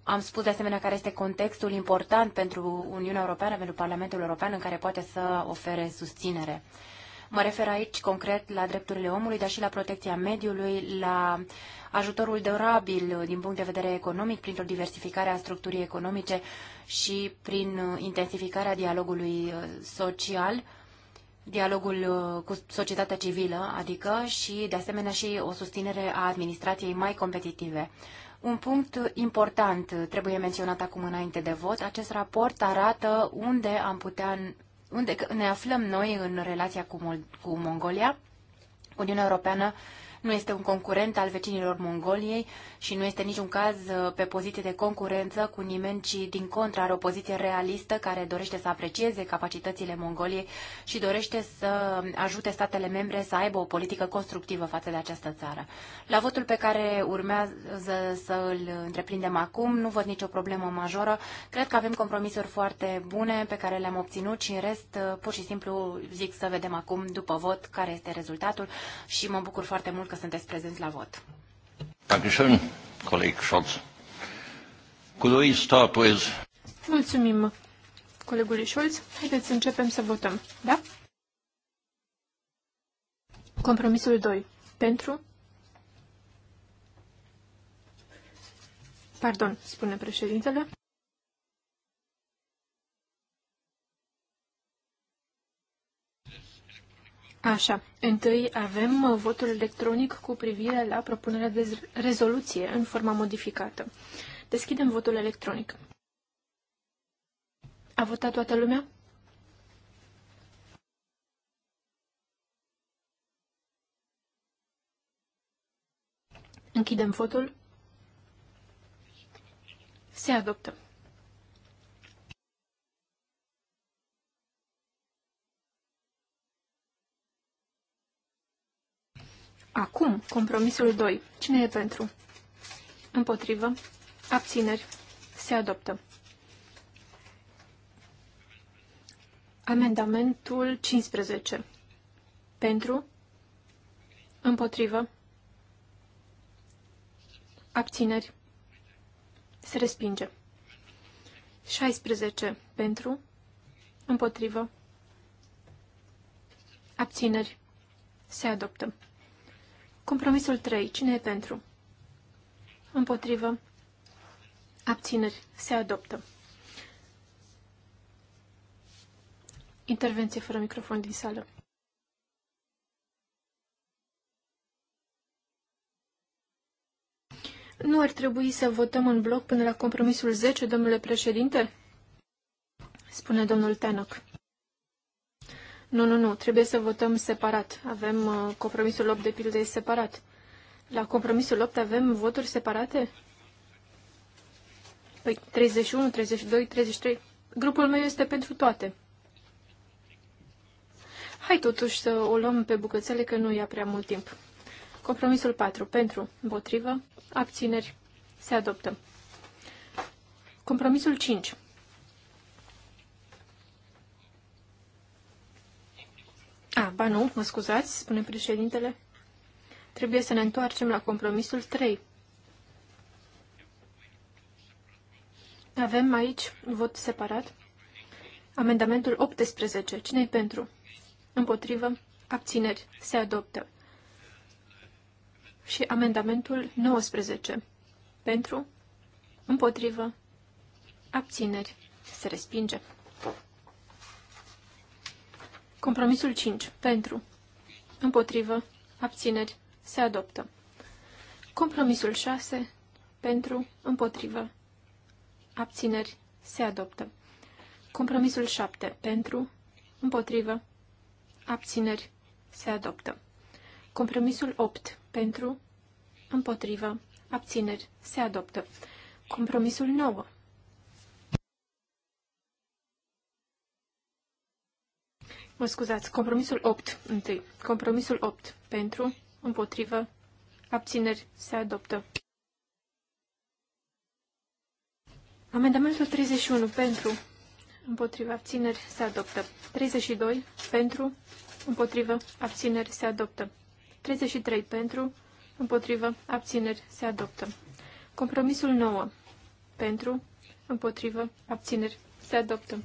S2: Am spus de asemenea care este contextul important pentru Uniunea Europeană, pentru Parlamentul European, în care poate să ofere susținere. Mă refer aici concret la drepturile omului, dar și la protecția mediului, la ajutorul durabil din punct de vedere economic, printr-o diversificare a structurii economice și prin intensificarea dialogului uh, social, dialogul uh, cu societatea civilă, adică și, de asemenea, și o susținere a administrației mai competitive. Un punct important uh, trebuie menționat acum înainte de vot. Acest raport arată unde am putea unde ne aflăm noi în relația cu, Mol- cu Mongolia, Uniunea Europeană nu este un concurent al vecinilor Mongoliei și nu este niciun caz uh, pe poziție de concurență cu nimeni, ci din contra are o poziție realistă care dorește să aprecieze capacitățile Mongoliei și dorește să ajute statele membre să aibă o politică constructivă față de această țară. La votul pe care urmează să îl întreprindem acum, nu văd nicio problemă majoră. Cred că avem compromisuri foarte bune pe care le-am obținut și în rest, uh, pur și simplu, zic să vedem acum, după vot, care este rezultatul și mă bucur foarte mult că
S3: sunteți prezenți la vot. Dankeschön, coleg Scholz. Cui statuez? Mulțumim, colegului Scholz. Haideți să începem să votăm, da? Compromisul 2. Pentru? Pardon, spune președintele. Așa, întâi avem votul electronic cu privire la propunerea de rezoluție în forma modificată. Deschidem votul electronic. A votat toată lumea? Închidem votul. Se adoptă. Acum, compromisul 2. Cine e pentru? Împotrivă. Abțineri. Se adoptă. Amendamentul 15. Pentru. Împotrivă. Abțineri. Se respinge. 16. Pentru. Împotrivă. Abțineri. Se adoptă. Compromisul 3. Cine e pentru? Împotrivă. Abțineri. Se adoptă. Intervenție fără microfon din sală. Nu ar trebui să votăm în bloc până la compromisul 10, domnule președinte? Spune domnul Tenoc. Nu, nu, nu, trebuie să votăm separat. Avem uh, compromisul 8 de pildă separat. La compromisul 8 avem voturi separate? Păi 31, 32, 33. Grupul meu este pentru toate. Hai totuși să o luăm pe bucățele că nu ia prea mult timp. Compromisul 4. Pentru, împotrivă, abțineri, se adoptă. Compromisul 5. A, ba nu, mă scuzați, spune președintele. Trebuie să ne întoarcem la compromisul 3. Avem aici vot separat. Amendamentul 18. cine pentru? Împotrivă. Abțineri. Se adoptă. Și amendamentul 19. Pentru. Împotrivă. Abțineri. Se respinge. Compromisul 5. Pentru. Împotrivă. Abțineri. Se adoptă. Compromisul 6. Pentru. Împotrivă. Abțineri. Se adoptă. Compromisul 7. Pentru. Împotrivă. Abțineri. Se adoptă. Compromisul 8. Pentru. Împotrivă. Abțineri. Se adoptă. Compromisul 9. Mă scuzați, compromisul 8 întâi. Compromisul 8 pentru, împotrivă, abțineri se adoptă. Amendamentul 31 pentru, împotrivă, abțineri se adoptă. 32 pentru, împotrivă, abțineri se adoptă. 33 pentru, împotrivă, abțineri se adoptă. Compromisul 9 pentru, împotrivă, abțineri se adoptă.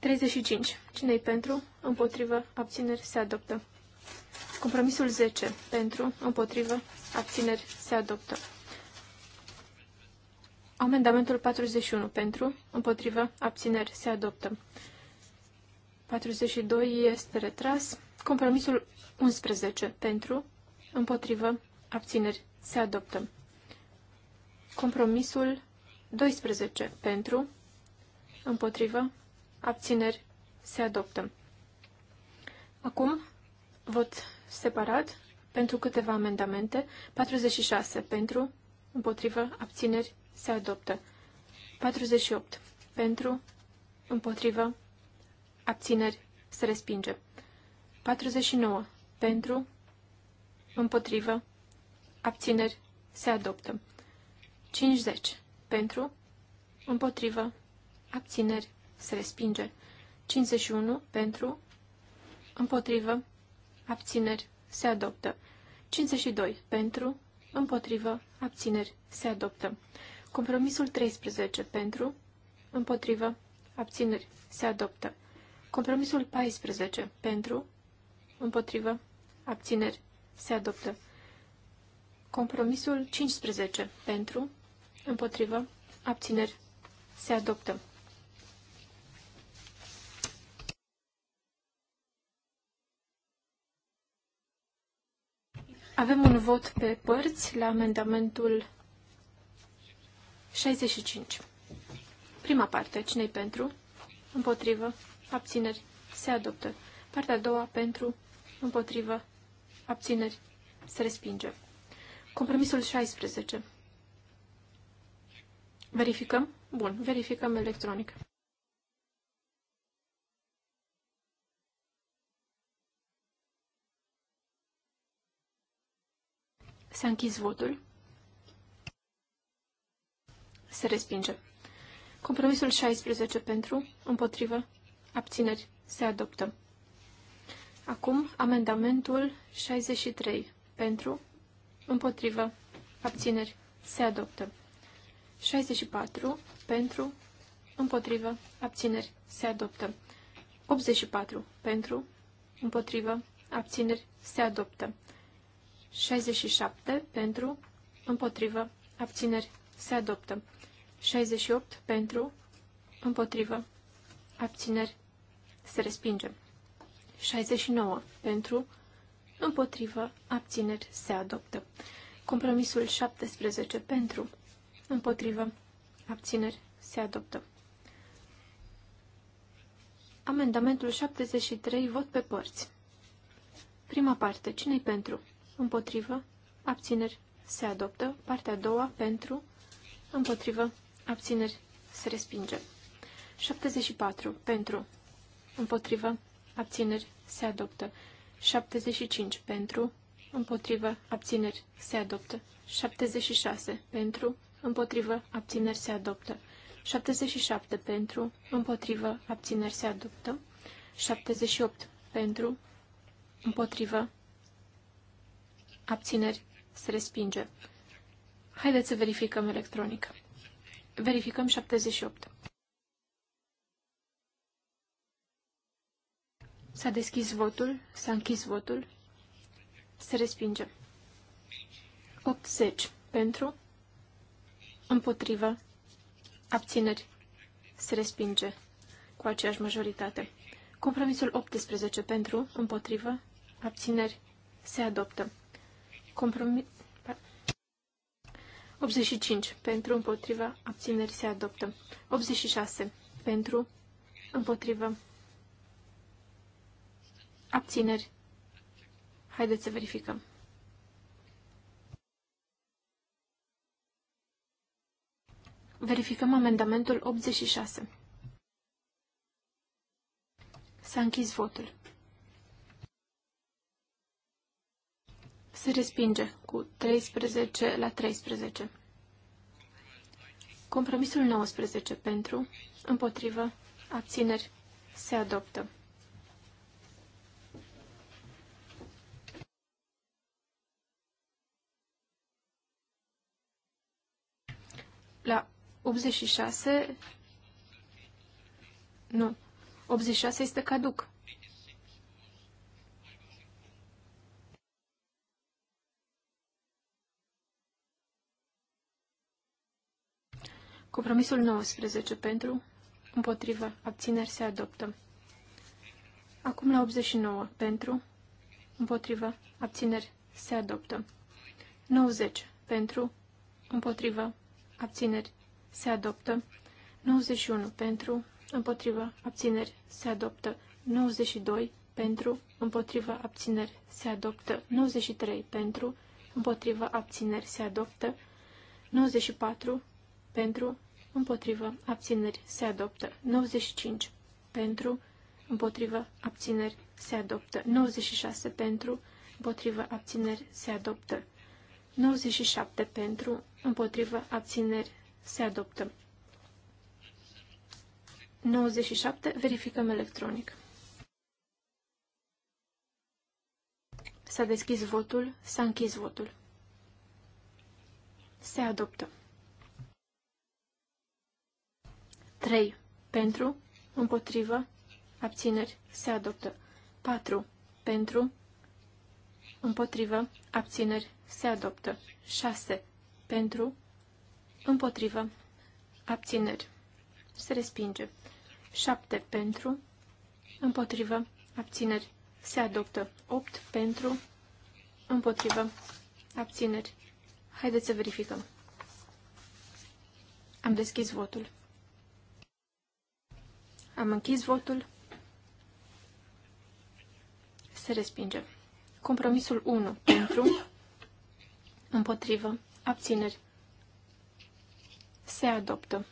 S3: 35. Cine-i pentru? Împotrivă. Abțineri. Se adoptă. Compromisul 10. Pentru. Împotrivă. Abțineri. Se adoptă. Amendamentul 41. Pentru. Împotrivă. Abțineri. Se adoptă. 42 este retras. Compromisul 11. Pentru. Împotrivă. Abțineri. Se adoptă. Compromisul 12. Pentru. Împotrivă abțineri, se adoptă. Acum, vot separat pentru câteva amendamente. 46 pentru, împotrivă, abțineri, se adoptă. 48 pentru, împotrivă, abțineri, se respinge. 49 pentru, împotrivă, abțineri, se adoptă. 50 pentru, împotrivă, abțineri, se respinge. 51 pentru, împotrivă, abțineri, se adoptă. 52 pentru, împotrivă, abțineri, se adoptă. Compromisul 13 pentru, împotrivă, abțineri, se adoptă. Compromisul 14 pentru, împotrivă, abțineri, se adoptă. Compromisul 15 pentru, împotrivă, abțineri, se adoptă. Avem un vot pe părți la amendamentul 65. Prima parte. cine pentru? Împotrivă. Abțineri. Se adoptă. Partea a doua pentru. Împotrivă. Abțineri. Se respinge. Compromisul 16. Verificăm? Bun, verificăm electronic. S-a închis votul. Se respinge. Compromisul 16 pentru, împotrivă, abțineri, se adoptă. Acum, amendamentul 63 pentru, împotrivă, abțineri, se adoptă. 64 pentru, împotrivă, abțineri, se adoptă. 84 pentru, împotrivă, abțineri, se adoptă. 67 pentru, împotrivă, abțineri, se adoptă. 68 pentru, împotrivă, abțineri, se respinge. 69 pentru, împotrivă, abțineri, se adoptă. Compromisul 17 pentru, împotrivă, abțineri, se adoptă. Amendamentul 73, vot pe părți. Prima parte, cine-i pentru? împotrivă, abțineri, se adoptă. Partea a doua, pentru, împotrivă, abțineri, se respinge. 74. Pentru, împotrivă, abțineri, se adoptă. 75. Pentru, împotrivă, abțineri, se adoptă. 76. Pentru, împotrivă, abțineri, se adoptă. 77. Pentru, împotrivă, abțineri, se adoptă. 78. Pentru, împotrivă, abțineri, se respinge. Haideți să verificăm electronic. Verificăm 78. S-a deschis votul, s-a închis votul, se respinge. 80 pentru, împotrivă, abțineri, se respinge cu aceeași majoritate. Compromisul 18 pentru, împotrivă, abțineri, se adoptă. Compromis... 85. Pentru, împotriva, abțineri se adoptă. 86. Pentru, împotriva, abțineri. Haideți să verificăm. Verificăm amendamentul 86. S-a închis votul. se respinge cu 13 la 13. Compromisul 19 pentru, împotrivă, abțineri, se adoptă. La 86, nu, 86 este caduc. Compromisul 19 pentru, împotrivă, abțineri se adoptă. Acum la 89 pentru, împotrivă, abțineri se adoptă. 90 pentru, împotrivă, abțineri se adoptă. 91 pentru, împotrivă, abțineri se adoptă. 92 pentru, împotrivă, abțineri se adoptă. 93 pentru, împotrivă, abțineri se adoptă. 94 pentru, împotrivă, abțineri, se adoptă. 95 pentru, împotrivă, abțineri, se adoptă. 96 pentru, împotrivă, abțineri, se adoptă. 97 pentru, împotrivă, abțineri, se adoptă. 97, verificăm electronic. S-a deschis votul, s-a închis votul. Se adoptă. 3. Pentru, împotrivă, abțineri, se adoptă. 4. Pentru, împotrivă, abțineri, se adoptă. 6. Pentru, împotrivă, abțineri, se respinge. 7. Pentru, împotrivă, abțineri, se adoptă. 8. Pentru, împotrivă, abțineri. Haideți să verificăm. Am deschis votul. Am închis votul. Se respinge. Compromisul 1. Pentru. Împotrivă. Abțineri. Se adoptă.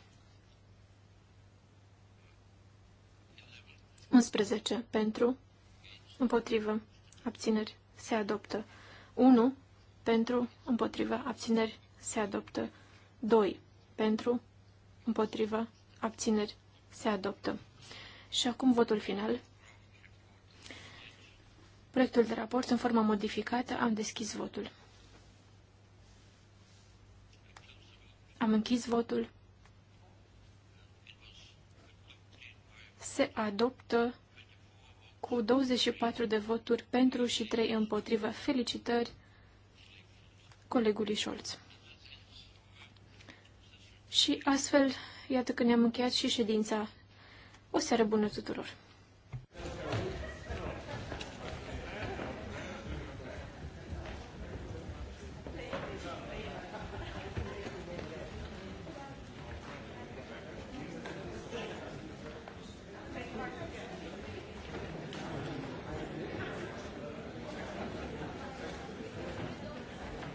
S3: 11. Pentru. Împotrivă. Abțineri. Se adoptă. 1. Pentru. Împotrivă. Abțineri. Se adoptă. 2. Pentru. Împotrivă. Abțineri. Se adoptă. Și acum votul final. Proiectul de raport în formă modificată. Am deschis votul. Am închis votul. Se adoptă cu 24 de voturi pentru și 3 împotrivă. Felicitări colegului Scholz. Și astfel, iată că ne-am încheiat și ședința o seară bună tuturor!